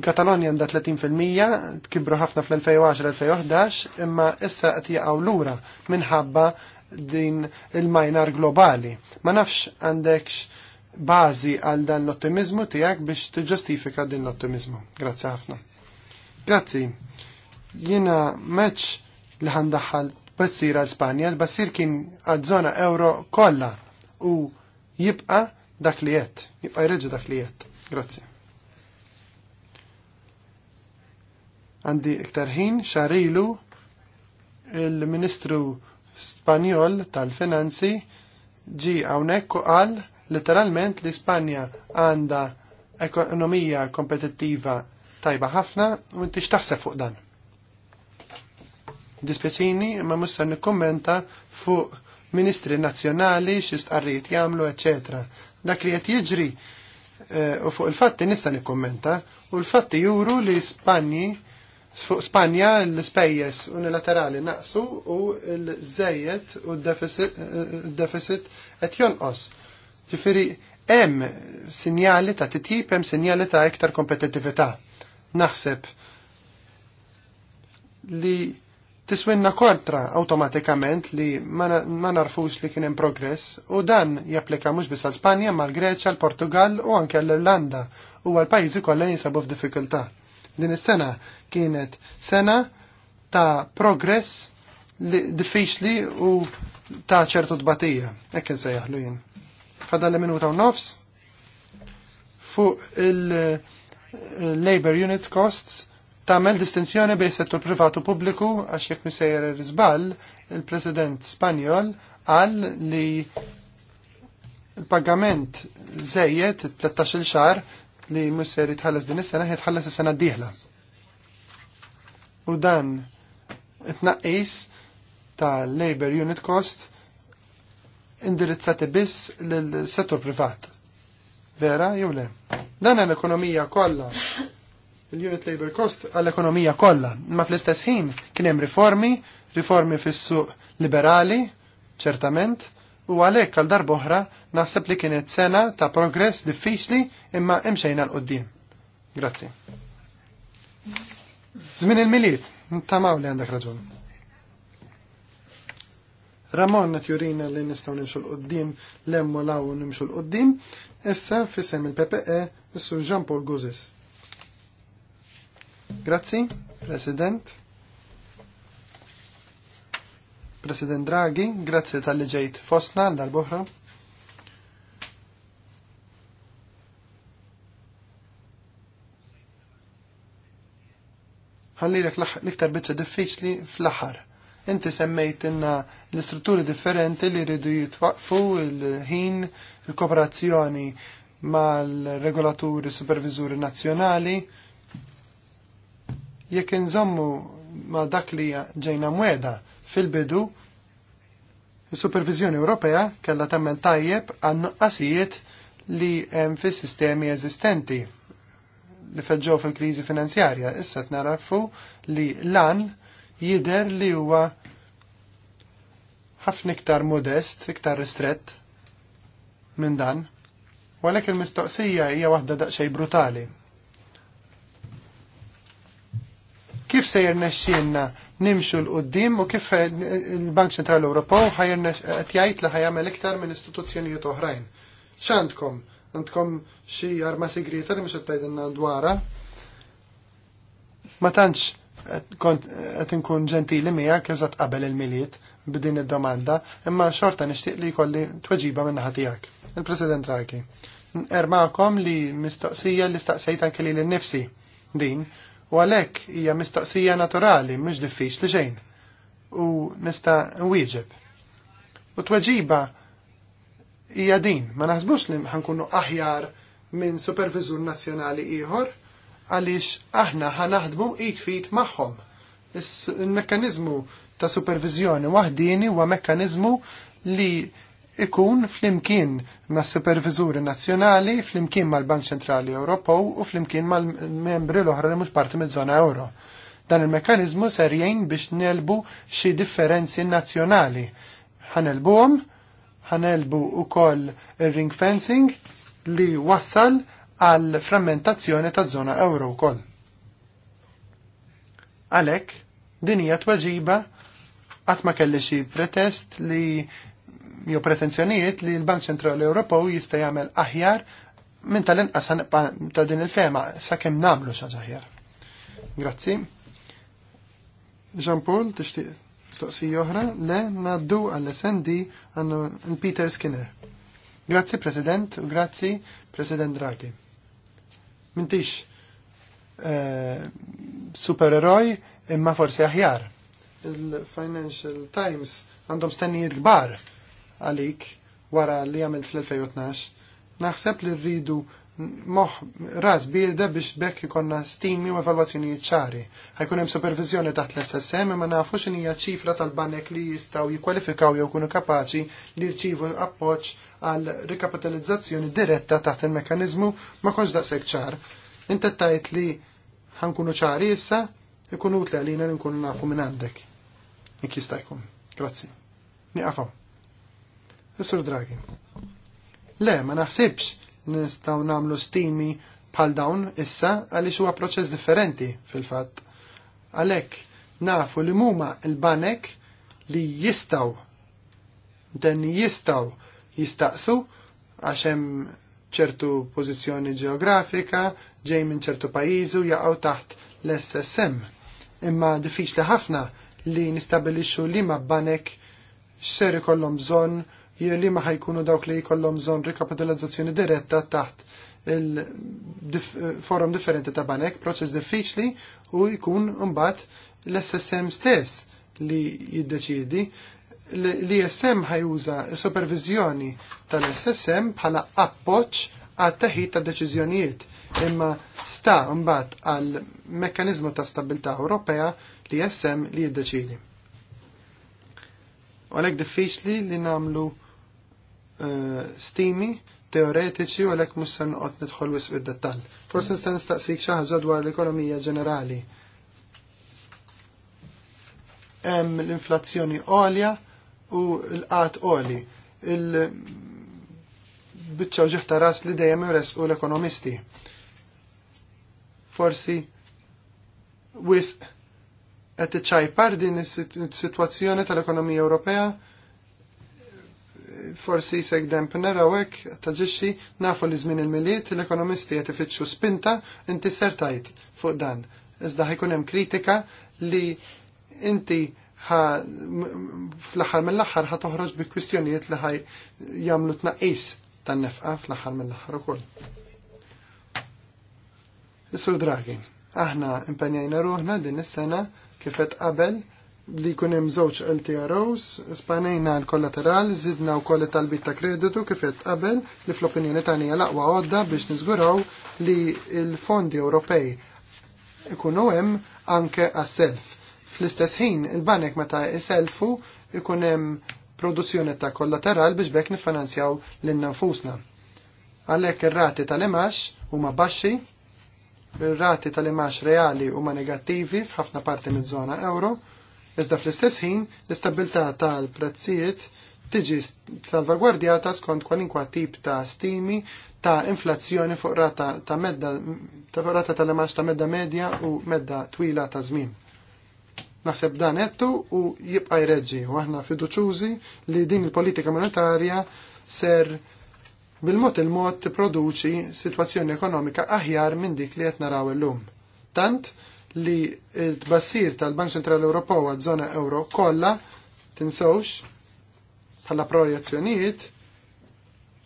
Katalonja għandha 30% kibru ħafna fl-2010-2011 imma issa qed jaqgħu lura minħabba din il-majnar globali. Ma nafx għandekx bażi għal dan l-ottimizmu tiegħek biex tiġġustifika din l-ottimizmu. Grazzi ħafna. Grazzi. Jiena meċ li ħandaħħal bassir għal Spanja, l-bassir kien għad zona euro kollha u jibqa dak li jett, jibqa jreġa dak li jett. Grazzi. Għandi iktarħin, xarilu il-Ministru Spanjol tal-Finanzi ġi għawnekku u għal literalment l-Ispanja għandha ekonomija kompetittiva tajba ħafna u inti x'taħseb fuq dan. Dispjaċini ma mhux se nikkummenta fuq ministri nazzjonali x'istqarrijiet jagħmlu, eċetera. Dak li qed jiġri eh, u fuq il-fatti nista' nikkummenta u l-fatti juru li Spanji fuq Spanja l spejjes unilaterali naqsu u l-żejjed u d-deficit eh, qed jonqos ġifiri, hemm sinjali ta' titjib, hemm sinjali ta' iktar kompetitività Naħseb li tiswinna kontra automatikament li ma narfux li kien hemm progress u dan japplika mhux biss għal Spanja mal greċja l-Portugal u anke l-Irlanda u għal pajjiżi kollha jinsabu f'diffikultà. Din is-sena kienet sena ta' progress li diffiċli u ta' ċertu tbatija, hekk insejjaħlu jien fadal minuta u nofs fuq il-labor eh, unit costs tamel distinzjoni bej settur privatu pubbliku għax jekk misejjer rizbal il-President Spanjol għal li il-pagament zejjed 13 xar li musser jitħallas din is-sena jitħallas is-sena d-dieħla. U dan it naqis ta' labor unit cost indirizzati biss lill-settur privat. Vera jew le? Dan għall-ekonomija kollha. Il-unit labor cost għall-ekonomija kollha, ma fl-istess ħin kien hemm riformi, riformi fis-suq liberali, ċertament, u għalhekk għal darboħra naħseb li kienet sena ta' progress diffiċli imma hemm xejn għal qudiem Grazzi. Żmien il-miliet, tamaw li għandek raġun. Ramon qed jurina li nistgħu nimxu l qoddim lemmu law nimxu l qoddim issa fissem il-PPE issu Jean Paul Guzis. Grazzi, President. President Draghi, grazzi tal-li ġejt fosna dal-Bohra. ħalli l-iktar bieċa diffiċli fl-axar Inti semmejtinna l-istrutturi differenti li rridu jitwaqfu il-ħin, il-kooperazzjoni mal-regolaturi supervizuri nazzjonali. Jekk inżommu ma dak li ġejna mweda fil-bidu, il-supervizjoni Ewropea kella temmen tajjeb għan-nuqqasijiet li hemm fis-sistemi eżistenti li feġġew fil-kriżi finanzjarja. Issa t narafu li lan jider li huwa ħafna iktar modest, iktar ristrett minn dan, u għalhekk il-mistoqsija hija waħda daqsxejn brutali. Kif se jirnexxinna nimxu l-qoddim u kif il-Bank Ċentrali Ewropew qed jgħid li ħajamel iktar minn istituzzjonijiet oħrajn. X'għandkom? Għandkom xi arma segreta li mhux qed tgħidilna dwarha? Ma tantx qed inkun ġentili miegħek eżatt qabel il-miliet b'din id-domanda, imma xorta nixtieq li jkolli tweġiba minn naħa tiegħek. Il-President Raki. Ermakom li mistoqsija li staqsejt kelli li l-nifsi din, u għalhekk hija mistoqsija naturali diffiċ diffiċli xejn. U nista' nwieġeb. U tweġiba hija din, ma naħsbux li ħankunu aħjar minn supervizur nazzjonali ieħor għaliex aħna ħanaħdmu id fit magħhom. Il-mekkanizmu ta' supervizjoni waħdini huwa mekkanizmu li ikun flimkien ma' supervizuri nazzjonali, flimkien mal-Bank Ċentrali Ewropew u flimkien mal-membri l-oħra li mhux parti miż-żona euro. Dan il-mekkanizmu ser jgħin biex nelbu xi differenzi nazzjonali. Ħanelbuhom, ħanelbu wkoll ir-ring fencing li wassal għal frammentazzjoni ta' zona euro wkoll. Għalhekk din hija tweġiba qatt ma kelli xi pretest li jew pretenzjonijiet li l-Bank Ċentrali Ewropew jista' jagħmel aħjar minn tal-inqas ta' din il-fema sakemm nagħmlu xi aħjar. Grazzi. Jean Paul, tixtieq toqsi oħra le naddu għall-SND għandu Peter Skinner. Grazzi President u grazzi President Draghi. M'intix uh, supereroj imma forsi aħjar. Il-Financial Times għandhom stennijiet kbar għalik wara li għamilt fl-2012. Naħseb li rridu moħ raz bilda biex bekk ikonna stimi u evalwazzjoni ċari. Ħajkun hemm supervizjoni taħt l-SSM imma nafu x'inhi hija ċifra tal-banek li jistgħu jikkwalifikaw jew kunu kapaċi li rċivu appoġġ għal rikapitalizzazzjoni diretta taħt il-mekkaniżmu ma konx daqshekk ċar. Inti tajt li ħankunu ċari issa ikun utli għalina li nkunu nafu minn għandek. Jekk jista' jkun. Grazzi. Nieqafhom. is Draghi. Le, ma naħsibx nistgħu nagħmlu stimi bħal dawn issa għaliex huwa proċess differenti fil-fatt. Għalhekk nafu li huma l-banek li jistgħu dan jistgħu jistaqsu għax hemm ċertu pożizzjoni ġeografika ġej minn ċertu pajizu u jaqgħu taħt l-SSM. Imma diffiċli ħafna li nistabilixxu li ma' banek xser ikollhom bżonn li ma ħajkunu dawk li jkollhom bżonn rikapitalizzazzjoni diretta taħt il-forum differenti ta' banek, proċess diffiċli u jkun mbagħad l-SSM stess li jiddeċidi l-ISM ħajuża supervizjoni tal-SSM bħala appoċ għat taħid ta' deċiżjonijiet imma sta mbagħad għal mekkaniżmu ta' stabilità Ewropea li ism li jiddeċidi. U diffiċli li nagħmlu stimi teoretiċi u għalhekk mhux se noqgħod nidħol wisq fid dettall Forsi mm. nista' nistaqsik xi ħaġa dwar l-ekonomija ġenerali. Hemm l-inflazzjoni għolja u l-qat għoli. Il-biċċa ġeħta ras li dejjem u l-ekonomisti. Forsi wisq qed iċċajpar din is-sitwazzjoni tal-ekonomija Ewropea forsi se gdemp narawek taġiċi nafu li żmien il-miliet l-ekonomisti qed ifittxu spinta inti sertajt fuq dan. Iżda ħajkun hemm kritika li inti fl-aħħar mill-aħħar ħa toħroġ bi kwistjonijiet li ħaj jagħmlu tnaqqis tan-nefqa fl-aħħar mill-aħħar ukoll. Isur sur Draghi, aħna impenjajna ruħna din is-sena kif qed qabel li kunem zoċ LTROs, spanejna l-kollateral, zidna u koll talbit ta' kreditu kifet qabel li fl-opinjoni tani għal-aqwa għodda biex nizguraw li l-fondi Ewropej ikunu hemm anke għas-self. Fl-istess ħin, il-banek meta iselfu ikunem hemm produzzjoni ta' kollateral biex bekk nifinanzjaw l nafusna. Għalhekk ir-rati tal-imax huma baxxi, ir-rati tal-imax reali huma negattivi f'ħafna parti miż-żona euro, Iżda fl-istess ħin, l-istabilità tal-prezzijiet tiġi salvagwardjata skont kwalinkwa tip ta' stimi ta' inflazzjoni fuq rata ta' medda ta' fuq rata tal-imax ta' medda medja u medda twila ta' żmien. Naħseb dan ettu u jibqa' jreġġi u aħna fiduċużi li din il-politika monetarja ser bil-mod il-mod tipproduċi sitwazzjoni ekonomika aħjar minn dik li qed naraw illum. Tant li t-bassir tal-Bank Ċentrali Ewropew għad zona euro kollha tinsewx bħala projazzjonijiet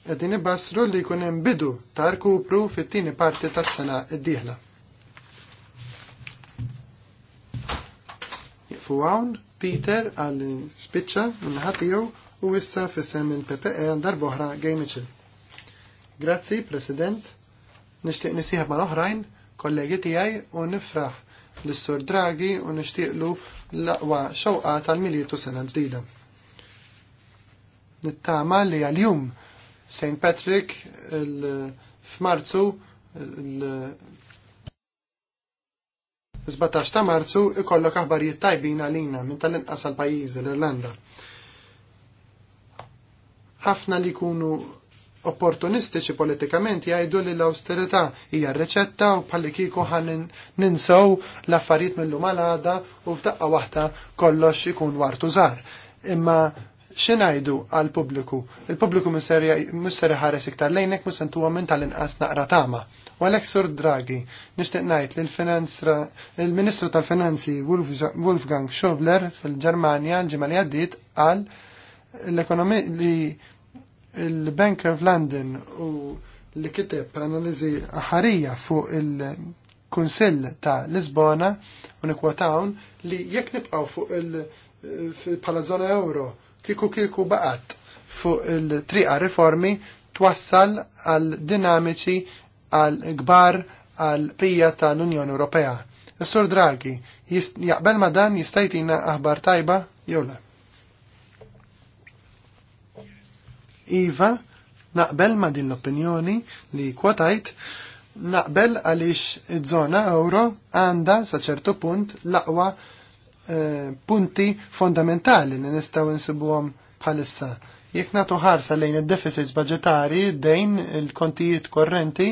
qegħdin ibassru li jkun hemm bidu ta' rkupru fit-tieni parti tas-sena d-dieħla. Fu hawn Peter għal spiċċa minħat u issa fissem il-PPE għandar boħra Gay Grazzi, President. Nishtiq nisiħab mal oħrajn kollegi tijaj u nifraħ l-Sur Draghi u nixtieqlu l-aqwa xewqa tal militu sena ġdida. Nittama li għal-jum St. Patrick f'Marzu l-17 ta' Marzu ikollok aħbarijiet tajbin għalina minn tal-inqas għal pajjiżi l-Irlanda. Ħafna li kunu opportunistiċi politikament jgħidu li l-austerità hija r-reċetta u bħalli kieku ħan ninsew l-affarijiet mill malada u f'daqqa waħda kollox ikun wartu żgħar. Imma xinajdu għal pubbliku? Il-pubbliku misser ħares iktar lejnek musentu minn tal-inqas naqra tama. U għalhekk sur Draghi, nishtiq najt li l-Ministru tal-Finanzi Wolfgang Schobler fil-Germania l-ġimali għaddit għal l-ekonomi li il-Bank of London u li kiteb analiżi ħarija fuq il-Kunsill ta' Lisbona u nikwotawn li jekk nibqgħu fuq il- eh, pala euro kiku kiku baqat fuq il-triqa riformi twassal għal dinamiċi għal gbar għal pija tal-Unjoni Ewropea. Is-Sur Draghi jaqbel ma dan jistajtina aħbar tajba jew le. Iva, naqbel ma din l-opinjoni li kwotajt, naqbel għaliex iż-żona euro għandha sa ċertu punt l-aqwa eh, punti fondamentali li nistgħu insibuhom bħalissa. Jekk nagħtu ħarsa lejn id-deficits budgetari, dejn il-kontijiet korrenti,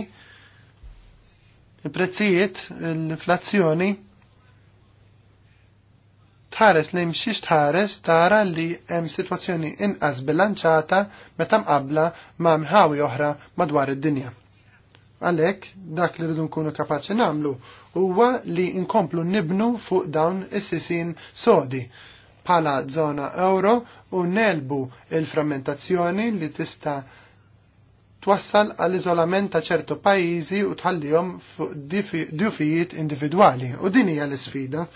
il-prezzijiet, l-inflazzjoni, il tħares li mxiex tħares tara li hemm sitwazzjoni inqas bilanċata meta mqabla ma' mħawi oħra madwar id-dinja. Għalhekk dak li rridu nkunu kapaċi nagħmlu huwa li nkomplu nibnu fuq dawn is-sisin sodi bħala żona euro u nelbu il-frammentazzjoni li tista' twassal għall iżolament ta' ċertu pajjiżi u tħallihom fuq dufijiet individwali u din hija l-isfida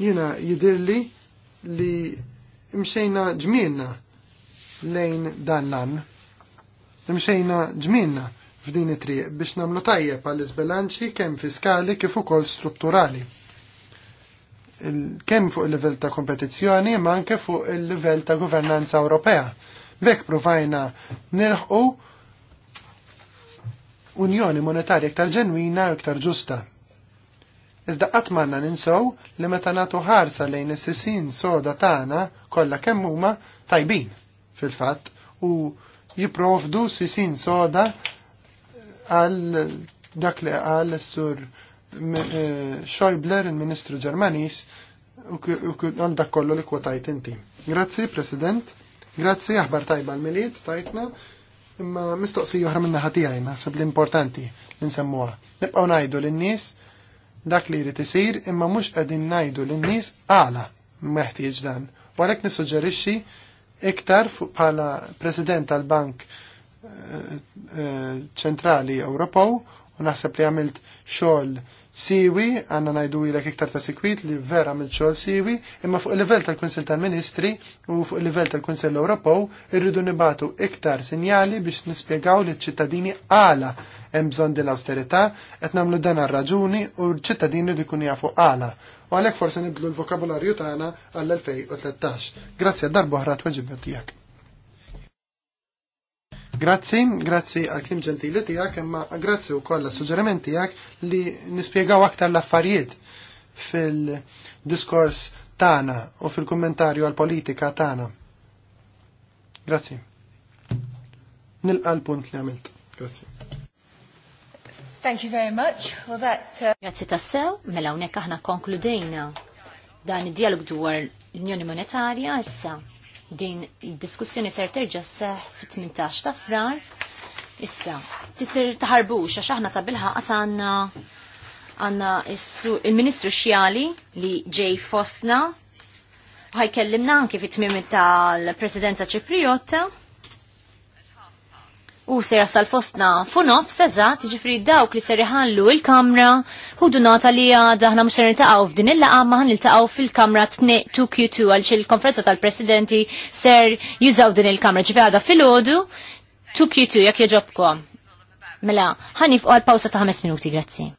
Jiena jidirli li mxejna ġmienna lejn dan lan. Mxejna ġmienna f'din it-triq biex namlu tajjeb għall iżbilanċi kemm fiskali kif ukoll strutturali. Kemm fuq il-livell ta' kompetizzjoni ma anke fuq il-livell ta' governanza Ewropea. Bek provajna nilħqu unjoni monetarja iktar ġenwina u iktar ġusta Iżda qatt manna ninsew li meta nagħtu ħarsa lejn is-sisin soda tagħna kollha kemm huma tajbin fil-fatt u jipprovdu sisin soda għal dak li qal sur eh, Schäubler, il-Ministru Ġermanis, u għal dak kollu li kwotajt inti. Grazzi, President. Grazzi, aħbar tajba l-miliet, tajtna. Imma mistoqsi joħra minna ħatijaj, naħseb l-importanti l-insemmuha. Nibqaw najdu l-nis dak li jrid isir imma mhux qegħdin ngħidu lin-nies għala meħtieġ dan. U għalhekk nissuġġerixxi iktar bħala President tal-Bank eh, eh, ċentrali Ewropew u naħseb li għamilt xogħol siwi, għanna najdu ilek iktar ta' sikwit li vera mill-ċol siwi, imma fuq il-level tal-Kunsil tal-Ministri u fuq il-level tal-Kunsil Ewropew irridu nibatu iktar sinjali biex nispiegaw li ċittadini għala hemm bżonn din l-austerità, qed nagħmlu dan raġuni u l-ċittadini li jkun jafu għala. U għalhekk forsi nibdlu l-vokabularju tagħna għall-2013. Grazzi għad darbu ħrat tweġibet tiegħek. Grazzi, grazzi għal klim ġentili tijak, imma grazzi u kolla suġġerimenti tijak li nispiegaw aktar l-affarijiet fil-diskors tana u fil-kommentarju għal-politika tana. Grazzi. Nil-għal punt li għamilt. Grazzi. Thank you very much. Well, that, uh... tassew, mela unek aħna konkludejna dan id-dialog dwar l-Unjoni Monetarja issa. Din il-diskussjoni ser terġa' seħ fit-18 ta' frar. Issa, titir taħarbux għax aħna ta' bilħaqat għandna għanna il-Ministru Xjali li ġej Fosna ħajkellimna anki fit tmim l presidenza Ċipriotta u ser sal fostna funof sezat ġifri dawk li ser jħallu il-kamra u dunata li daħna ħna mux niltaqaw f'din il laqam maħan niltaqaw fil-kamra 2Q2 għal il-konferenza tal-presidenti ser jużaw din il-kamra ġifri għada fil-ħodu 2Q2 jak jġobkom. Mela, ħanif u għal-pawsa ta' 5 minuti, grazzi.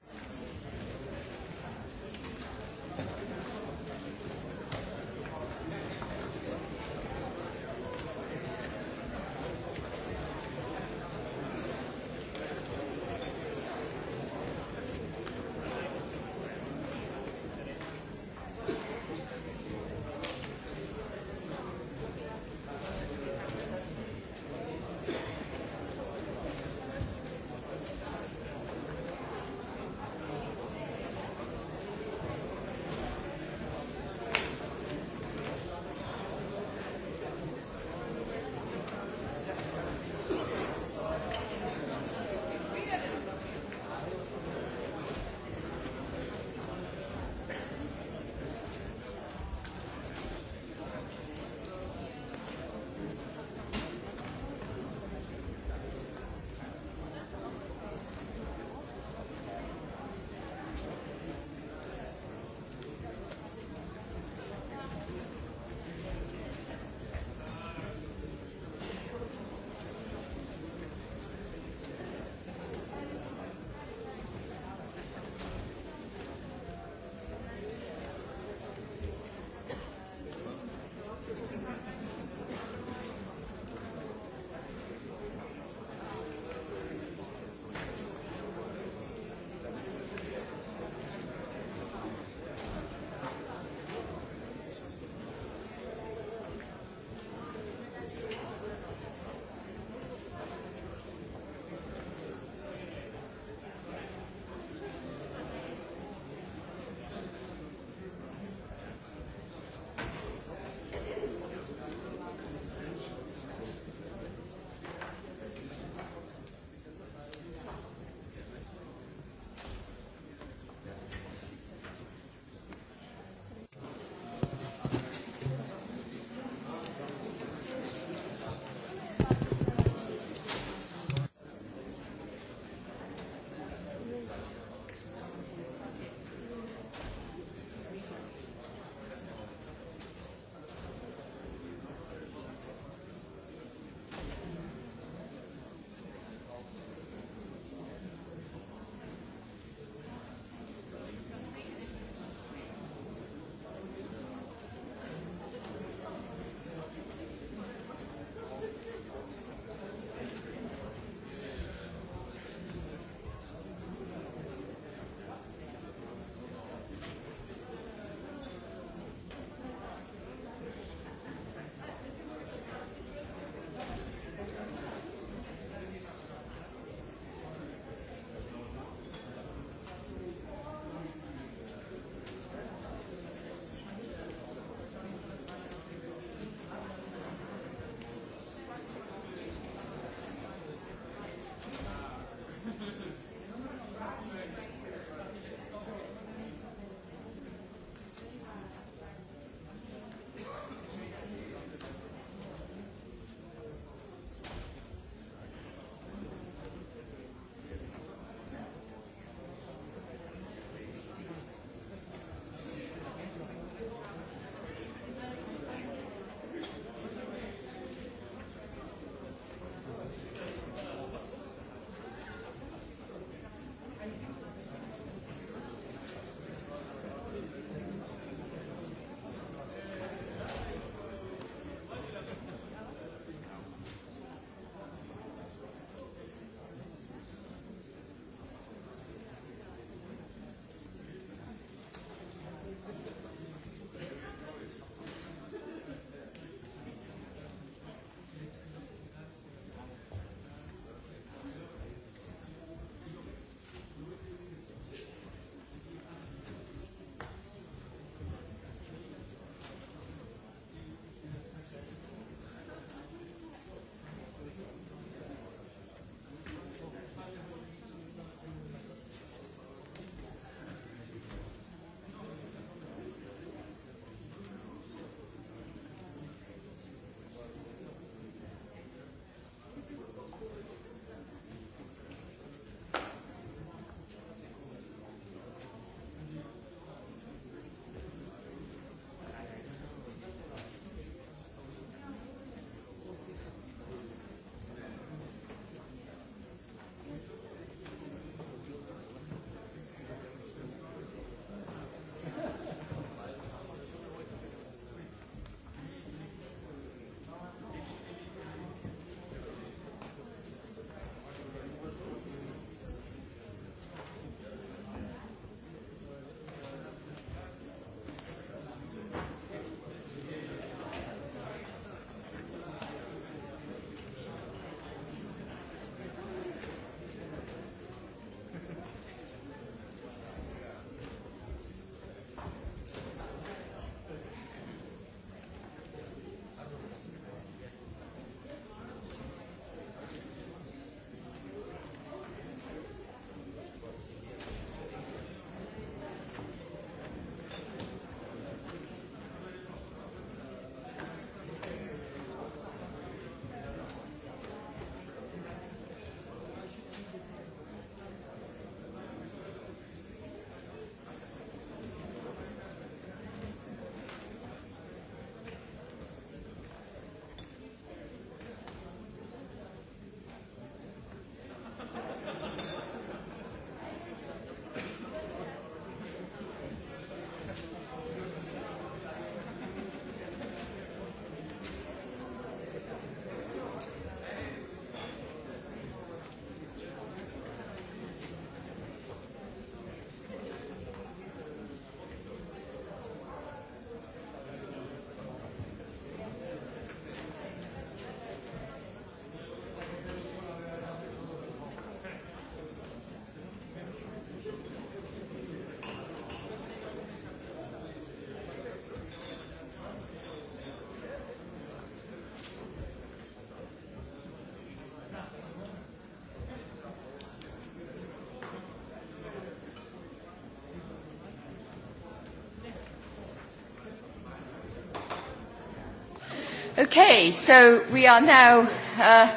Okay, so we are now... Uh...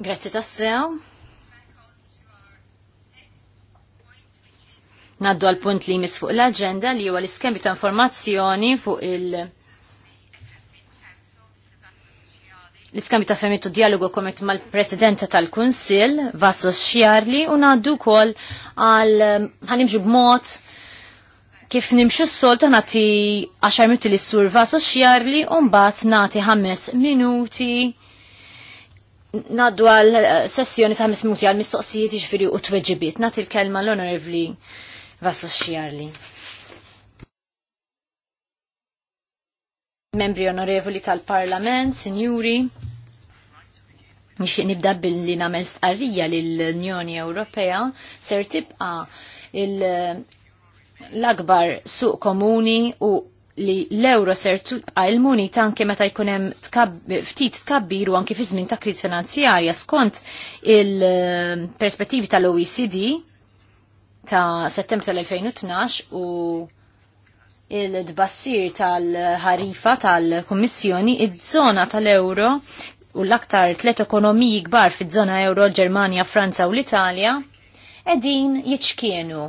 Grazie tassew. Naddu għal punt li jmiss fuq l-agenda li huwa l-iskembi ta' informazzjoni fuq il- l-iskambi ta' femmitu dialogu komet mal-presidenta tal-Kunsil, Vassos Xjarli, u naddu kol għal ħanimġu b'mod kif nimxu s-solta nati 10 minuti li s-surva so xjarli un-bat nati 5 minuti naddu għal eh, sessjoni ta' 5 minuti għal mistoqsijiet iġviri u t tweġibiet. Nati l-kelma l-onorevli Vasso Xjarli. Membri onorevoli tal-Parlament, sinjuri, nixi nibda billi nagħmel stqarrija lill-Unjoni Ewropea ser tibqa' l-akbar suq komuni u li l-euro ser tibqa' il-munita anke meta jkun hemm ftit tkabbiru anke fi żmien ta' kriż finanzjarja skont il-perspettivi tal-OECD ta' settembru tal-2012 u il-dbassir tal-ħarifa tal-Kummissjoni id-żona tal-euro u l-aktar tliet ekonomiji kbar fiż-żona euro Ġermanja, Franza u l-Italja edin jiċkienu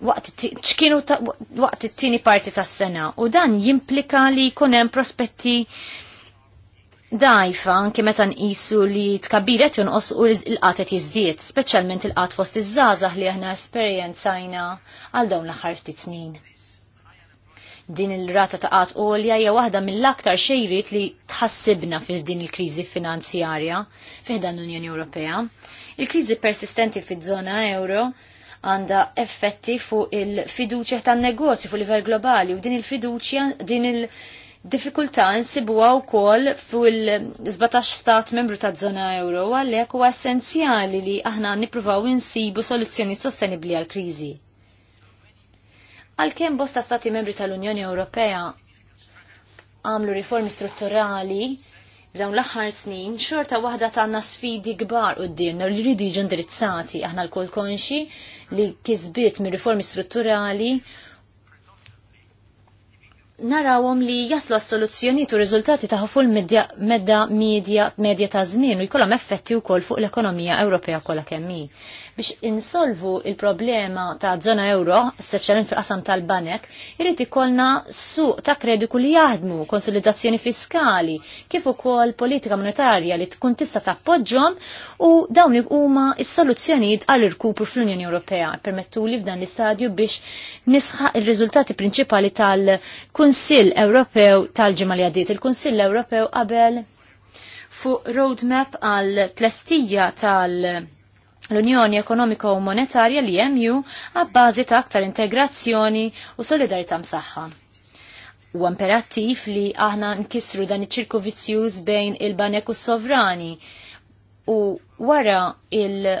ċkienu waqt it-tieni parti tas-sena u dan jimplika li jkun hemm prospetti dajfa anke meta nqisu li tkabiret jonqos u l-qatet jiżdied, speċjalment il-qat fost iż-żgħażagħ li aħna esperjenzajna għal dawn l-aħħar ftit snin. Din il-rata ta' qat għolja hija waħda mill-aktar xejriet li tħassibna fil din il-kriżi finanzjarja fiħdan l-Unjoni Ewropea. Il-kriżi persistenti fiż-żona euro għandha effetti fuq il-fiduċja tan-negozju fuq livell globali u din il-fiduċja din il- Diffikultà nsibuha wkoll fuq il-17 stat membru taż-żona euro għalhekk huwa essenzjali li aħna nippruvaw insibu soluzzjoni sostenibbli għall-kriżi. Għalkemm bosta stati membri tal-Unjoni Ewropea għamlu riformi strutturali F'dawn l-aħħar snin xorta waħda tagħna sfidi kbar qudiemna li rridu jiġu indirizzati aħna l-kol konxi li kisbiet minn riformi strutturali narawhom li jaslu s-soluzzjonijiet tu riżultati ta' fuq medda medja medja ta' żmien u jkollhom effetti wkoll fuq l-ekonomija Ewropea kollha kemm hi. Biex insolvu il-problema ta' żona euro, speċjalment fil-qasam tal-banek, irid ikollna suq ta' krediku li jaħdmu, konsolidazzjoni fiskali, kif ukoll politika monetarja li tkun tista' tappoġġhom u dawn huma s-soluzzjonijiet għal irkupru fl-Unjoni Ewropea. Permettuli f'dan l-istadju biex nisħaq ir-riżultati prinċipali tal-kun kunsill Ewropew tal-ġimgħa li għaddiet. Il-Kunsill Ewropew qabel fuq roadmap għal tlestija tal- l-Unjoni Ekonomika u Monetarja li jemju għabbażi ta' aktar integrazzjoni u solidarità msaħħa. U imperattiv li aħna nkissru dan iċ-ċirku vizzjuż bejn il-banek u sovrani u wara il-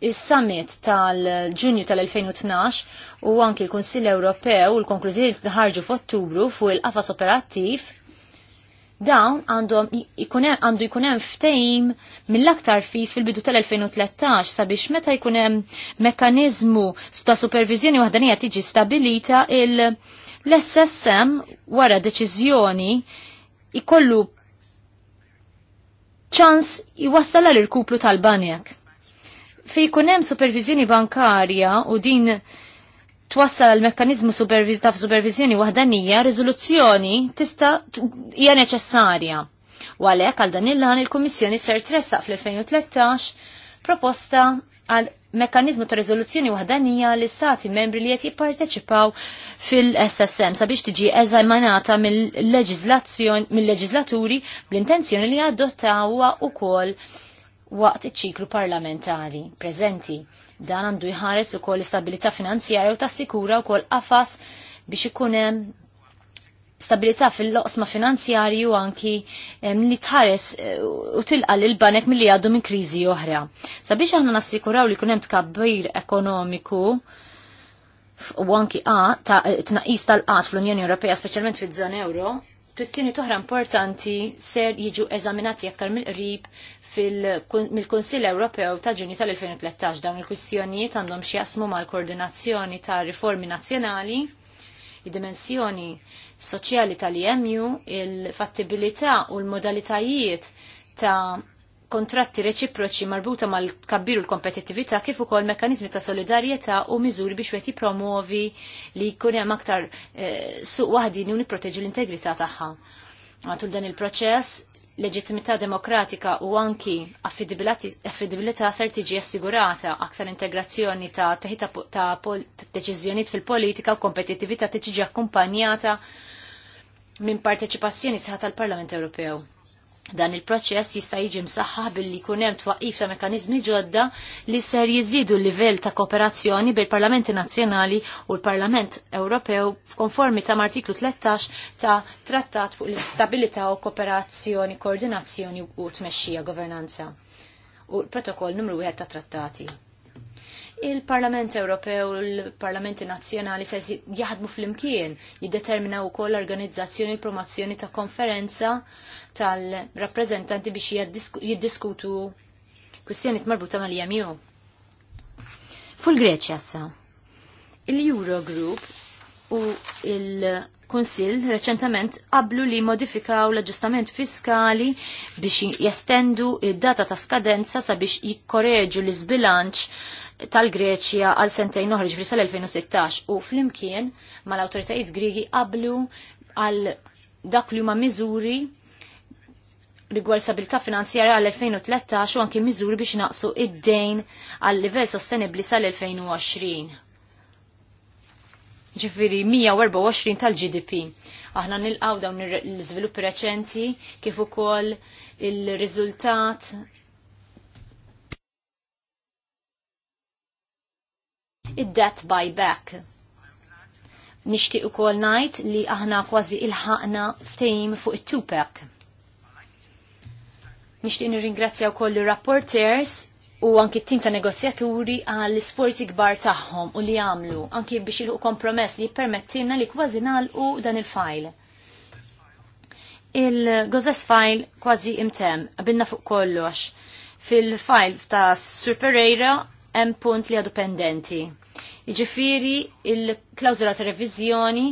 Is-summit tal-ġunju tal-2012 u anki l-Kunsill Ewropew u l konklużijiet li ħarġu f'Ottubru fuq il-qafas operattiv dawn għandu jkun hemm mill-aktar fis fil-bidu tal-2013 sabiex meta jkun hemm mekkaniżmu ta' supervizjoni waħdanija tiġi stabilita l-SSM wara deċiżjoni ikollu ċans iwassal l irkuplu tal-banjak fej kunem supervizjoni bankarja u din twassal l supervi ta' supervizjoni wahdanija, rizoluzzjoni tista' hija neċessarja. U għalhekk għal dan il-lan il-Kummissjoni ser tressaq fl-2013 proposta għal mekkanizmu ta' rezoluzzjoni wahdanija l istati membri li qed jipparteċipaw fil-SSM sabiex tiġi eżajmanata mill-leġislaturi bl-intenzjoni li adottawha ukoll waqt iċ-ċiklu parlamentari preżenti. Dan għandu jħares ukoll istabilità finanzjarja u tassikura wkoll qafas biex ikun hemm stabilità fil-loqsma finanzjarju anki li tħares e, u tilqa il banek mill-li għaddu minn kriżi oħra. Sabiex aħna nassikuraw li kunem tkabbir ekonomiku u anki ta' e, tnaqis tal-qat fl-Unjoni Ewropea, speċjalment fiż-żon euro, kwistjoni toħra importanti ser jiġu eżaminati aktar mill-qrib mill-Kunsill Ewropew ta' Ġunju tal-2013 dawn il-kwistjonijiet għandhom xjasmu mal-koordinazzjoni ta' riformi nazzjonali, id-dimensjoni soċjali tal-IMU, il-fattibilità u l-modalitajiet ta' kontratti reċiproċi marbuta mal-kabbiru l-kompetittività kif ukoll mekkanizmi ta' solidarjetà u miżuri biex wieħed promuovi li jkun hemm aktar eh, suq waħdini u nipproteġu l-integrità tagħha. Matul dan il-proċess leġittimità demokratika u anki affidibilità ser tiġi assigurata aktar integrazzjoni ta' teħita ta' deċiżjonijiet fil-politika u kompetittività tiġi akkumpanjata minn parteċipazzjoni sħa tal-Parlament Ewropew. Dan il-proċess jista' jiġi msaħħaħ billi jkun hemm twaqqif ta' mekanizmi ġodda li ser jiżdiedu l-livell ta' kooperazzjoni bil parlamenti nazzjonali u l-Parlament Ewropew f'konformi ta' artiklu 13 ta' Trattat fuq l-istabilità u kooperazzjoni, koordinazzjoni u tmexxija governanza u l-protokoll numru 1 ta' trattati. Il-Parlament Ewropew u l-Parlamenti Nazzjonali se jaħdmu fl-imkien jiddeterminaw ukoll l-organizzazzjoni l promozzjoni ta' konferenza tal-rappreżentanti biex jiddiskutu kwistjonijiet marbuta mal-EMU. l Greċja sa. Il-Eurogroup u il- kunsil reċentament qablu li modifikaw l-aġġustament fiskali biex jestendu id-data ta' skadenza sabiex jikkoreġu l-izbilanċ tal-Greċja għal sentejn oħra ġifri sal-2016 u flimkien mal-autoritajiet Griegi qablu għal dak li huma miżuri rigward stabilità finanzjarja għal 2013 u anke miżuri biex naqsu id-dejn għal livell sostenibbli sal-2020 ġifiri 124 tal-GDP. Aħna nilqaw dawn l-izviluppi reċenti kif ukoll il-riżultat id-debt buyback. Nixtieq ukoll ngħid li aħna kważi ilħaqna ftehim fuq it-tupac. Nixtieq nirringrazzja wkoll ir-rapporters u anki tim ta' negozjaturi għall isforzi kbar tagħhom u li għamlu anki biex ilħu kompromess li jippermettilna li kważi nagħlqu dan il-fajl. il gozess fajl kważi imtem, qabilna fuq kollox. Fil-fajl ta' Sur Pereira hemm punt li għadu pendenti. Jiġifieri il klawzura ta' reviżjoni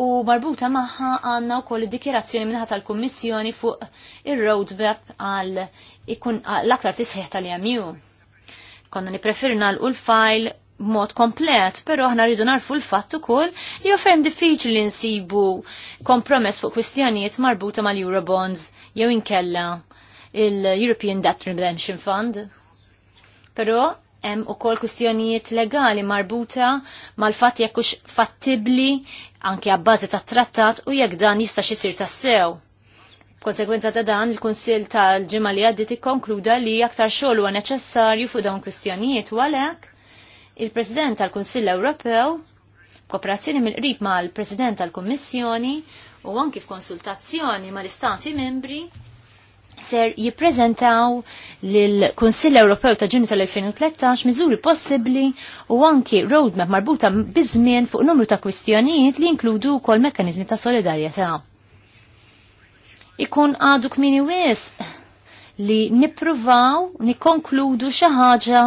u marbuta magħha għandna wkoll id-dikjerazzjoni minnaħat tal-Kummissjoni fuq ir-roadmap għal l-aktar tisħiħ tal-jamju Konna nipreferi nagħlqu l file mod komplet, pero aħna rridu narfu l-fatt ukoll li ferm diffiċli nsibu kompromess fuq kwistjonijiet marbuta mal-Eurobonds jew inkella il-European Debt Redemption Fund. Però hemm ukoll kwistjonijiet legali marbuta mal-fatt jekk hux fattibbli anke għabbażi tat-trattat u jekk dan jista' xisir tassew. Konsekwenza ta' dan, il-Kunsil tal-ġimma li għaddit ikkonkluda li aktar xogħol huwa neċessarju fuq dawn kwistjonijiet u għalhekk il-President tal-Kunsill Ewropew kooperazzjoni mill-qrib mal-President tal-Kummissjoni u anki f'konsultazzjoni mal-Istati membri ser jippreżentaw lill-Kunsill Ewropew ta' ġunju tal-2013 miżuri possibbli u anki roadmap marbuta biżmien fuq numru ta' kwistjonijiet li jinkludu wkoll mekkaniżmi ta' solidarjetà ikun għadu kmini wis li nipruvaw nikonkludu xi ħaġa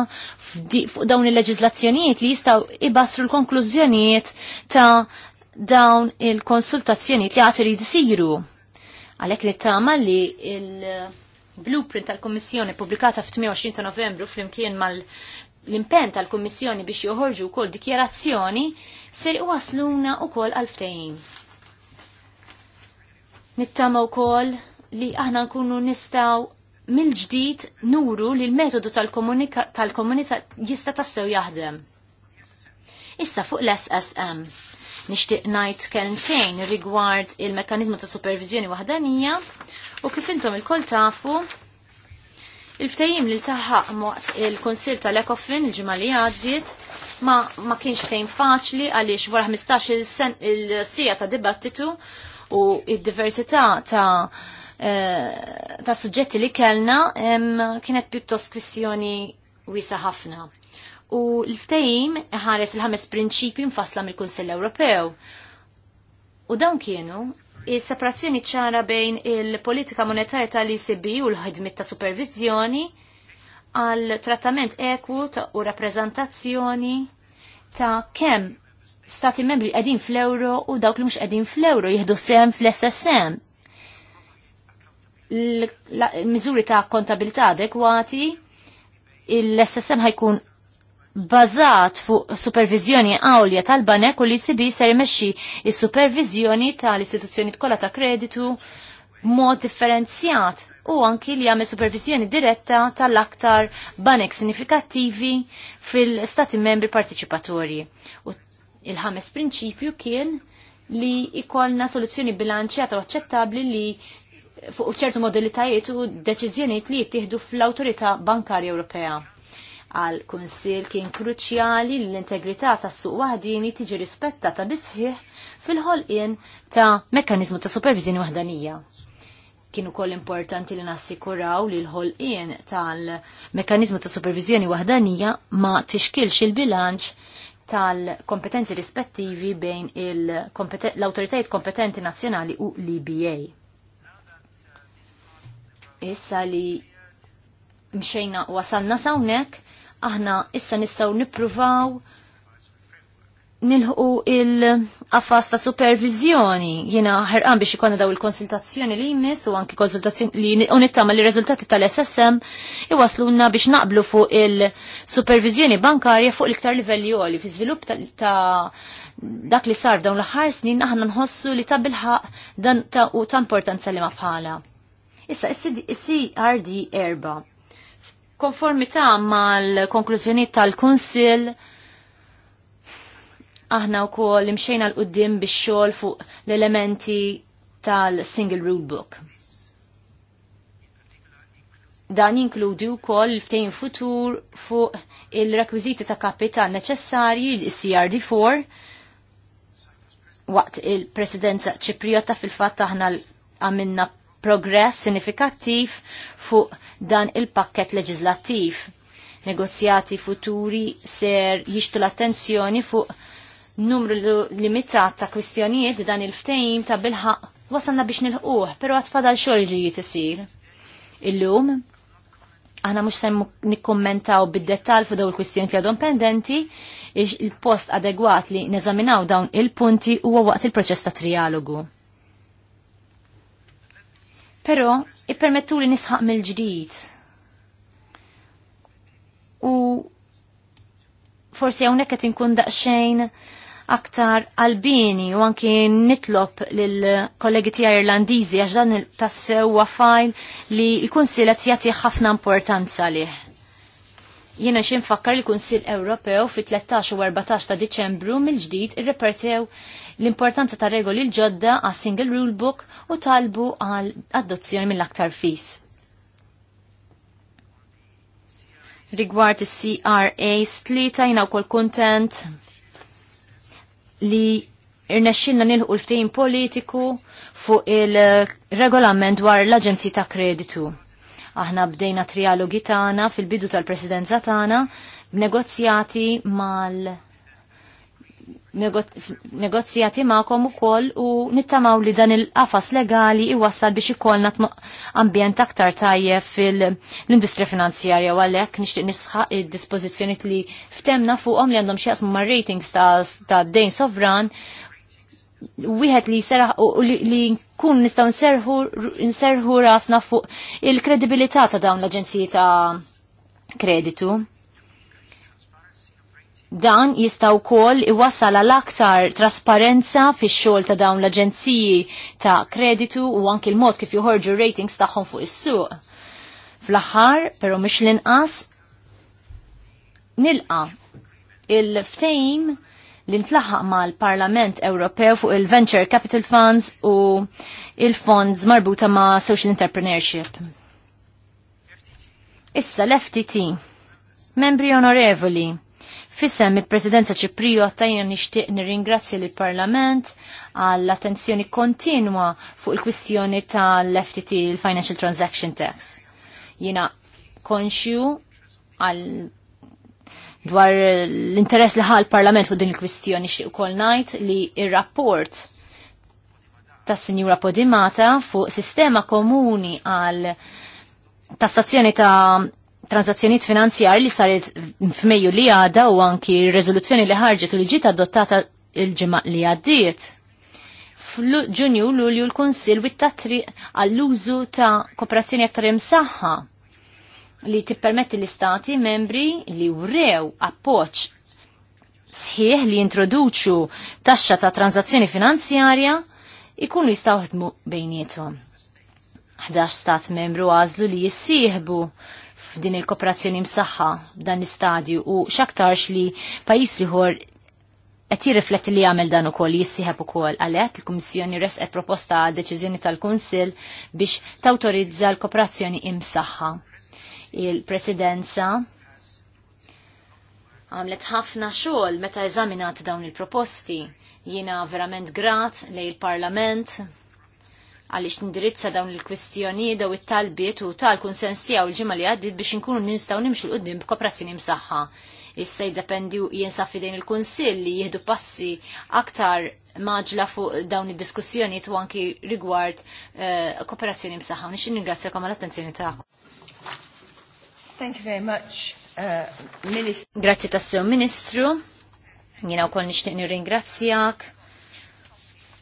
fuq dawn il leġizlazzjoniet li jistgħu ibassru l-konklużjonijiet ta' dawn il-konsultazzjonijiet li għatri jisiru. Għalhekk tama li il-blueprint tal-Kummissjoni publikata f ta' Novembru flimkien mal l-impen tal-Kummissjoni biex joħorġu wkoll dikjerazzjoni ser iwasluna wkoll għal ftejn Nittama wkoll li aħna nkunu nistaw mill-ġdid nuru li l-metodu tal-komunità jista' tassew jaħdem. Issa fuq l-SSM nixtieq ngħid kelmtejn rigward il-mekkaniżmu ta' supervizjoni wahdanija u kif intom il-kol tafu il ftejim li taħħaq muqt il-Konsil tal ecofin il-ġimgħa li għaddiet ma, ma kienx fejn faċli għaliex wara 15 il-sija ta' dibattitu u id-diversità ta' eh, ta' suġġetti li kellna kienet pjuttost kwissjoni wisa ħafna. U l-ftejim ħares il-ħames prinċipi mfasla mill-Kunsell Ewropew. U dawn kienu il-separazzjoni ċara bejn il-politika monetarja tal-ECB u l-ħidmit ta' supervizjoni għal trattament ekwu ta' u rappresentazzjoni ta' kemm stati membri qegħdin fl-euro u dawk li mhux qegħdin fl-euro jieħdu sem fl-SSM. Miżuri ta' kontabilità adekwati, l-SSM ħajkun bazat fuq supervizjoni għawlja tal-banek u li sibi ser meċi il-supervizjoni tal-istituzzjoni kolla ta' kreditu mod differenzjat u anki li għame supervizjoni diretta tal-aktar banek sinifikattivi fil-stati membri partiċipatorji il-ħames prinċipju kien li ikolna soluzzjoni bilanċjata u aċċettabbli li fuq ċertu modalitajiet u deċiżjonijiet li jittieħdu fl-Awtorità Bankarja Ewropea. Għal kunsil kien kruċjali li l-integrità tas-suq waħdini tiġi rispettata bisħiħ fil-ħolqien ta' mekkanizmu ta' supervizjoni waħdanija. Kienu koll importanti li nassikuraw li l-ħolqien tal-mekkanizmu ta' supervizjoni waħdanija ma tixkilx il-bilanċ tal-kompetenzi rispettivi bejn l-autoritajiet kompetenti nazzjonali u l-IBA. Issa li mxejna wasalna sawnek, aħna issa nistaw nipruvaw nilħu il-qafas ta' supervizjoni. jina ħerqan biex ikonna daw il-konsultazzjoni li jmiss u anki konsultazzjoni li unittama li riżultati tal-SSM iwaslunna biex naqblu fuq il-supervizjoni bankarja fuq l-iktar livelli għoli fi zvilup ta', dak li sar dawn l-ħar snin aħna nħossu li ta' bilħaq dan ta' u ta' importanza li ma bħala. Issa, is RD erba. Konformità mal-konklużjoni tal-Kunsil, Aħna u kol imxejna l-qoddim biex xol fuq l-elementi tal-Single Rule Book. Dan jinkludi u koll ftejn futur fuq il-rekwiziti ta' kapital neċessarji, il-CRD4, waqt il-presidenza ċipriota fil-fatt aħna għamilna progress sinifikattiv fuq dan il-pakket leġislattiv. Negozjati futuri ser jixtu l-attenzjoni fuq numru limitat ta' kwistjonijiet dan il ftejn ta' bilħaq wasalna biex nilħuħ, pero għatfadal xogħol li jtisir. Illum, aħna mux semmu nikkommentaw bid detal fu daw il-kwistjoni għadhom pendenti, il-post adegwat li neżaminaw dawn il-punti huwa waqt il-proċess ta' trialogu. Pero, ippermettu li nisħaq mill-ġdid. U forsi hawnhekk qed inkun daqsxejn aktar albini u anki nitlob lill-kollegi tiegħi Irlandiżi għax dan tassew fajl li l-Kunsil qed jagħti ħafna importanza lih. Jiena xi fakkar li kunsil Ewropew fi 13 u 14 ta' Diċembru mill-ġdid irrepertew l-importanza ta' regoli l-ġodda għas single rule book u talbu għal adozzjoni mill-aktar fis. Rigward is-CRA stlita jina kol kontent li irnexxilna nilħu l ftejn politiku fuq il-regolament dwar l-Aġenzji ta' Kreditu. Aħna bdejna trialogi tagħna fil-bidu tal-Presidenza tagħna b'negozjati mal- negozjati ma'kom u koll u nittamaw li dan il-qafas legali iwassal biex ikollna ambjent aktar tajjeb fil-industrija finanzjarja u għalhekk nixtieq nisħaq id-dispożizzjonijiet li ftemna fuqhom li għandhom x'jaqsmu mar-ratings ta' dejn sovran wieħed li seraħ u li nkun nistgħu nserħu rasna fuq il-kredibilità ta' dawn l-aġenziji ta' kreditu Dan jista' wkoll iwassal għal aktar trasparenza fix-xogħol ta' dawn l-aġenziji ta' kreditu u anki l-mod kif joħorġu ratings tagħhom fuq is-suq. Fl-aħħar, però mhix l-inqas nilqa il-ftejm li ntlaħaq mal-Parlament Ewropew fuq il-Venture Capital Funds u il-fonds marbuta ma' Social Entrepreneurship. Issa l-FTT, membri onorevoli, Fissem il-Presidenza għattajna nishtiq nixtieq nirringrazzja lill parlament għall attenzjoni kontinwa fuq il-kwistjoni tal-FTT il-Financial Transaction Tax. Jina konxju għal dwar l-interess li ħal parlament fuq din il-kwistjoni xieq kol ngħid li il rapport tas Sinjura Podimata fuq sistema komuni għal tassazzjoni ta' transazzjoniet finanzjar li saret f'Mejju li għada u anki r-rezoluzzjoni li ħarġet u li ġiet adottata il-ġimgħa li għaddiet. F'Ġunju Lulju l-Kunsill wittatri għall-użu ta' kooperazzjoni aktar imsaħħa li tippermetti l-istati membri li wrew appoġġ sħiħ li jintroduċu taxxa ta' transazzjoni finanzjarja ikunu jistgħu ħdmu bejnietom. 11 stat membru għażlu li jissieħbu f'din il-kooperazzjoni msaħħa dan l-istadju u xaktarx li pajis ieħor qed jirrifletti li jagħmel dan ukoll jissieħeb ukoll għalhekk il-Kummissjoni resqet proposta deċiżjoni tal-Kunsill biex tawtorizza l-kooperazzjoni imsaħħa. Il-Presidenza għamlet ħafna xogħol meta eżaminat dawn il-proposti. Jiena verament grat lejn il-Parlament għaliex nindirizza dawn il kwistjoni daw it-talbiet u tal-kunsens tiegħu l-ġimgħa li għaddiet biex inkunu nistgħu nimxu l-qudiem b'kooperazzjoni msaħħa. Issa jiddependi jinsaf fidejn il-Kunsill li jieħdu passi aktar maġla fuq dawn id-diskussjonijiet u anki rigward eh, kooperazzjoni msaħħa. Nixin ningrazzjakom għall-attenzjoni tagħkom. Thank you very much, uh, Ministru. Grazzi tassew, Ministru. Jina u koll nishtiq nirringrazzjak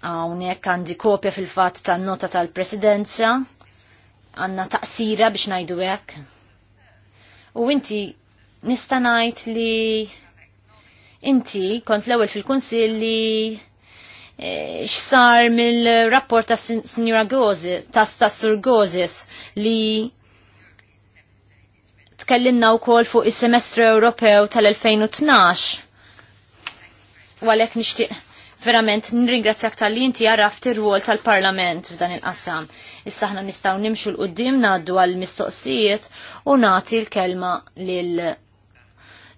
Hawnhekk għandi kopja fil-fatt tan-nota tal-Presidenza għandna taqsira biex ngħidu hekk. U inti nista' ngħid li inti kont l-ewwel fil konsilli x e, x'sar mill-rapport ta' Sinjura Gozis, ta' Stassur Gozis li tkellimna wkoll fuq is-semestru Ewropew tal-2012. Għalek nixtieq verament nringrazzjak tal-li inti għaraf r-ruol tal-parlament f'dan il-qassam. Issa nistaw nimxu l-qoddim naddu għal-mistoqsijiet u nati l-kelma l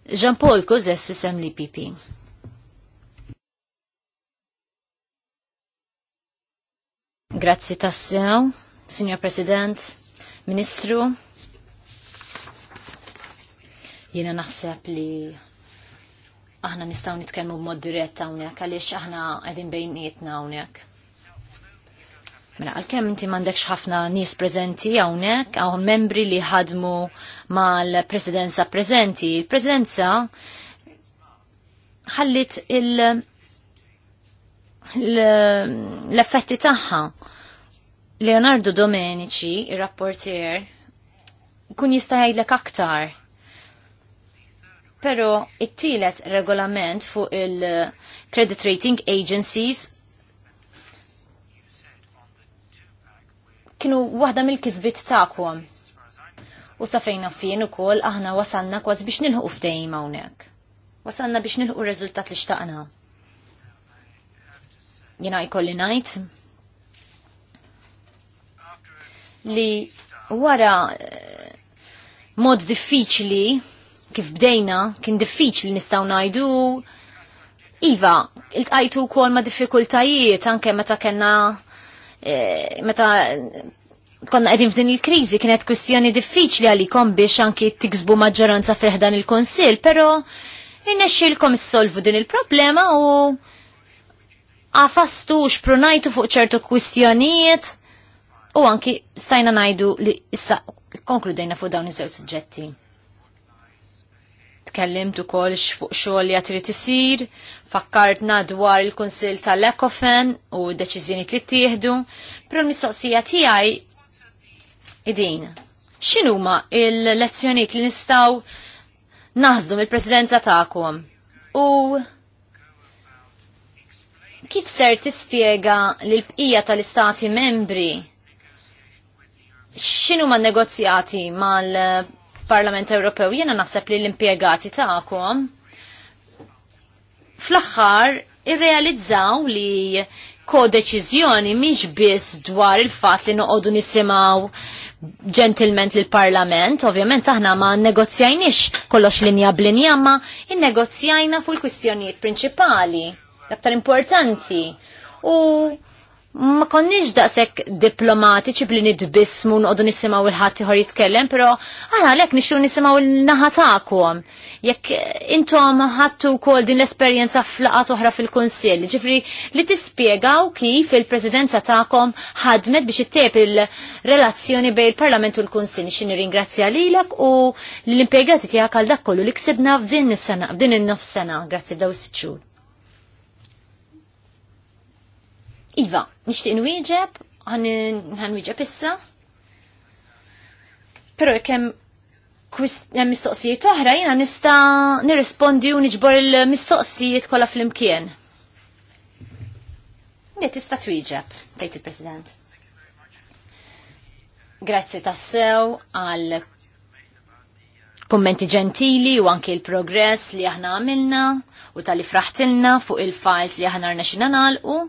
Jean-Paul fissem li pipi. Grazzi tassew, Signor President, Ministru. Jiena naħseb li aħna nistgħu nitkellmu b'mod dirett hawnhekk għaliex aħna qegħdin bejnietna hawnhekk. Mela, għalkemm inti m'għandekx ħafna nies preżenti hawnhekk hawn membri li ħadmu mal-presidenza preżenti. Il-presidenza ħallit l-effetti tagħha. Leonardo Domenici, ir-rapportier, kun jista' jgħidlek aktar Pero it-tielet regolament fuq il-Credit Rating Agencies kienu waħda mill kisbit taqwom. U safejna fien u kol aħna wasanna kważi biex nilħu ftejim hawnhekk. Wasanna biex nilħu r-riżultat li xtaqna. Jena jkolli ngħid li wara eh, mod diffiċli kif bdejna kien diffiċli nistgħu ngħidu. Iva, il-tajtu wkoll ma' diffikultajiet anke meta kellna eh, meta konna qegħdin f'din il-kriżi kienet kwistjoni diffiċli għalikom biex anki tiksbu maġġoranza fih dan il-Kunsill, però s issolvu din il-problema u għafastu xprunajtu fuq ċertu kwistjonijiet u anki stajna najdu li issa konkludejna fuq dawn iż-żewġ suġġetti tkellimt ukoll x'fuq xogħol li qed isir, fakkartna dwar il-Kunsill tal-Ecofen u deċiżjoni li ttieħdu, però l-mistoqsija tiegħi idin. X'inhuma il-lezzjonijiet li nistgħu naħżdu mill-Presidenza tagħkom? U kif ser tispjega lill-bqija tal-Istati membri x'inhu ma negozjati mal Parlament Ewropew. Jena naħseb li l-impiegati tagħkom. fl-axħar irrealizzaw li kodeċiżjoni miex biss dwar il-fat li noqogħdu nisimgħu ġentilment l parlament ovvjament aħna ma negozjajniex kollox linja b'linja ma innegozjajna fuq il-kwistjonijiet prinċipali, l-aktar importanti. U ma konniex daqsek diplomatiċi bli nidbismu nqodu nisimaw il-ħatti hor jitkellem, pero għana lek nixu nisimaw il-naħatakom. Jekk intom ħattu kol din l-esperienza flaqat oħra fil-konsil, ġifri li tispiegaw kif il-prezidenza taqom ħadmet biex ittep il-relazzjoni bej il-parlament u l-konsil. Xini ringrazzja lilek u l-impiegati tijak għal dak kollu li ksibna f'din il-nofsena. Grazzi daw s sċur Iva, nixtieq nwieġeb, għan nwieġeb issa. Però jkem hemm hemm mistoqsijiet oħra jiena nista' nirrispondi u niġbor il-mistoqsijiet kollha flimkien. Nħet tista' twieġeb, tgħid il-President. Grazzi tassew għal kommenti ġentili u anki l-progress li aħna għamilna u tal ifraħtilna fraħtilna fuq il-files li aħna rna xinanal u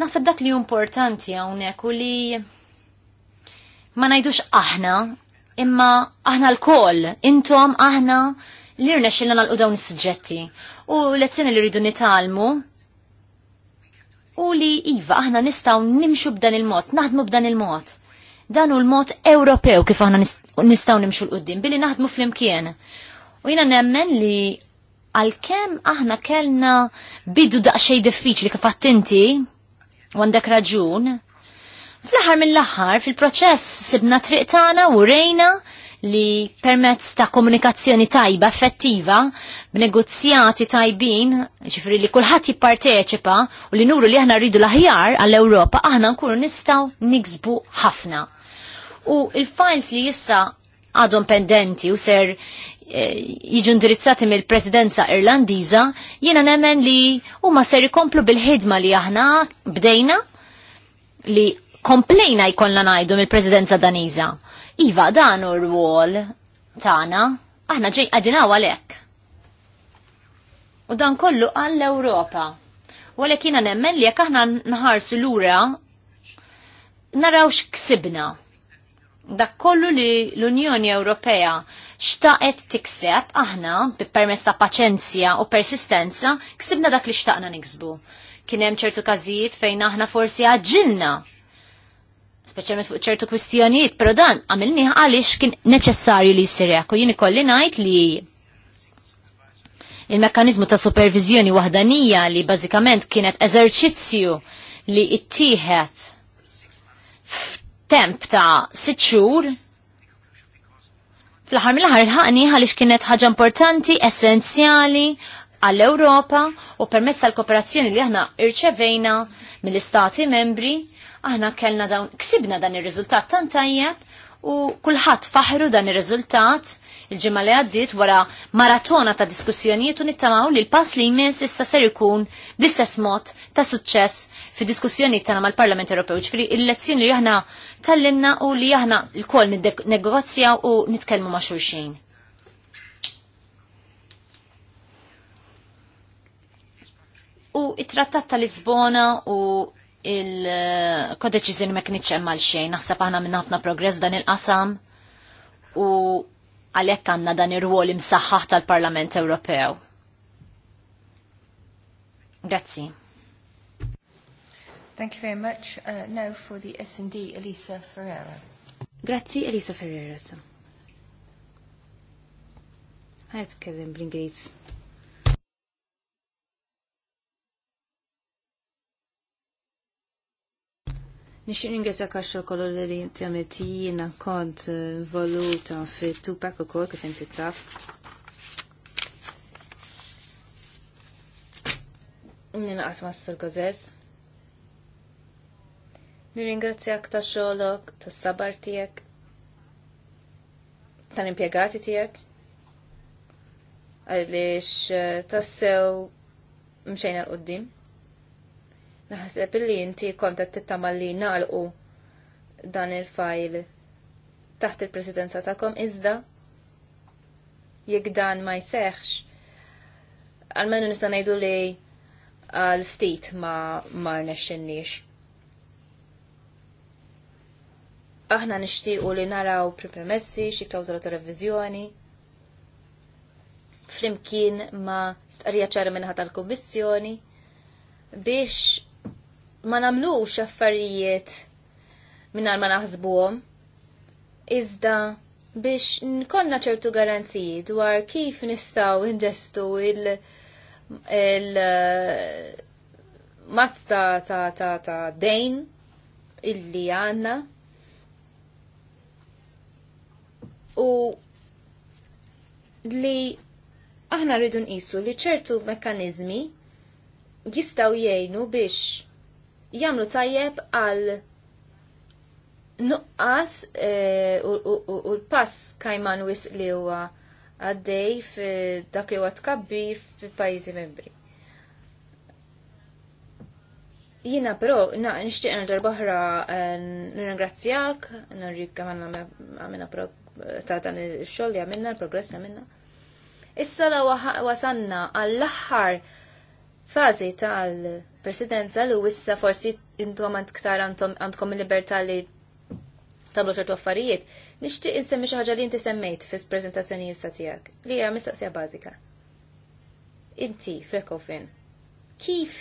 Naħseb dak li importanti hawnhekk u li ma ngħidux aħna, imma aħna l kol intom aħna li rnexxilna nagħlqu dawn is-suġġetti. U lezzjoni li rridu nitalmu u li iva aħna nistgħu nimxu b'dan il-mod, naħdmu b'dan il-mod. Dan hu l-mod Ewropew kif aħna nistgħu nimxu l qoddim billi naħdmu flimkien. U jiena nemmen li għalkemm aħna kellna bidu daqsxejn diffiċli kif inti għandek raġun. Fl-aħħar mill-aħħar fil-proċess sibna triq tagħna u rejna li permezz ta' komunikazzjoni tajba, effettiva, b'negozjati tajbin, ġifri li kulħadd jipparteċipa u li nuru li aħna rridu l-aħjar għall-Ewropa, aħna nkunu nistgħu niksbu ħafna. U il-fines li jissa għadhom pendenti u ser Eh, jiġu indirizzati mill-presidenza irlandiża, jiena nemmen li huma ser ikomplu bil-ħidma li aħna bdejna li komplejna jkollna ngħidu mill-presidenza Daniża. Iva dan u rwol tagħna aħna ġej qegħdin għalhekk. U dan kollu għall-Ewropa. Walek jiena nemmen li jekk aħna nħarsu lura naraw x'ksibna. Dak kollu li l-Unjoni Ewropea xtaqet tikseb aħna bi permezz ta' paċenzja u persistenza ksibna dak li xtaqna niksbu. Kien hemm ċertu każijiet fejn aħna forsi għaġġilna speċjalment fuq ċertu kwistjonijiet, pero dan għamilni għaliex kien neċessarju li jisirjak u jien ikolli ngħid li il-mekkanizmu ta' supervizjoni wahdanija li bażikament kienet eżerċizzju li ittieħed f'temp ta' sitt xhur Fl-ħar mill-ħar il-ħaqni għalix kienet ħaġa importanti, essenzjali għall-Europa u permezz tal-kooperazzjoni li aħna irċevejna mill-istati membri, aħna kellna dawn, ksibna dan ir-riżultat tant tajjeb u kulħadd faħru dan ir-riżultat il-ġimma li għaddit wara maratona ta' diskussjonijiet u nittamaw li l-pass li jmiss issa ser ikun bl-istess mod ta' suċċess fi diskussjoni tagħna mal-Parlament Ewropew, ġifieri il-lezzjoni li aħna limna u li aħna l-kol negozja u nitkellmu ma' xulxin. U it-trattat tal-Lisbona u il-kodeċizjoni ma kienx hemm għal xejn, naħseb aħna minn ħafna progress dan il-qasam u għalhekk għandna dan ir-rwol imsaħħaħ tal-Parlament Ewropew. Grazzi. Thank you very much. Uh, now for the S&D, Elisa Ferreira. Grazie, Elisa Ferreira. Hi, it's Kevin ingriz Nixin ingrezza kaxxa kollu li inti għamilt jiena kont uh, voluta fi Tupac ukoll kif inti taf. Nina qasma s-sur Nirringrazzjak ta' xolok, ta' sabar tijek, ta' impiegati tijek, għalix eh, ta' sew mxejna l-qoddim. Naħseb li inti konta t-tittama li nalqu dan il-fajl taħt il-presidenza ta'kom iżda jekk dan ma jseħx. Għalmenu nista' ngħidu li għal ftit ma marna xinniex. aħna nixtiequ li naraw pripremessi xi klawżola ta' reviżjoni flimkien ma' stqarrija ċara minnħa tal-Kummissjoni biex ma nagħmlux affarijiet mingħajr ma naħsbuhom iżda biex nkonna ċertu garanziji dwar kif nistaw inġestu il il eh, ta' ta' ta' ta' dejn illi għanna u li aħna rridu nqisu li ċertu mekkanizmi jistaw jgħinu biex jagħmlu tajjeb għal nuqqas e, u l-pass kajman wis li huwa għaddej f'dak li huwa tkabbi f'pajjiżi membri. Jina però nixtieq darba oħra e, nirringrazzjak, għandna għamilna għamilna ta' dan il-xogħol li għamilna, il-progress li għamilna. Issa la wasanna għall-aħħar fażi tal-presidenza li wissa forsi intom ktar għandkom il-libertà li tablu ċertu affarijiet. Nixtieq insemmi xi ħaġa li inti semmejt fis prezentazzjoni issa tiegħek li hija mistaqsija bażika. Inti frekofin. Kif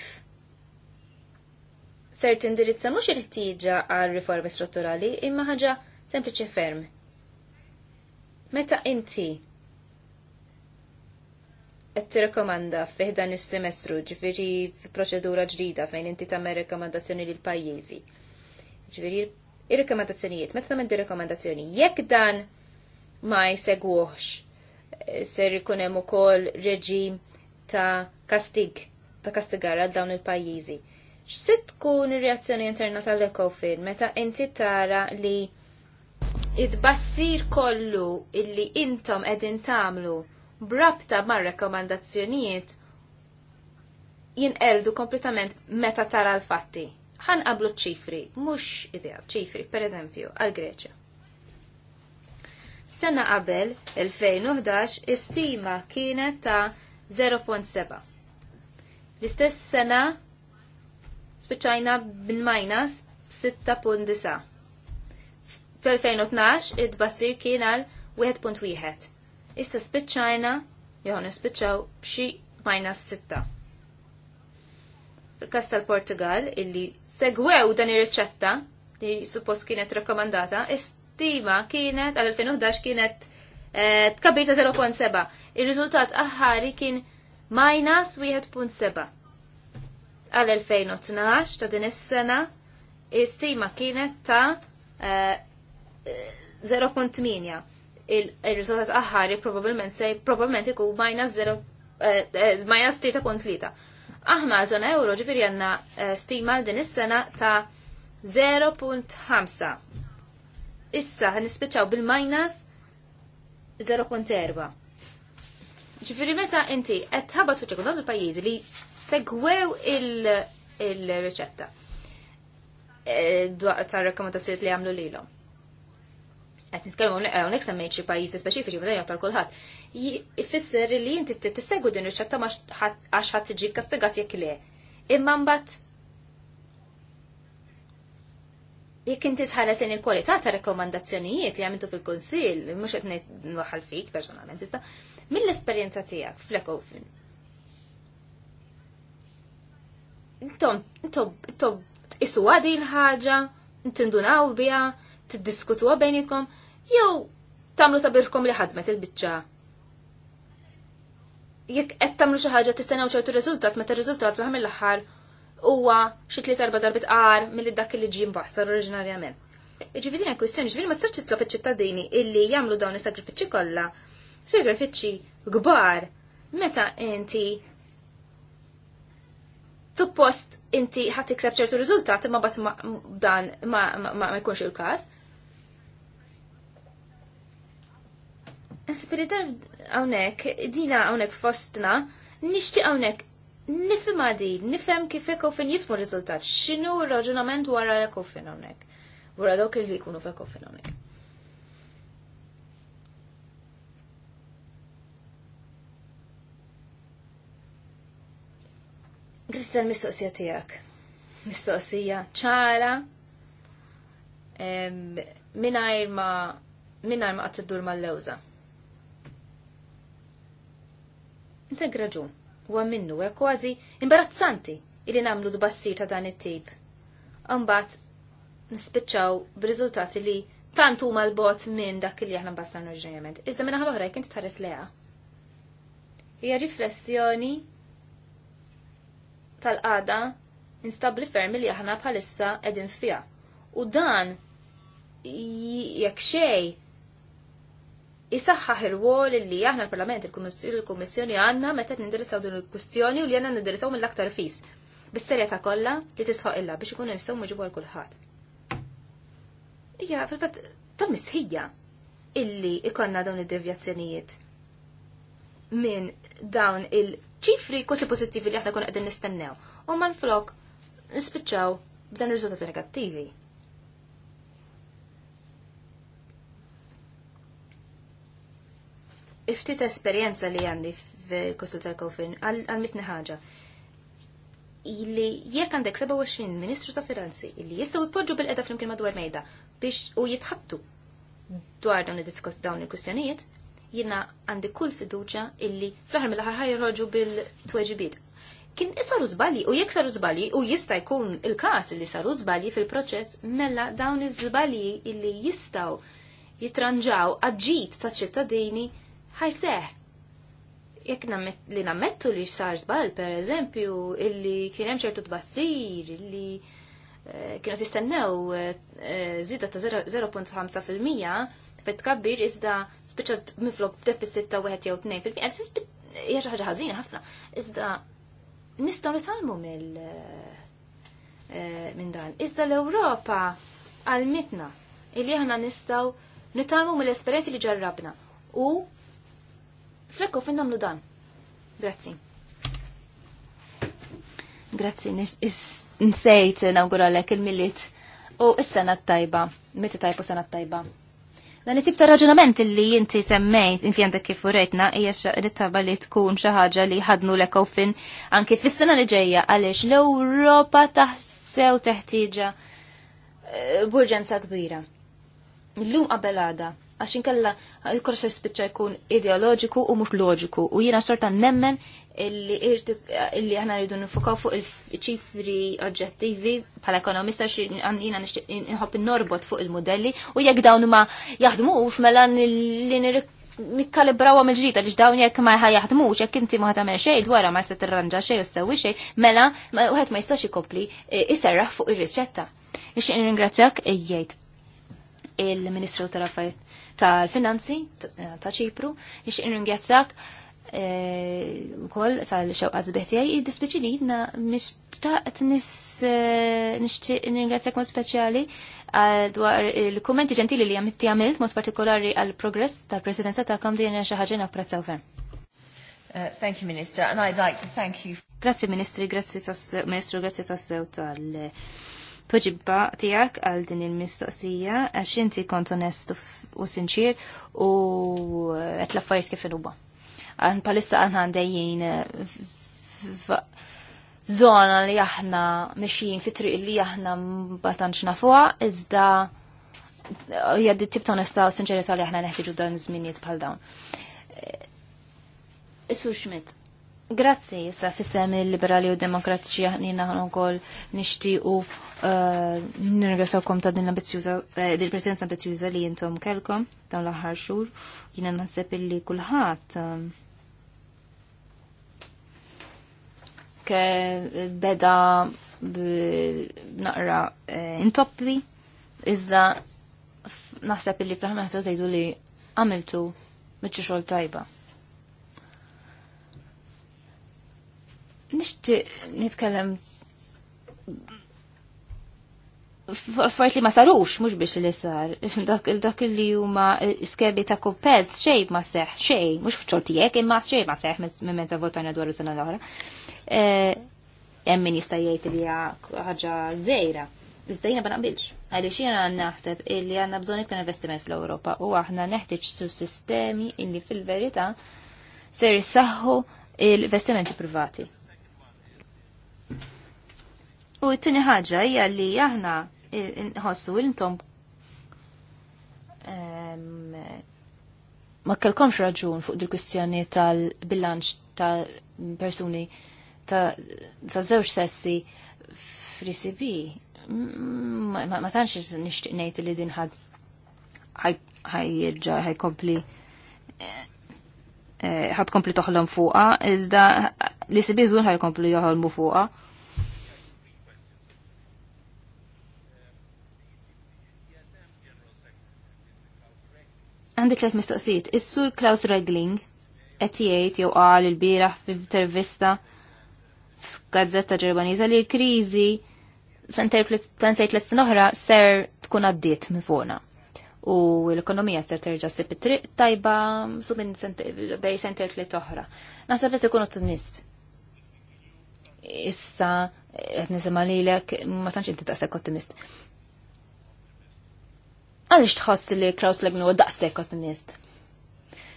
ser tindirizza mhux il ħtijġa għal riformi strutturali imma ħaġa sempliċi ferm Meta inti qed tirrekomanda fih dan is-semestru, ġifieri proċedura ġdida fejn inti tagħmel rekomandazzjoni lil pajjiżi. Ġifieri ir-rekomandazzjonijiet, meta tagħmel rekomandazzjoni, jekk dan ma jsegwuhx ser ikun hemm ukoll reġim ta' kastig, ta' kastigar għal dawn il-pajjiżi. X'se tkun ir-reazzjoni interna tal-ekofin meta inti tara li id-bassir kollu illi intom edin tamlu brabta ma' rekomandazzjonijiet jinqerdu kompletament meta tara l-fatti. Ħan qablu ċifri, mux idea, ċifri, per eżempju, għal-Greċja. Sena qabel, 2011, istima kienet ta' 0.7. L-istess sena spiċajna bin minus 6.9. Fl-2012 id-bassir kien għal 1.1. Issa spiċċajna, jew nispiċċaw b'xi minus 6. Fil-kas tal-Portugal, illi segwew dan ir-riċetta li suppost kienet rakkomandata, istima kienet għal 2011 kienet eh, tkabita 0.7. Ir-riżultat aħħari kien minus 1.7 għal 2012 ta' din is-sena istima kienet ta' eh, 0.8 il-rizultat aħħari probabbilment se probabbilment ikun minus 0 eh, eh, minus 3.3. Aħna żona euro ġifir għandna eh, stima din is-sena ta' 0.5. Issa nispiċċaw bil-minus 0.4. Ġifieri meta inti qed ħabat fuq dawn il-pajjiżi li segwew il-riċetta il-dwar tar-rakkomandazzjoniet li għamlu lilhom qed nitkellmu hawnhekk semmejt xi pajjiżi speċifiċi ma dejjem tal-kulħadd. Ifisser li inti tissegwu din ir-riċetta għax ħadd tiġi kastigat jekk le. Imma mbagħad jekk inti tħares in il-kwalità ta' rekomandazzjonijiet li għamiltu fil kunsil mhux qed ngħid nwaħħal fik personalment, tista', mill-esperjenza tiegħek fl-ekofin. Intom, intom, intom, isu għadi l-ħaġa, intindunaw biha, tiddiskutuha bejnietkom jew tagħmlu sabirkom li ħadmet il-biċċa. Jekk qed tagħmlu xi ħaġa tistennew ċertu riżultat meta r-riżultat fl l aħħar huwa xi tliet erba' darbit qar milli dak li ġie mbaħsar oriġinarjament. Iġifieri hekk kwistjoni ġifieri ma tistax titlob iċ-ċittadini illi jagħmlu dawn is-sagrifiċċji kollha, sagrifiċċji kbar meta inti suppost inti ħadd tikseb ċertu riżultat imma bad dan ma jkunx il-każ. Inspirita għawnek, dina għawnek fostna, nishti għawnek nifim għadi, nifim kif fin jifmu rizultat, xinu raġunament wara ekofin għawnek, wara dawk li jkunu f'ekofin għawnek. Kristen mistoqsija tijak, mistoqsija ċara, minajr ma minajr ma għat mal-lewza. integraġu, raġun, huwa minnu kważi imbarazzanti illi nagħmlu dbassir ta' dan it-tip. Imbagħad nispiċċaw b'riżultati li tant huma l-bot minn dak li aħna mbassarna ġejjament. Iżda minn aħna oħra inti tħares leha. Hija riflessjoni tal-qada instabbli fermi li aħna bħalissa qegħdin fiha. U dan jekk xej jisaxħaħ il-wol li aħna l-Parlament, il-Kummissjoni għanna meta nindirizzaw din il-kustjoni u li għanna nindirizzaw mill-aktar fis. Bisterja ta' kolla li tisħoq illa biex ikun nistaw maġibu għal kulħadd. Ija, fil-fat, tal mistħija illi ikonna dawn id-devjazzjonijiet minn dawn il-ċifri kosi pozittivi li aħna kon qegħdin nistennew. U man flok nispiċċaw b'dan riżultati negattivi. iftit esperjenza li għandi f'Kostu tal-Kofin għal-mitni ħaġa. Illi jekk għandek 27 ministru ta' finanzi illi jistgħu jpoġġu bil-qeda flimkien madwar mejda biex u jitħattu dwar dawn id-diskors dawn il kustjonijiet jina għandi kull fiduċa illi fl-aħħar mill ħaj ħajroġu bil-tweġibiet kien isaru zbali u jekk saru zbali u jista' jkun il-każ li saru zbali fil-proċess mela dawn iż-żbali illi jistgħu jitranġaw għadġit ta' ċittadini seħ. Jek li nammettu li xsar zbal, per eżempju, illi kien hemm ċertu tbassir, illi eh, kienu sistennew eh, zida ta' 0.5% fit kabbir iżda spiċċat miflok deficit ta' 1 jew 2 fil-mija. Hija xi ħaġa ħażina ħafna. Iżda nistgħu nitalmu mill eh, minn dan. Iżda l-Ewropa mitna illi aħna nistgħu nitalmu mill esperienzi li ġarrabna u Flekko, fin namlu dan. Grazzi. Grazzi, nsejt lek il-millit u s-sena t-tajba, meta tajbu sena t-tajba. Dan it tib ta' raġunament li inti semmejt, inti għandek kif urejtna, hija nittaba li tkun xi ħaġa li ħadnu lek fin anki fis-sena li ġejja għaliex l-Ewropa taħsew teħtieġa eh, burġenza kbira. Illum għada għax inkella il-korsa jispiċċa jkun ideologiku u mhux loġiku u jiena sorta nemmen illi aħna rridu nifukaw fuq il-ċifri oġġettivi bħala ekonomista jiena nħobb norbot fuq il-modelli u jekk dawn ma jaħdmux mela li nikkalibrawa mill ġita li dawn jekk ma jaħdmux jekk inti ma tagħmel xej dwarha ma se tirranġa xej u sewwi xej mela wieħed ma jistax ikompli e, iserraħ fuq ir-riċetta. Ixin ringrazzjak e, jgħid il-Ministru tal-Affarijiet tal-finanzi eh, ta' ċipru, ix ringjazzak eh, ukoll tal-xewqa żbieħ tiegħi id-dispeċili jidna mixtaqt eh, nixtieq nirringrazzjak mod speċjali dwar il-kummenti ġentili li għamilt għamilt mod partikolari għal progress tal-presidenza ta' kom din xi ħaġa napprezzaw ferm. Thank you, Minister, and I'd like to thank you. Grazie, Ministri, grazie tas-Ministru, grazie tas-sew tal- tweġibba tiegħek għal din il-mistoqsija għax inti kont onest u sinċir u qed l-affarijiet kif inhuwa. Għan palissa għan għandejjien zona li aħna mexjin fitri triq li aħna mbatanx nafuha iżda jaddi tip ta' onesta u sinċerità li aħna neħtiġu dan żminijiet bħal dawn. Eh, Isu Schmidt, Grazzi, jissa, fissem il-liberali u demokratiċi għahni u kol nirgħasaw uh, nirgassawkom ta' din l-ambizjuza, eh, din presidenza ambizjuza li jintom kelkom dawn l-ħar xur, jina naħseb illi kullħat um, ke beda naqra eh, intoppi, iżda naħseb illi fraħmi ħassu tajdu li għamiltu meċċi xol tajba. nixtieq nitkellem Fajt li ma sarux, mux biex li sar. Dak li huma skebi ta' kopez, xej ma seħ, xej, mux fċortijek, imma xej ma seħ, minn ta' votajna dwar sena l-ohra. Emmin jista' jgħid li ħaġa zejra. Iżda jiena banqabilx. Għaliex jiena naħseb illi għandna bżon iktar investiment fl-Ewropa u aħna neħtieġ su sistemi illi fil-verità ser jsaħħu l-investimenti privati. U t-tini ħagġa hija li aħna nħossu intom ma kellkomx raġun fuq dil kwistjoni tal-bilanċ tal-persuni ta' żewġ sessi fl Ma tantx nixtieq ngħid li din ħad ħajkompli Eh, ħat kompli toħlom fuqa, iżda li si zun ħaj kompli joħolmu fuqa. Għandi tlet mistoqsijiet. Is-sur Klaus Regling qed jgħid jew qal il-bieraħ f'intervista f'Gazzetta Ġermaniża li l-kriżi sentej tliet sena oħra ser tkun għaddiet minn fuqna u l-ekonomija ser terġa' sib triq tajba subin bej senter li toħra. Naħseb li tkun ottimist. Issa qed nisimgħa lilek ma tantx inti daqshekk ottimist. Għaliex tħoss li Klaus Legnu huwa daqshekk ottimist?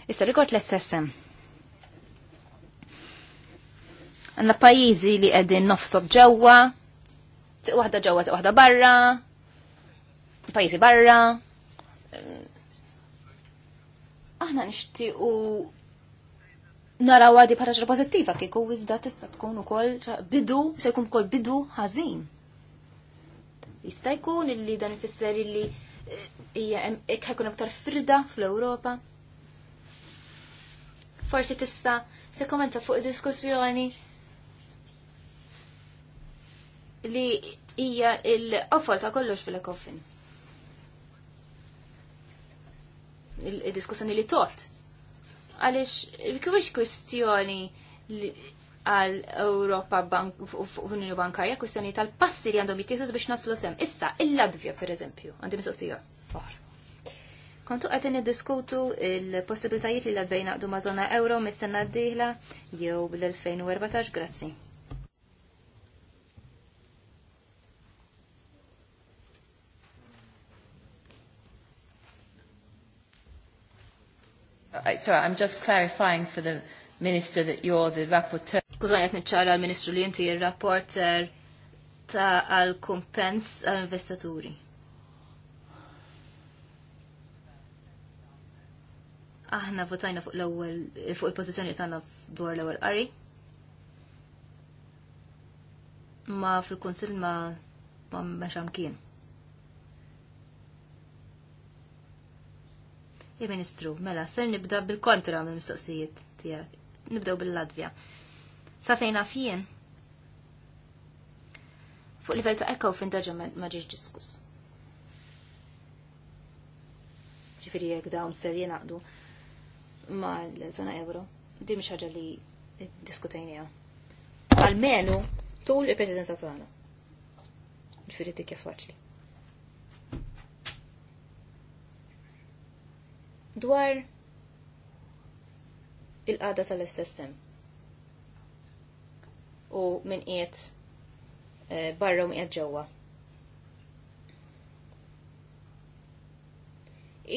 Issa rigort l-SSM. Għanna pajizi li għedin nofsob ġewwa, tiq waħda ġewwa, tiq waħda barra, pajizi barra, aħna nixtiequ naraw għadi bħala ġra pożittiva kieku iżda tista' tkun ukoll bidu, se jkun ukoll bidu ħażin. Jista' jkun illi dan ifisser illi eh, hija hekk ħajkun aktar firda fl-Ewropa. Forsi tista' tikkommenta fuq id-diskussjoni li hija l-qofol ta' kollox fil-ekofin. il-diskussjoni li tot. Għalix, kiewix kwestjoni għal Europa Unjoni Bankarja, kwestjoni tal-passi li għandhom jittieħdu biex naslu sem. Issa, il-Latvja, per eżempju, għandi Fahar. Kontu għatin diskutu il-possibilitajiet li l ladvja jnaqdu ma' zona euro mis-sena d-dihla jew bl-2014, grazzi. Sorry, I'm just clarifying for the Minister that you're the rapporteur. jatni nitċara l-Ministru li inti il-rapporter ta' għal-kumpens għal-investaturi. Aħna votajna fuq l-ewwel fuq il-pożizzjoni tagħna dwar l-ewwel qari. Ma fil-Kunsill ma ma mexam kien. Ja, ministru mela, ser nibda bil-kontra għal mistoqsijiet tiegħek. Nibdew bil ladvja Sa fejna fien? Fuq livell ta' ekkaw fin daġa ma ġiex diskuss. Ġifieri jekk dawn ser jenaqdu ma' l-zona euro. Di mhix ħaġa li diskutejnija. Almenu tul il-Presidenza tagħna. Ġifiri dik faċli. dwar il-qada tal-SSM. U minn qiegħed eh, barra u qiegħed ġewwa.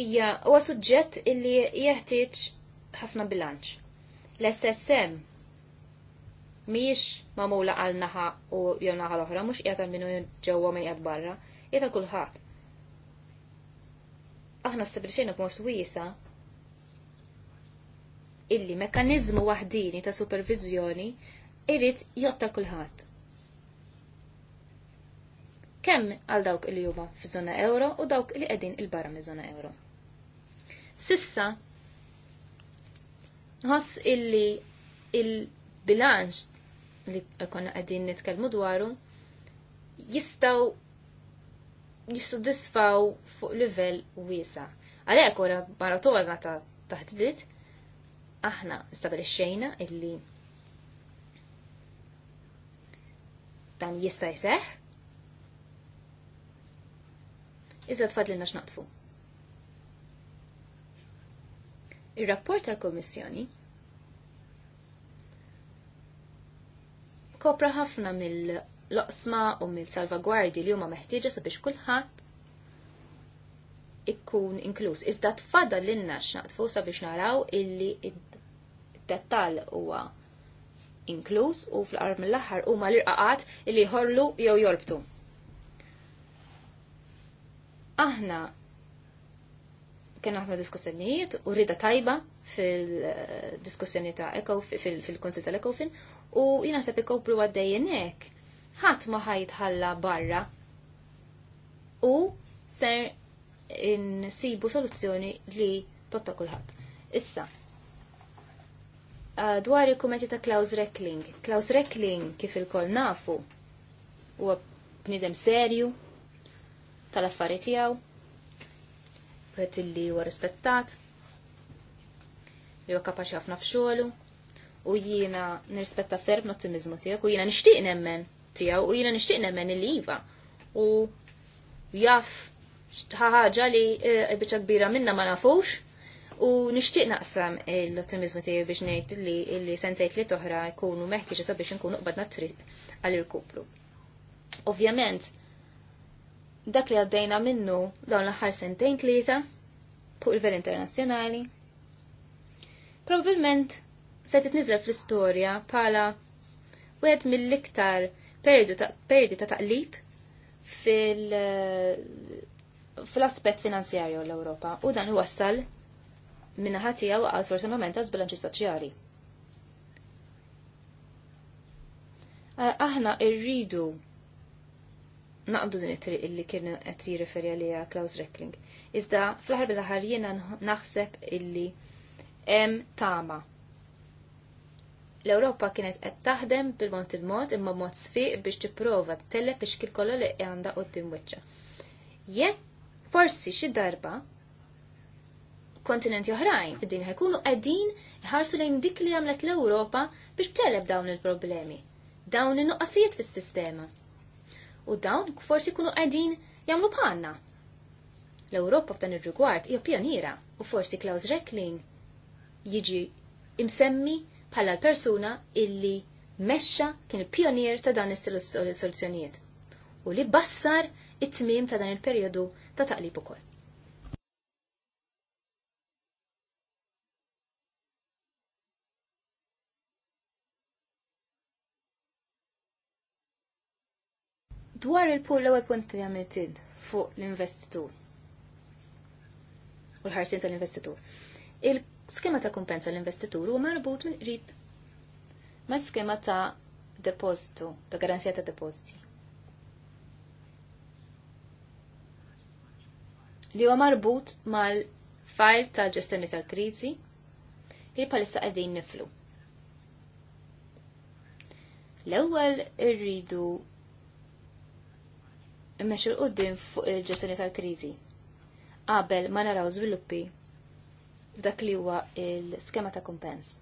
Ija, huwa suġġett illi jeħtieġ ħafna bilanċ. L-SSM mhijiex magħmula għal naħa u jew naħa l-oħra, mhux qiegħed minnu ġewwa minn qiegħed barra, qiegħed kulħadd aħna s-sibriċina b'mos wisa illi mekanizmu wahdini ta' supervizjoni irrit jotta kulħadd. Kemm għal dawk il fi zona euro u dawk li qegħdin il-barra mi żona euro. Sissa nħoss illi il-bilanċ li konna qegħdin nitkellmu dwaru jistaw jissodisfaw fuq livell wiesa. Għalhekk wara maratorna ta' taħdidiet aħna stabilixxejna illi dan jista' jseħħ. Iżda tfadlilna x'naqtfu. Ir-rapport tal-Kummissjoni kopra ħafna mill loqsma u mill-salvagwardi li huma meħtieġa sabiex kulħadd ikkun inkluż. Iżda tfadda l-inna x'naqtfu sabiex naraw illi id dettal huwa inkluż u fl-qar mill-aħħar huma l-irqaqat illi jħorlu jew jolbtu. Aħna kien aħna diskussjonijiet u rida tajba fil-diskussjoni ta' fil-Konsil tal-Ekofin u jina sepp ikoplu għaddejjenek ħadd ma ħajtħalla barra. U ser insibu soluzzjoni li totta kulħadd. Issa, uh, dwar il-kumenti ta' Klaus Reckling. Klaus Reckling kif il-kol nafu u bnidem serju tal-affari tijaw, bħet li huwa rispettat, li huwa kapaċi ħafna f'xogħlu, u jiena nirrispetta ferm l-ottimizmu tiegħek u jiena nixtieq nemmen tijaw u jiena nixtieq nemmen il liva U jaf ħaġa li eh, biċċa kbira minna ma nafux u nixtieq naqsam l-ottimizmu tijaw biex ngħid li li sentejt li toħra jkunu meħtieġ sabiex nkunu qbadna triq għal irkupru. Ovvjament, dak li għaddejna minnu dawn l-aħħar sentejn tlieta fuq il-vel internazzjonali. Probabilment se titniżel fl-istorja bħala wieħed mill-iktar periodi ta' taqlib fil- eh, fl-aspett finanzjarju l-Ewropa u dan wassal minna ħatijaw għal sorsament ta' bilanċi soċjali. Eh, aħna irridu naqbdu din it-triq illi kien qed jirreferi għaliha Klaus Reckling. Iżda fl-aħħar l aħħar jiena naħseb illi hemm tama l-Ewropa kienet qed taħdem bil-mod il-mod imma mod sfiq biex tipprova tellep biex xkil kollu li għandha qudiem wiċċa. Jekk forsi xi darba kontinenti oħrajn fid-din ħajkunu qegħdin jħarsu lejn dik li għamlet l-Ewropa biex teleb dawn il-problemi, dawn in-nuqqasijiet fis-sistema. U dawn forsi jkunu qegħdin jagħmlu bħalna. L-Ewropa f'dan ir-rigward hija pjonira u forsi Klaus Reckling jiġi imsemmi bħala l-persuna illi mexxa kien pionier ta' dan is soluzzjonijiet u li bassar it-tmim ta' dan il-perjodu ta' taqlib ukoll. Dwar il-pull l-ewwel punt li għamiltid fuq l-investitur u l-ħarsin tal-investitur. il Skema ta' kompensa l-investitur u marbut minn qrib ma' skema ta' depozitu, ta' garanzija ta' depoziti. Li huwa marbut mal-fajl ta' ġestjoni tal-kriżi li palissa qegħdin niflu. L-ewwel irridu immexxu l-qudiem fuq il-ġestjoni tal-kriżi qabel ma naraw żviluppi dak li huwa l-skema ta' kumpens.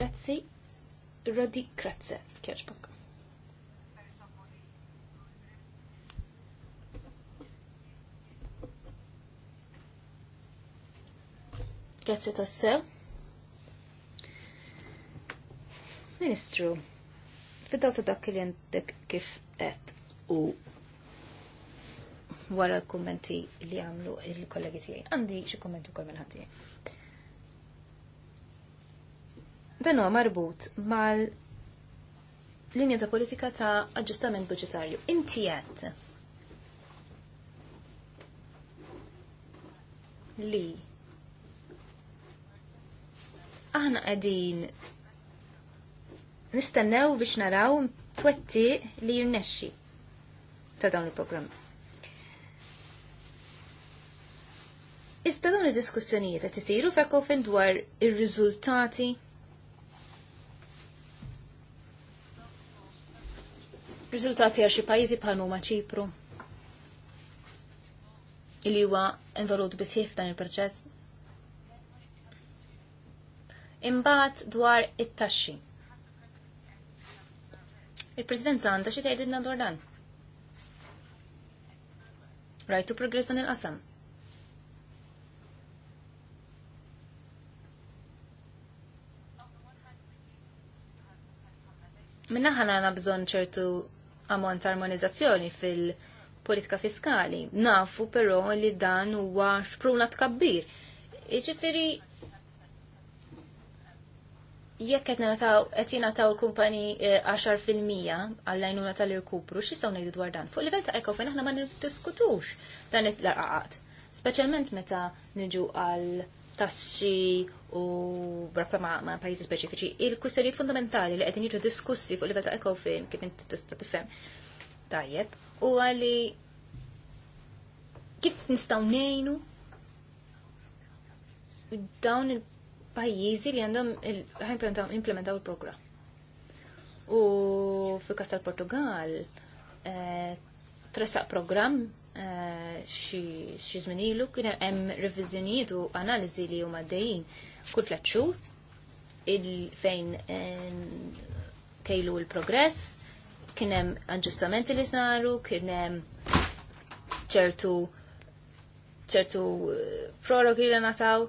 Grazzi, Rodi Kratze, kjerġbok. Grazie tassew. Ministru, tibdaw ta' dak li għandek kif qed u wara l kommenti li għamlu il-kollegi tiegħi. Għandi xi kummenti wkoll minn ħadd Dan huwa marbut mal linja ta' politika ta' aġġustament budġetarju. Inti għed li aħna qegħdin nistennew biex naraw twetti li jirnexxi ta' dawn il-programm. Iżda dawn id-diskussjonijiet qed isiru fejn dwar ir-riżultati Riżultati għal xi pajjiżi bħal huma Ċipru. Illi huwa involut bisħif dan il-proċess. Imbagħad dwar it-taxxi il president għandha xi tgħidilna dwar dan. Rajtu on il-qasam. Minna ħana bżon ċertu ammont armonizzazzjoni fil-politika fiskali. Nafu però li dan huwa xpruna tkabbir. Iġifiri, jekk qed nataw qed jingħataw il-kumpani 10% eh, għall-għajnuna tal-irkupru, x'istgħu ngħidu dwar dan? Fuq livell ta' ekofin aħna ma niddiskutux dan it-laqaqat. Speċjalment meta niġu għal tassi u brabta ma', ma pajjiżi speċifiċi, il-kustjonijiet fundamentali li qed jiġu diskussi fuq livell ta' ekofin kif int tista' tifhem tajjeb u għalli kif nistgħu ngħinu dawn il pajjiżi li għandhom implementaw il-programm. U fi kastal tal-Portugal eh, tresaq programm eh, xi żmien ilu kien hemm reviżjonijiet u analiżi li huma dejjin kull tliet il fejn eh, kejlu l-progress, kien hemm aġġustamenti li saru, kien hemm ċertu ċertu prorogi li nataw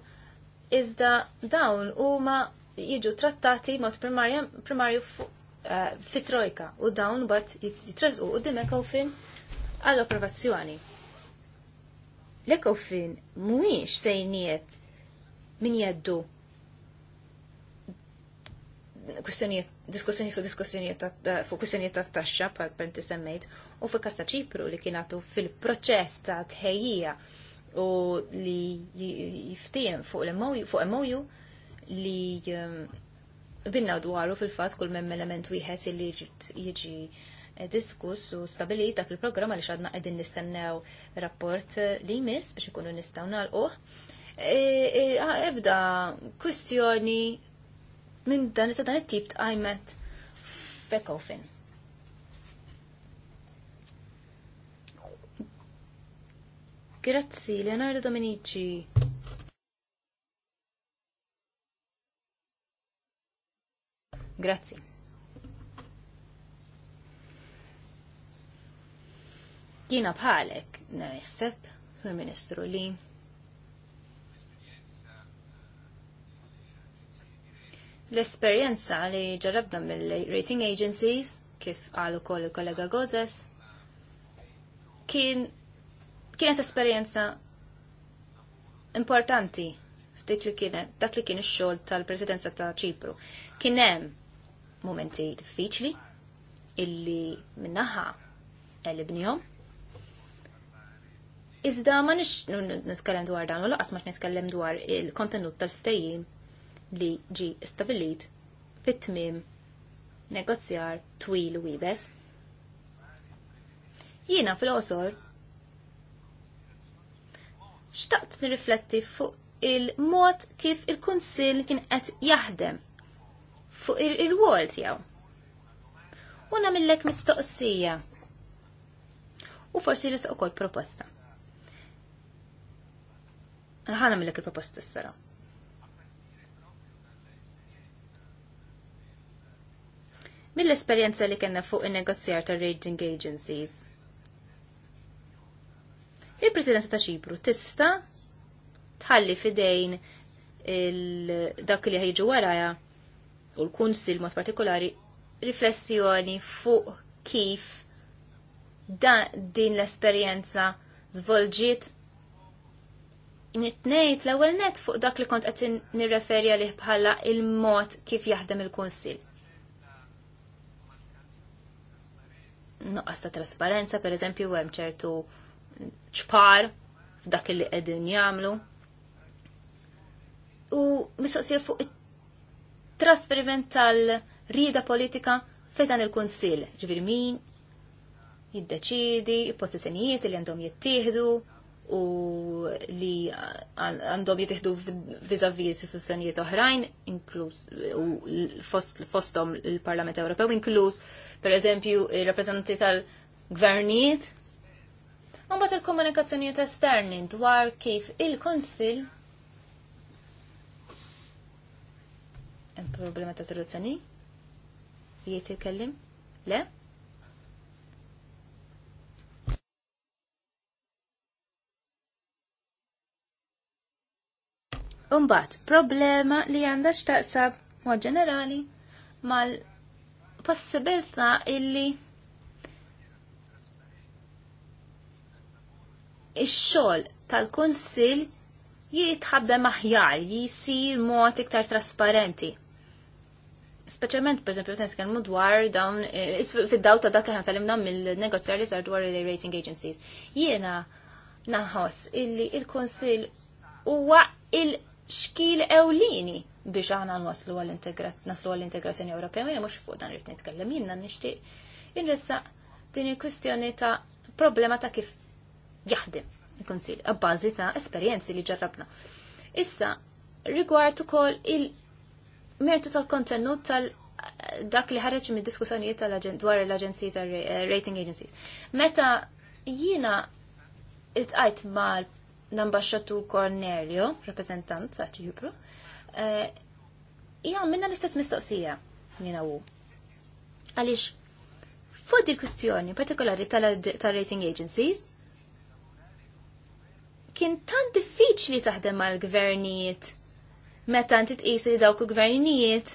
iżda dawn huma jiġu trattati mod primarju eh, fitrojka u dawn bat jitrezqu u dimek fin għall-approvazzjoni. l fin mhuwiex sejniet min jeddu diskussjonijiet u diskussjonijiet eh, fuq kwistjonijiet ta' taxxa bħal per semmejt u fuq kasta ċipru li kienatu fil-proċess ta' tħejjija u li jiftijem fuq l emmoju li um, binna dwaru fil-fat kull mem element wieħed li jiġi eh, diskuss u stabilit dak il-programm li x'adna qegħdin nistennew rapport eh, li jmiss biex ikunu nistgħu nagħlquh. Eh, ah, ebda kwistjoni minn dan ta' dan it-tip tqajmet fekofin. Grazzi, Leonardo Dominici. Grazzi. Kina bħalek, naħseb, sur ministru li l-esperienza li ġarabda mill-rating agencies, kif għal ukoll kollega Gozes, kien Kienet esperjenza importanti f'dik li kienet dak li kien ix-xogħol tal-Presidenza ta' Ċipru. Kien hemm momenti diffiċli illi minnaħa elibnihom. Iżda ma nix nitkellem dwar dan u laqas ma nitkellem dwar il-kontenut tal-ftejjim li ġi stabilit fit-tmim negozjar twil u ibes. Jiena fil-qosor xtaqt nirrifletti fuq il-mod kif il-Kunsill kien qed jaħdem fuq il-wol tiegħu. U nagħmellek mistoqsija. U forsi nista' ukoll proposta. Ħa nagħmellek il-proposta s-sara. Mill-esperjenza li kena fuq in-negozjar tar-rating agencies, il-Presidenza ta' Ċipru tista' tħalli fidejn dak li ħejġu waraja u l-Kunsil mod partikolari riflessjoni fuq kif din l-esperjenza zvolġiet nitnejt l-ewwel net fuq dak li kont qed nirreferi għalih bħala il-mod kif jaħdem il-Kunsil. Noqqas ta' trasparenza, per eżempju, hemm ċertu ċpar f'dak li qegħdin jagħmlu. U mistoqsija fuq it-trasferiment tal-rieda politika fejn il-Kunsill, ġifieri min jiddeċidi, il-pożizzjonijiet li għandhom jittieħdu u li għandhom jittieħdu vis istituzzjonijiet oħrajn, inkluż u fostom il-Parlament Ewropew, inkluż pereżempju ir rappreżentanti tal-gvernijiet Mbagħad il-komunikazzjonijiet esterni dwar kif il-Kunsill hemm problema ta' traduzzjoni? Jiet jitkellem? Le? Umbat, problema li għandha x'taqsab mod ġenerali mal possibilta illi ix-xogħol tal-Kunsill jitħabda aħjar, jisir mod iktar trasparenti. Speċjalment, per esempio, nitkellmu dwar dawn, eh, fid-daw ta' dak li ħantalimna mill-negozjar li sar dwar il-rating agencies. Jiena naħoss illi il-Kunsill huwa il-xkil ewlini biex aħna naslu għall-integrazzjoni Ewropea, jena mhux fuq dan irid nitkellem, jiena nixtieq. Inressa din il-kwistjoni ta' problema ta' kif jaħdem il-Konsil, għabbażi ta' esperjenzi li ġarrabna. Issa, rigward ukoll il-mertu tal-kontenut tal- dak li ħareġ mid diskussjonijiet tal dwar l-aġenziji tal-rating eh, agencies. Meta jiena iltqajt mal l-ambasċatur Cornelio, rappresentant ta' Ċipru, hija eh, minna l-istess mistoqsija jiena u. Għaliex fuq il kustjoni partikolari tal-rating agencies, kien tant diffiċli taħdem mal gvernijiet meta inti tqis li dawk il-gvernijiet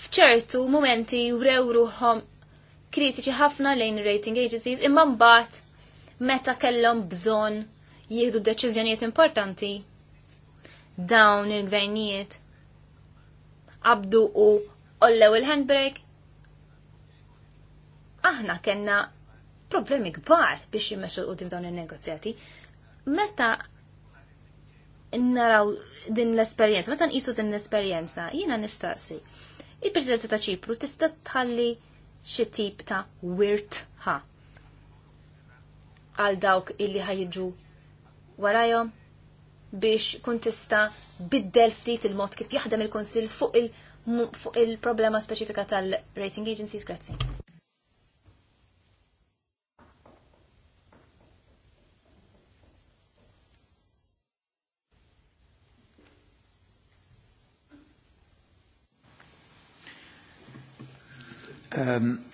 f'ċertu momenti wrew ruħhom kritiċi ħafna lejn rating agencies imma mbagħad meta kellhom bżonn jieħdu deċiżjonijiet importanti dawn il-gvernijiet abdu u ollew il-handbrake aħna kellna problemi kbar biex jimmexxu l-qudiem dawn in-negozjati meta naraw din l-esperjenza, meta nqisu din l-esperjenza, jiena nistaqsi. Il-Presidenza ta' Ċipru tista' tħalli xi tip ta' wirt ħa għal dawk illi ħajġu warajhom biex kun tista' biddel ftit il-mod kif jaħdem il-Kunsill fuq il-problema il, speċifika tal-rating agencies. Grazzi. Um,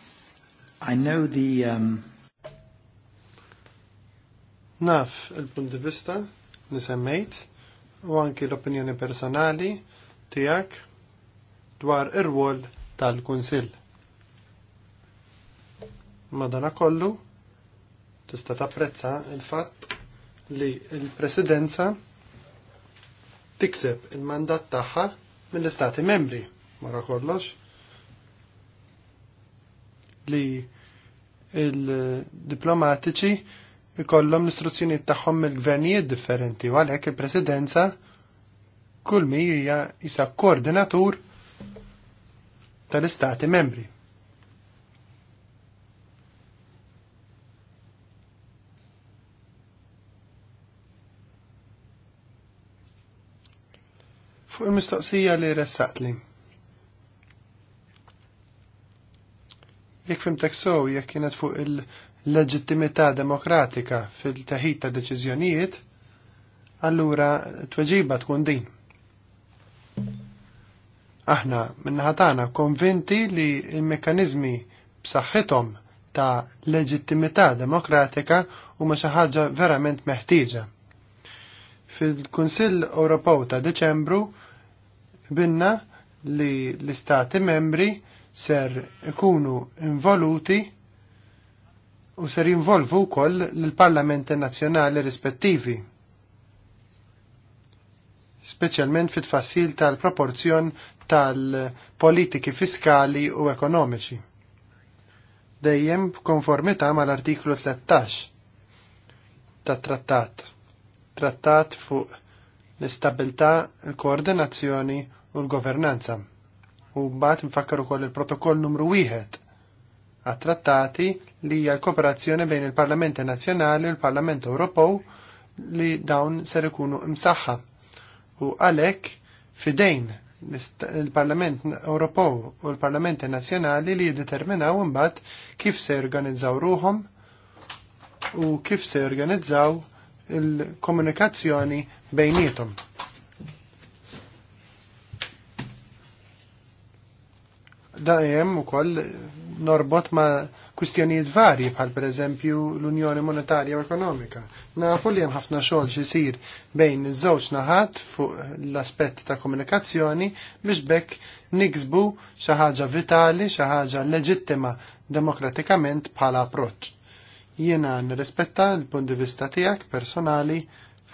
I know the... Um... Naf il-punt di vista li semmejt u anki l-opinjoni personali tijak dwar ir wol tal-Kunsill. Madana kollu tista' tapprezza il-fatt li l-Presidenza tikseb il-mandat tagħha mill-Istati Membri Mara kollox li il-diplomatiċi kollom l-istruzzjonijiet tagħhom mill-gvernijiet differenti u għalhekk il-Presidenza kull mi hija isa koordinatur tal-Istati membri. Fuq il-mistoqsija li ressaqtli. jek fimtek sow jekk kienet fuq il-leġittimità demokratika fil-teħid ta' deċiżjonijiet, allura tweġiba tkun din. Aħna minnaħatana konvinti li il mekanizmi b'saħħithom ta' leġittimità demokratika huma xi ħaġa verament meħtieġa. Fil-Kunsill Ewropew ta' Deċembru binna li l-istati membri ser ikunu involuti u ser jinvolvu wkoll l-Parlamenti Nazzjonali rispettivi speċjalment fit tfassil tal-proporzjon tal-politiki fiskali u ekonomiċi. Dejjem konformità mal-artiklu 13 tat-trattat. Trattat fuq l-istabilità, l-koordinazzjoni u l-governanza u mbagħad nfakkar ukoll il-protokoll numru wieħed għat-trattati li hija l-kooperazzjoni bejn il parlament Nazzjonali u l-Parlament Ewropew li dawn ser ikunu msaħħa. U għalhekk fidejn il-Parlament Ewropew u l parlament Nazzjonali li jiddeterminaw imbagħad kif se jorganizzaw ruhom u kif se jorganizzaw il-komunikazzjoni bejnietom. dajem u koll norbot ma' kustjonijiet varji bħal per eżempju l-Unjoni Monetarja u Ekonomika. Nafu li hemm ħafna xogħol xisir bejn iż-żewġ naħat fuq l-aspett ta' komunikazzjoni biex bekk niksbu xi ħaġa vitali, xi ħaġa leġittima demokratikament bħala approċċ. Jiena nirrispetta l-punt di vista tiegħek personali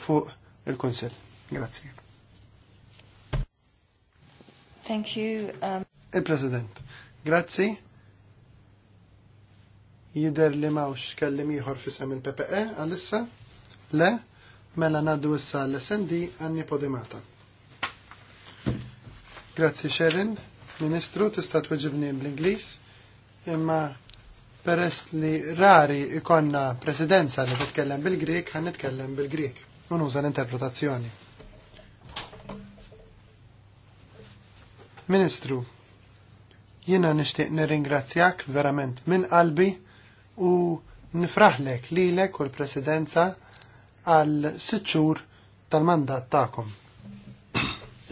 fuq il-Kunsill. Grazzi. Thank you. Um... Il-President, grazzi. Jider li mawx kellim ieħor fisem il-PPE għalissa? Le, mela naddu issa l-SND għanni podimata. Grazzi Sherin, Ministru, tista' tweġibni bl-Ingliż, imma peress li rari ikonna presidenza li titkellem bil-Grek, għan nitkellem bil-Grek. Unuża l-interpretazzjoni. Ministru, Jiena nixtieq nirringrazzjak verament minn qalbi u nifraħlek lilek u l-presidenza għal sitt tal-mandat tagħkom.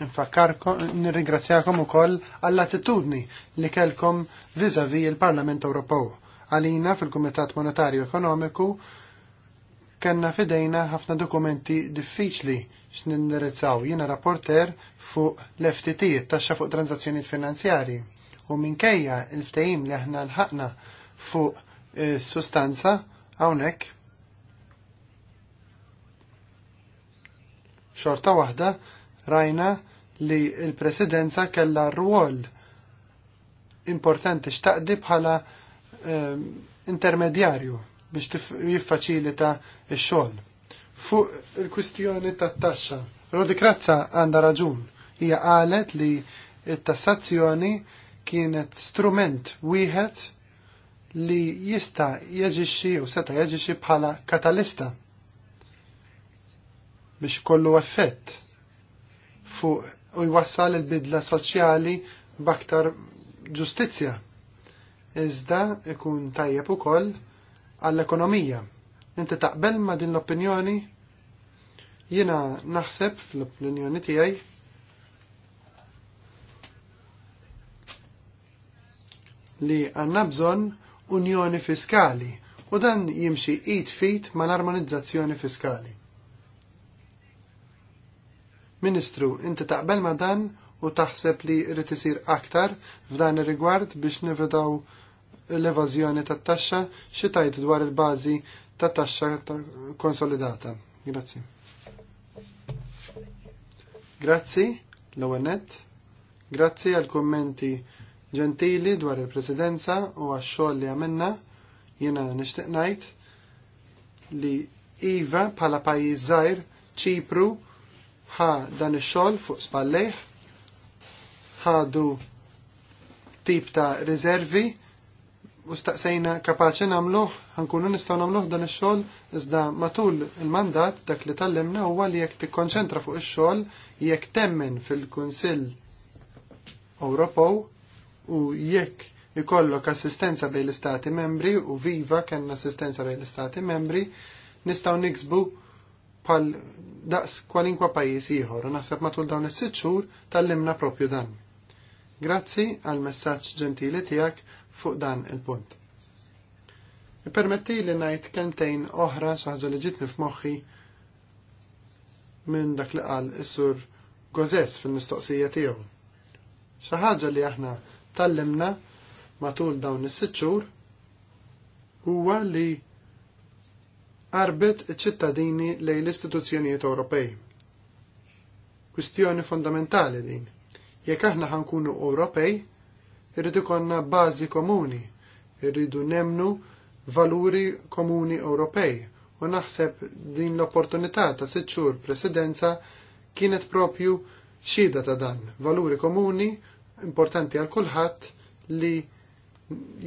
Infakarkom, u ukoll għall-attitudni li kelkom viżavi il-Parlament Ewropew. Għalina fil-Kumitat Monetarju Ekonomiku kenna fidejna ħafna dokumenti diffiċli x'nindirizzaw. Jiena rapporter fuq l-FTT, taxxa fuq transazzjonijiet finanzjarji u minkejja il-ftehim li aħna l-ħakna fuq eh, sustanza hawnhekk xorta waħda rajna li il-presidenza kella rwol importanti xtaqdi bħala eh, intermedjarju biex jiffaċilita ta' xogħol Fuq il-kwistjoni tat-taxxa, Rodi Krazza għandha raġun. Hija qalet li t tassazzjoni kienet strument wieħed li jista jaġixxi u seta jaġixxi bħala katalista biex kollu effett fuq u jwassal il-bidla soċjali b'aktar ġustizzja. Iżda ikun tajjeb ukoll għall-ekonomija. Inti taqbel ma' din l-opinjoni? Jiena naħseb fl-opinjoni tiegħi li għanna bżonn unjoni fiskali u dan jimxi id fit ma l-armonizzazzjoni fiskali. Ministru, inti taqbel ma dan u taħseb li rrid isir aktar f'dan ir-rigward biex nividaw l-evażjoni tat-taxxa xi tajt dwar il-bażi ta' taxxa konsolidata. Grazzi. Grazzi, l-ewwel Grazzi għal kummenti ġentili dwar il-presidenza u għax-xogħol li għamilna jiena nixtieq ngħid li iva bħala pajjiż żgħir Ċipru ħa dan ix-xogħol fuq spallejh ħadu tip ta' riservi u staqsejna kapaċi namluħ, ħankunu nistaw namluħ dan ix-xogħol iżda matul il-mandat dak li tallimna huwa li jekk tikkonċentra fuq ix-xogħol jekk temmen fil-Kunsill Ewropew u jekk ikollok assistenza bejn l-istati membri u viva kenna assistenza bejn l-istati membri nistaw niksbu pal daqs kwalinkwa pajis ieħor u nasab matul dawn is-sitt xhur tallimna propju dan. Grazzi għal messaġġ ġentili tiegħek fuq dan il-punt. Ipermetti li ngħid kentejn oħra xi ħaġa li ġitni f'moħħi minn dak li qal is-sur Gozes fil-mistoqsija tiegħu. Xi ħaġa li aħna tallimna matul dawn is-sitt huwa li arbet ċittadini lejn l-istituzzjonijiet Ewropej. Kwistjoni fondamentali din. Jekk aħna ħankunu Ewropej, irridu konna bażi komuni, irridu nemnu valuri komuni Ewropej u naħseb din l-opportunità ta' sitxur presidenza kienet propju xida ta' dan, valuri komuni importanti għal kulħadd li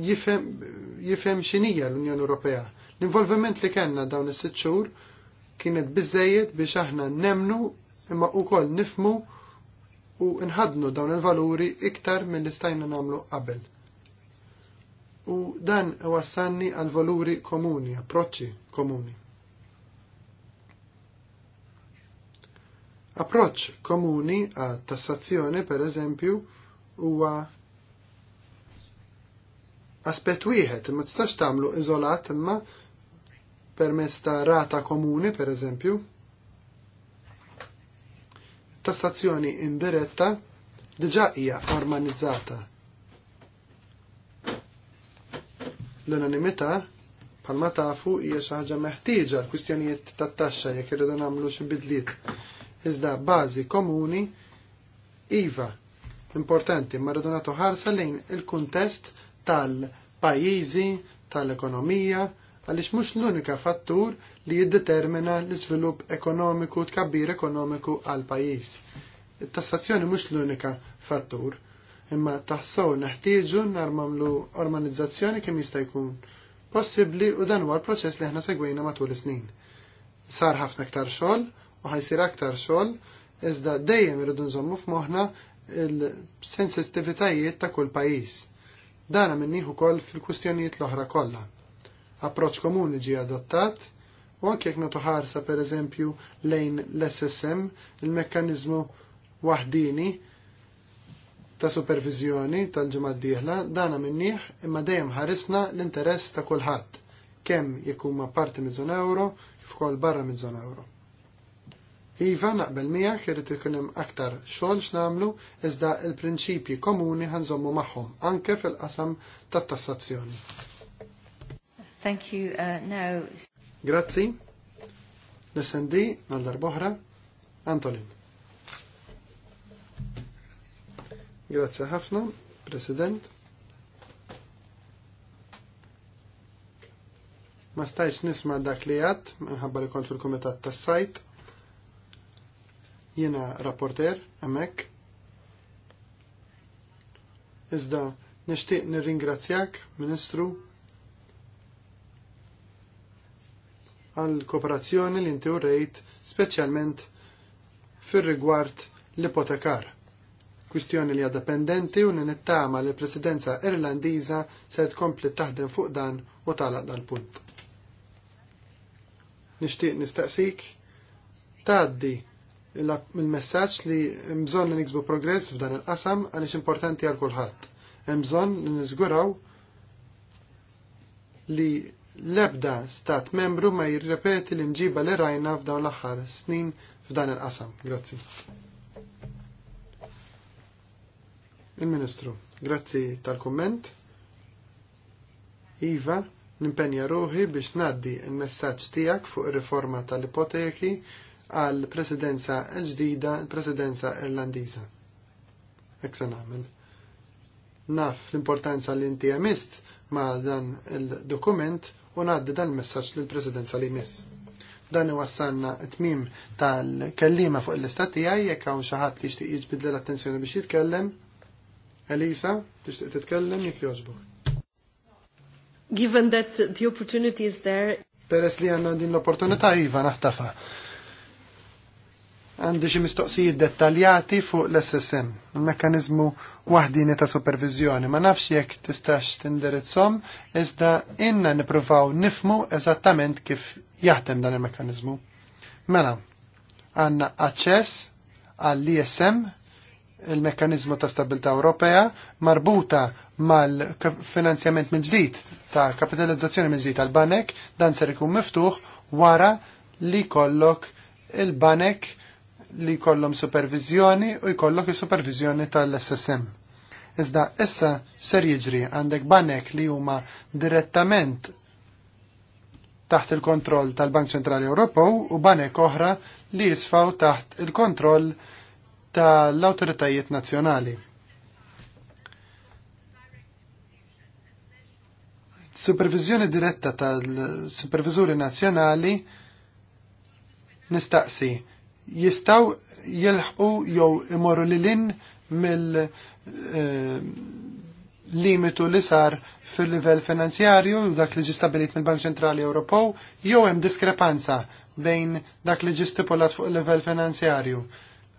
jifem, x'inija l-Unjoni Ewropea. L-involviment li kellna dawn is-sitt xhur kienet biżejjed biex aħna nemnu imma wkoll nifmu u nħadnu dawn il-valuri iktar minn li stajna nagħmlu qabel. U dan wassanni għal valuri komuni, approċċi komuni. Approċċ komuni għat tassazzjoni, per eżempju, huwa aspett wieħed, ma tistax tagħmlu iżolat imma permezz ta' rata komuni, per eżempju. Tassazzjoni indiretta diġà hija armanizzata. L-unanimità bħalma tafu hija xi ħaġa meħtieġa l-kwistjonijiet tat-taxxa jekk irridu nagħmlu xi bidliet. Iżda bażi komuni iva importanti ma rridu ħarsa lejn il-kuntest tal-pajjiżi, tal-ekonomija, għaliex mhux l-unika fattur li jiddetermina l-iżvilupp ekonomiku tkabbir ekonomiku għal pajjiż. It-tassazzjoni mhux l-unika fattur, imma taħsow neħtieġu narmamlu organizzazzjoni kemm jista' jkun possibbli u dan huwa l-proċess li aħna segwejna matul is-snin. Sar ħafna aktar xogħol u ħajsir aktar xogħol, iżda dejjem irridu nżommu f'moħħna il-sensittivitajiet ta' kull pajjiż. Dana minniħu ukoll fil-kwistjonijiet l-oħra kollha. Approċċ komuni ġie adottat u anke jekk nagħtu per pereżempju lejn l-SSM, il-mekkaniżmu waħdini ta' supervizjoni tal-ġimgħa diħla, dana minniħ imma dejjem ħarisna l-interess ta' kulħadd kemm jekk huma parti minn euro, kif ukoll barra minn euro. Iva naqbel miegħek irid ikun hemm aktar xogħol x'namlu iżda l-prinċipji komuni ħanżommu magħhom anke fil-qasam tat-tassazzjoni. Thank you. Uh, now... Grazzi. l għandar boħra. Antolin. Grazzi ħafna, President. Ma stajx nisma dak li għad, minħabba li kont fil-komitat tas-sajt Jiena rapporter hemmhekk. Iżda nixtieq nirringrazzjak, Ministru, għal kooperazzjoni li inti urrejt speċjalment fir-rigward l-ipotekar. Kwistjoni li għadha pendenti u nittama li l-Presidenza Irlandiża se tkompli taħdem fuq dan u talaq dan punt. Nixtieq nistaqsik tgħaddi il-messaġġ li bżonn li nixbu progress f'dan il-qasam għaliex importanti għal kulħadd. Hemm bżonn li niżguraw li l-ebda stat membru ma jirrepeti l-imġiba li rajna f'dawn l-aħħar snin f'dan il-qasam. Grazzi. Il-Ministru, grazzi tal-komment. Iva, nimpenja ruħi biex naddi il-messagġ tijak fuq il-riforma tal-ipoteki għal presidenza l-ġdida, l-presidenza irlandiza. Ek se nagħmel. Naf l-importanza li inti għamist ma' dan il-dokument u ngħaddi dan il-messaġġ lill-presidenza li jmiss. Dan iwassalna mim tal-kellima fuq l istati għaj, jekk hawn xi ħadd li jixtieq jiġbidli l-attenzjoni biex jitkellem. Elisa, tixtieq titkellem jekk jogħġbok. Given that the opportunity is there, peress li għanna din l-opportunità iva naħtafa għandi xi mistoqsijiet dettaljati fuq l-SSM, il-mekkanizmu waħdini ta' supervizjoni. Ma nafx jekk tistax tindirizzhom, iżda inna nippruvaw nifmu eżattament kif jaħdem dan il-mekkanizmu. Mela, għandna aċċess għall-ISM, il-mekkanizmu ta' stabilta' Ewropea, marbuta mal-finanzjament minn ġdid ta' kapitalizzazzjoni minn ġdid tal-banek, dan ser ikun miftuħ wara li kollok il-banek li jkollhom supervizjoni u jkollok is-supervizjoni tal-SSM. Iżda issa ser jiġri għandek banek li huma direttament taħt il-kontroll tal-Bank Ċentrali Ewropew u banek oħra li jisfaw taħt il-kontroll tal-awtoritajiet nazzjonali. Supervizjoni diretta tal-Supervizuri Nazzjonali nistaqsi jistaw jilħqu jew imorru lilin mill-limitu eh, li sar fil-livell finanzjarju dak li ġistabilit mill-Bank Ċentrali Ewropew jew hemm diskrepanza bejn dak li ġi stipulat fuq il-livell finanzjarju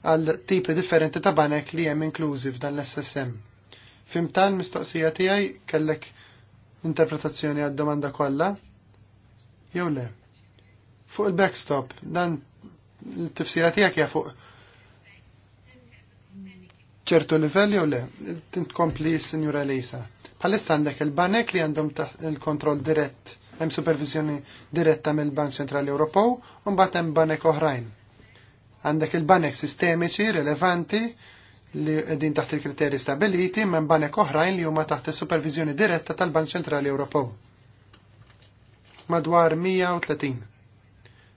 għal tipi differenti ta' banek li hemm inklużi f'dan l-SSM. Fimtan mistoqsija tiegħi kellek interpretazzjoni għad-domanda kollha? Jew le? Fuq il-backstop, dan tifsira tiegħek ja fuq ċertu livelli u le, tkompli Sinjura Lisa. Bħalissa għandek il-banek li għandhom il-kontroll dirett, hemm supervizjoni diretta mill-Bank Ċentrali Ewropew, u mbagħad hemm banek oħrajn. Għandek il-banek sistemiċi, rilevanti, li qegħdin taħt il-kriterji stabiliti, minn banek oħrajn li huma taħt is-supervizjoni diretta tal-Bank Ċentrali Ewropew. Madwar 130.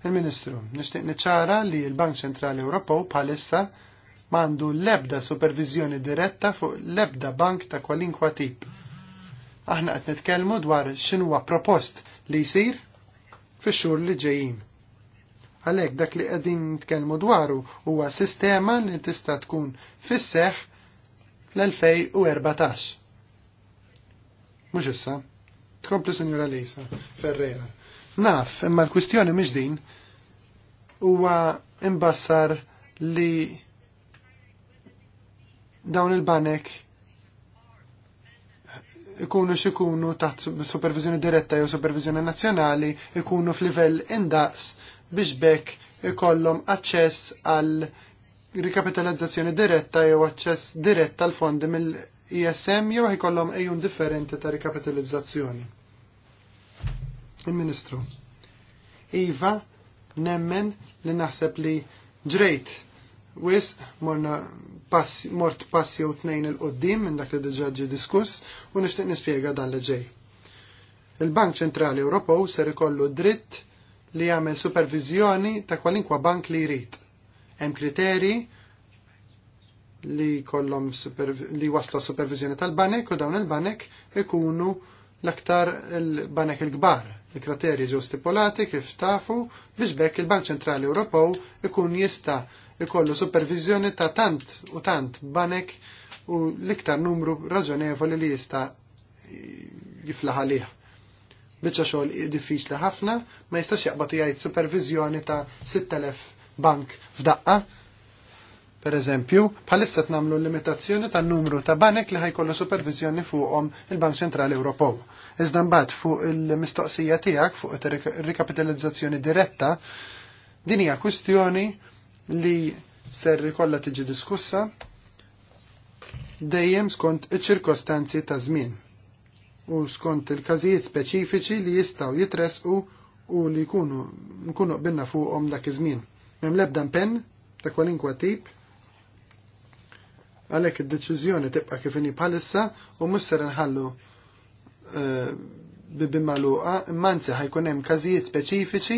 Il-Ministru, nixtieq niċċara li l-Bank Ċentrali Ewropew bħalissa mandu l-ebda supervizjoni diretta fuq l-ebda bank ta' kwalinkwa tip. Aħna qed nitkellmu dwar x'inhuwa propost li jsir fix-xhur li ġejjin. Għalhekk dak li qegħdin nitkellmu dwaru huwa sistema li tista' tkun fis-seħħ l-2014. Mhux issa. Tkomplu Sinjura Lisa Ferrera. Naf, imma l-kwistjoni mhix din huwa imbassar li dawn il-banek ikunu xikunu taħt supervizjoni diretta jew supervizjoni nazzjonali ikunu f'livell indaqs biex bekk ikollhom aċċess għal rikapitalizzazzjoni diretta jew aċċess diretta għal fondi mill-ISM jew ikollhom ejjun differenti ta' rikapitalizzazzjoni il-Ministru. Iva, nemmen li naħseb li ġrejt wis morna pass, mort passi u tnejn il-qoddim minn dak li diġaġi diskuss u nixtieq nispjega dan li ġej. Il-Bank Ċentrali Ewropew ser ikollu dritt li jagħmel supervizjoni ta' kwalinkwa bank li jrid. Hemm kriteri li kollhom li waslu supervizjoni tal-banek u dawn il-banek ikunu l-aktar il-banek il-kbar Il-kriterji ġew stipulati kif tafu biex bekk il-Bank Ċentrali Ewropew ikun jista' ikollu supervizjoni ta' tant u tant banek u l-iktar numru raġonevoli li jista' jiflaħ għalih. Biċċa xogħol diffiċli ħafna, ma jistax jaqbad jgħid supervizjoni ta' 6000 bank f'daqqa. Per eżempju, bħalissa l limitazzjoni ta' numru ta' banek li ħajkollu supervizjoni fuqhom il-Bank Ċentrali Ewropew. Iżda mbagħad fuq il-mistoqsija tiegħek fuq ir-rikapitalizzazzjoni diretta, din hija kwistjoni li ser kollha tiġi diskussa dejjem skont iċ-ċirkostanzi ta' żmien u skont il-każijiet speċifiċi li jistgħu jitresqu u li jkunu nkunu qbilna fuqhom dak iż-żmien. Hemm l-ebda pen ta' kwalinkwa tip għalhekk id-deċiżjoni tibqa' kif inhi bħalissa u mhux ser nħallu Eh, bibin maluqa, manzi ħajkun hemm każijiet speċifiċi,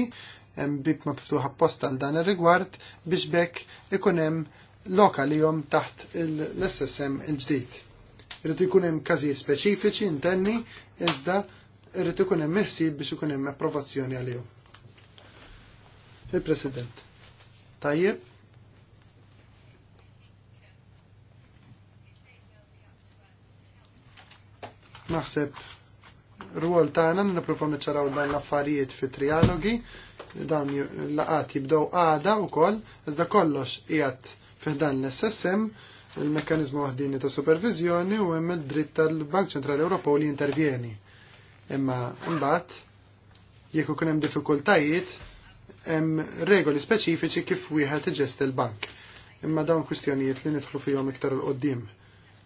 hemm bib maftuħa apposta għal dan ir-rigward biex bekk ikun hemm lokalihom taħt l-SSM il-ġdid. Irid ikun hemm każijiet speċifiċi intenni iżda irrid ikun hemm il biex ikun hemm approvazzjoni għalihom. Il-President. Tajjeb, naħseb Rwol tagħna nippruvaw niċċaraw dan l-affarijiet fi trialogi, dan laqat jibdew għada wkoll, iżda kollox qiegħed fih dan l-SSM, il-mekkanizmu għahdini ta' supervizjoni u hemm id-dritt tal-Bank Ċentrali Ewropew li intervjeni. Imma mbagħad jekk ikun hemm diffikultajiet, hemm regoli speċifiċi kif wieħed iġest il-bank. Imma dawn kwistjonijiet li nidħlu fihom iktar il qoddim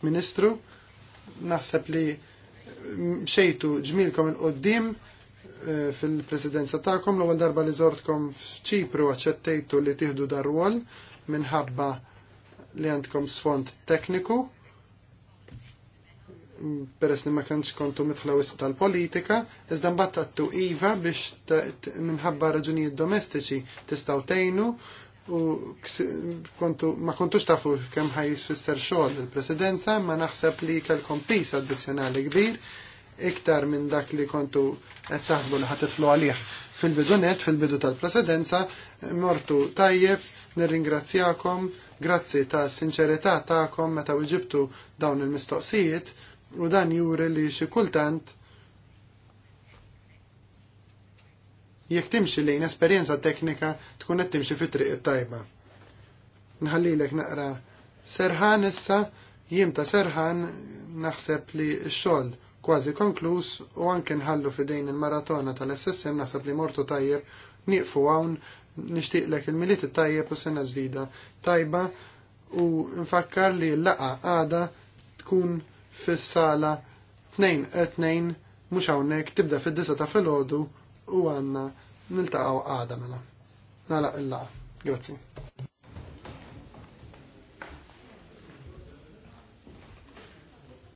Ministru, naħseb li mxejtu ġmilkom il-qoddim eh, fil-presidenza ta'kom l darba li zortkom f'ċipru għacċettejtu li tiħdu dar-rwol minħabba li għandkom sfond tekniku peress li ma kienx kontu wisq tal-politika, iżda mbagħad iva biex minħabba raġunijiet domestiċi tistgħu tgħinu u kontu, ma kontux tafu kemm ħaj fisser xogħol il-presidenza, ma naħseb li kelkom pis addizzjonali kbir iktar minn dak li kontu qed taħsbu li ħatiflu għalih fil net, fil-bidu tal-presidenza, mortu tajjeb, nirringrazzjakom, grazzi ta' sinċerità ta'kom meta wieġibtu dawn il-mistoqsijiet u dan juri li xi kultant jekk timxi lejn esperjenza teknika tkun qed timxi fit-triq tajba. Nħallilek naqra serħan issa jiem ta' serħan naħseb li x-xogħol kważi konkluż u anke nħallu fidejn il-maratona tal-SSM naħseb li mortu tajjeb nieqfu hawn nixtieqlek il-miliet it tajjeb u sena ġdida tajba u nfakkar li l-laqa għada tkun fis-sala 2 2 e mhux hawnhekk tibda fid-disa ta' filgħodu u għanna nil-taqaw għada mela. Nala illa. laqa Grazzi.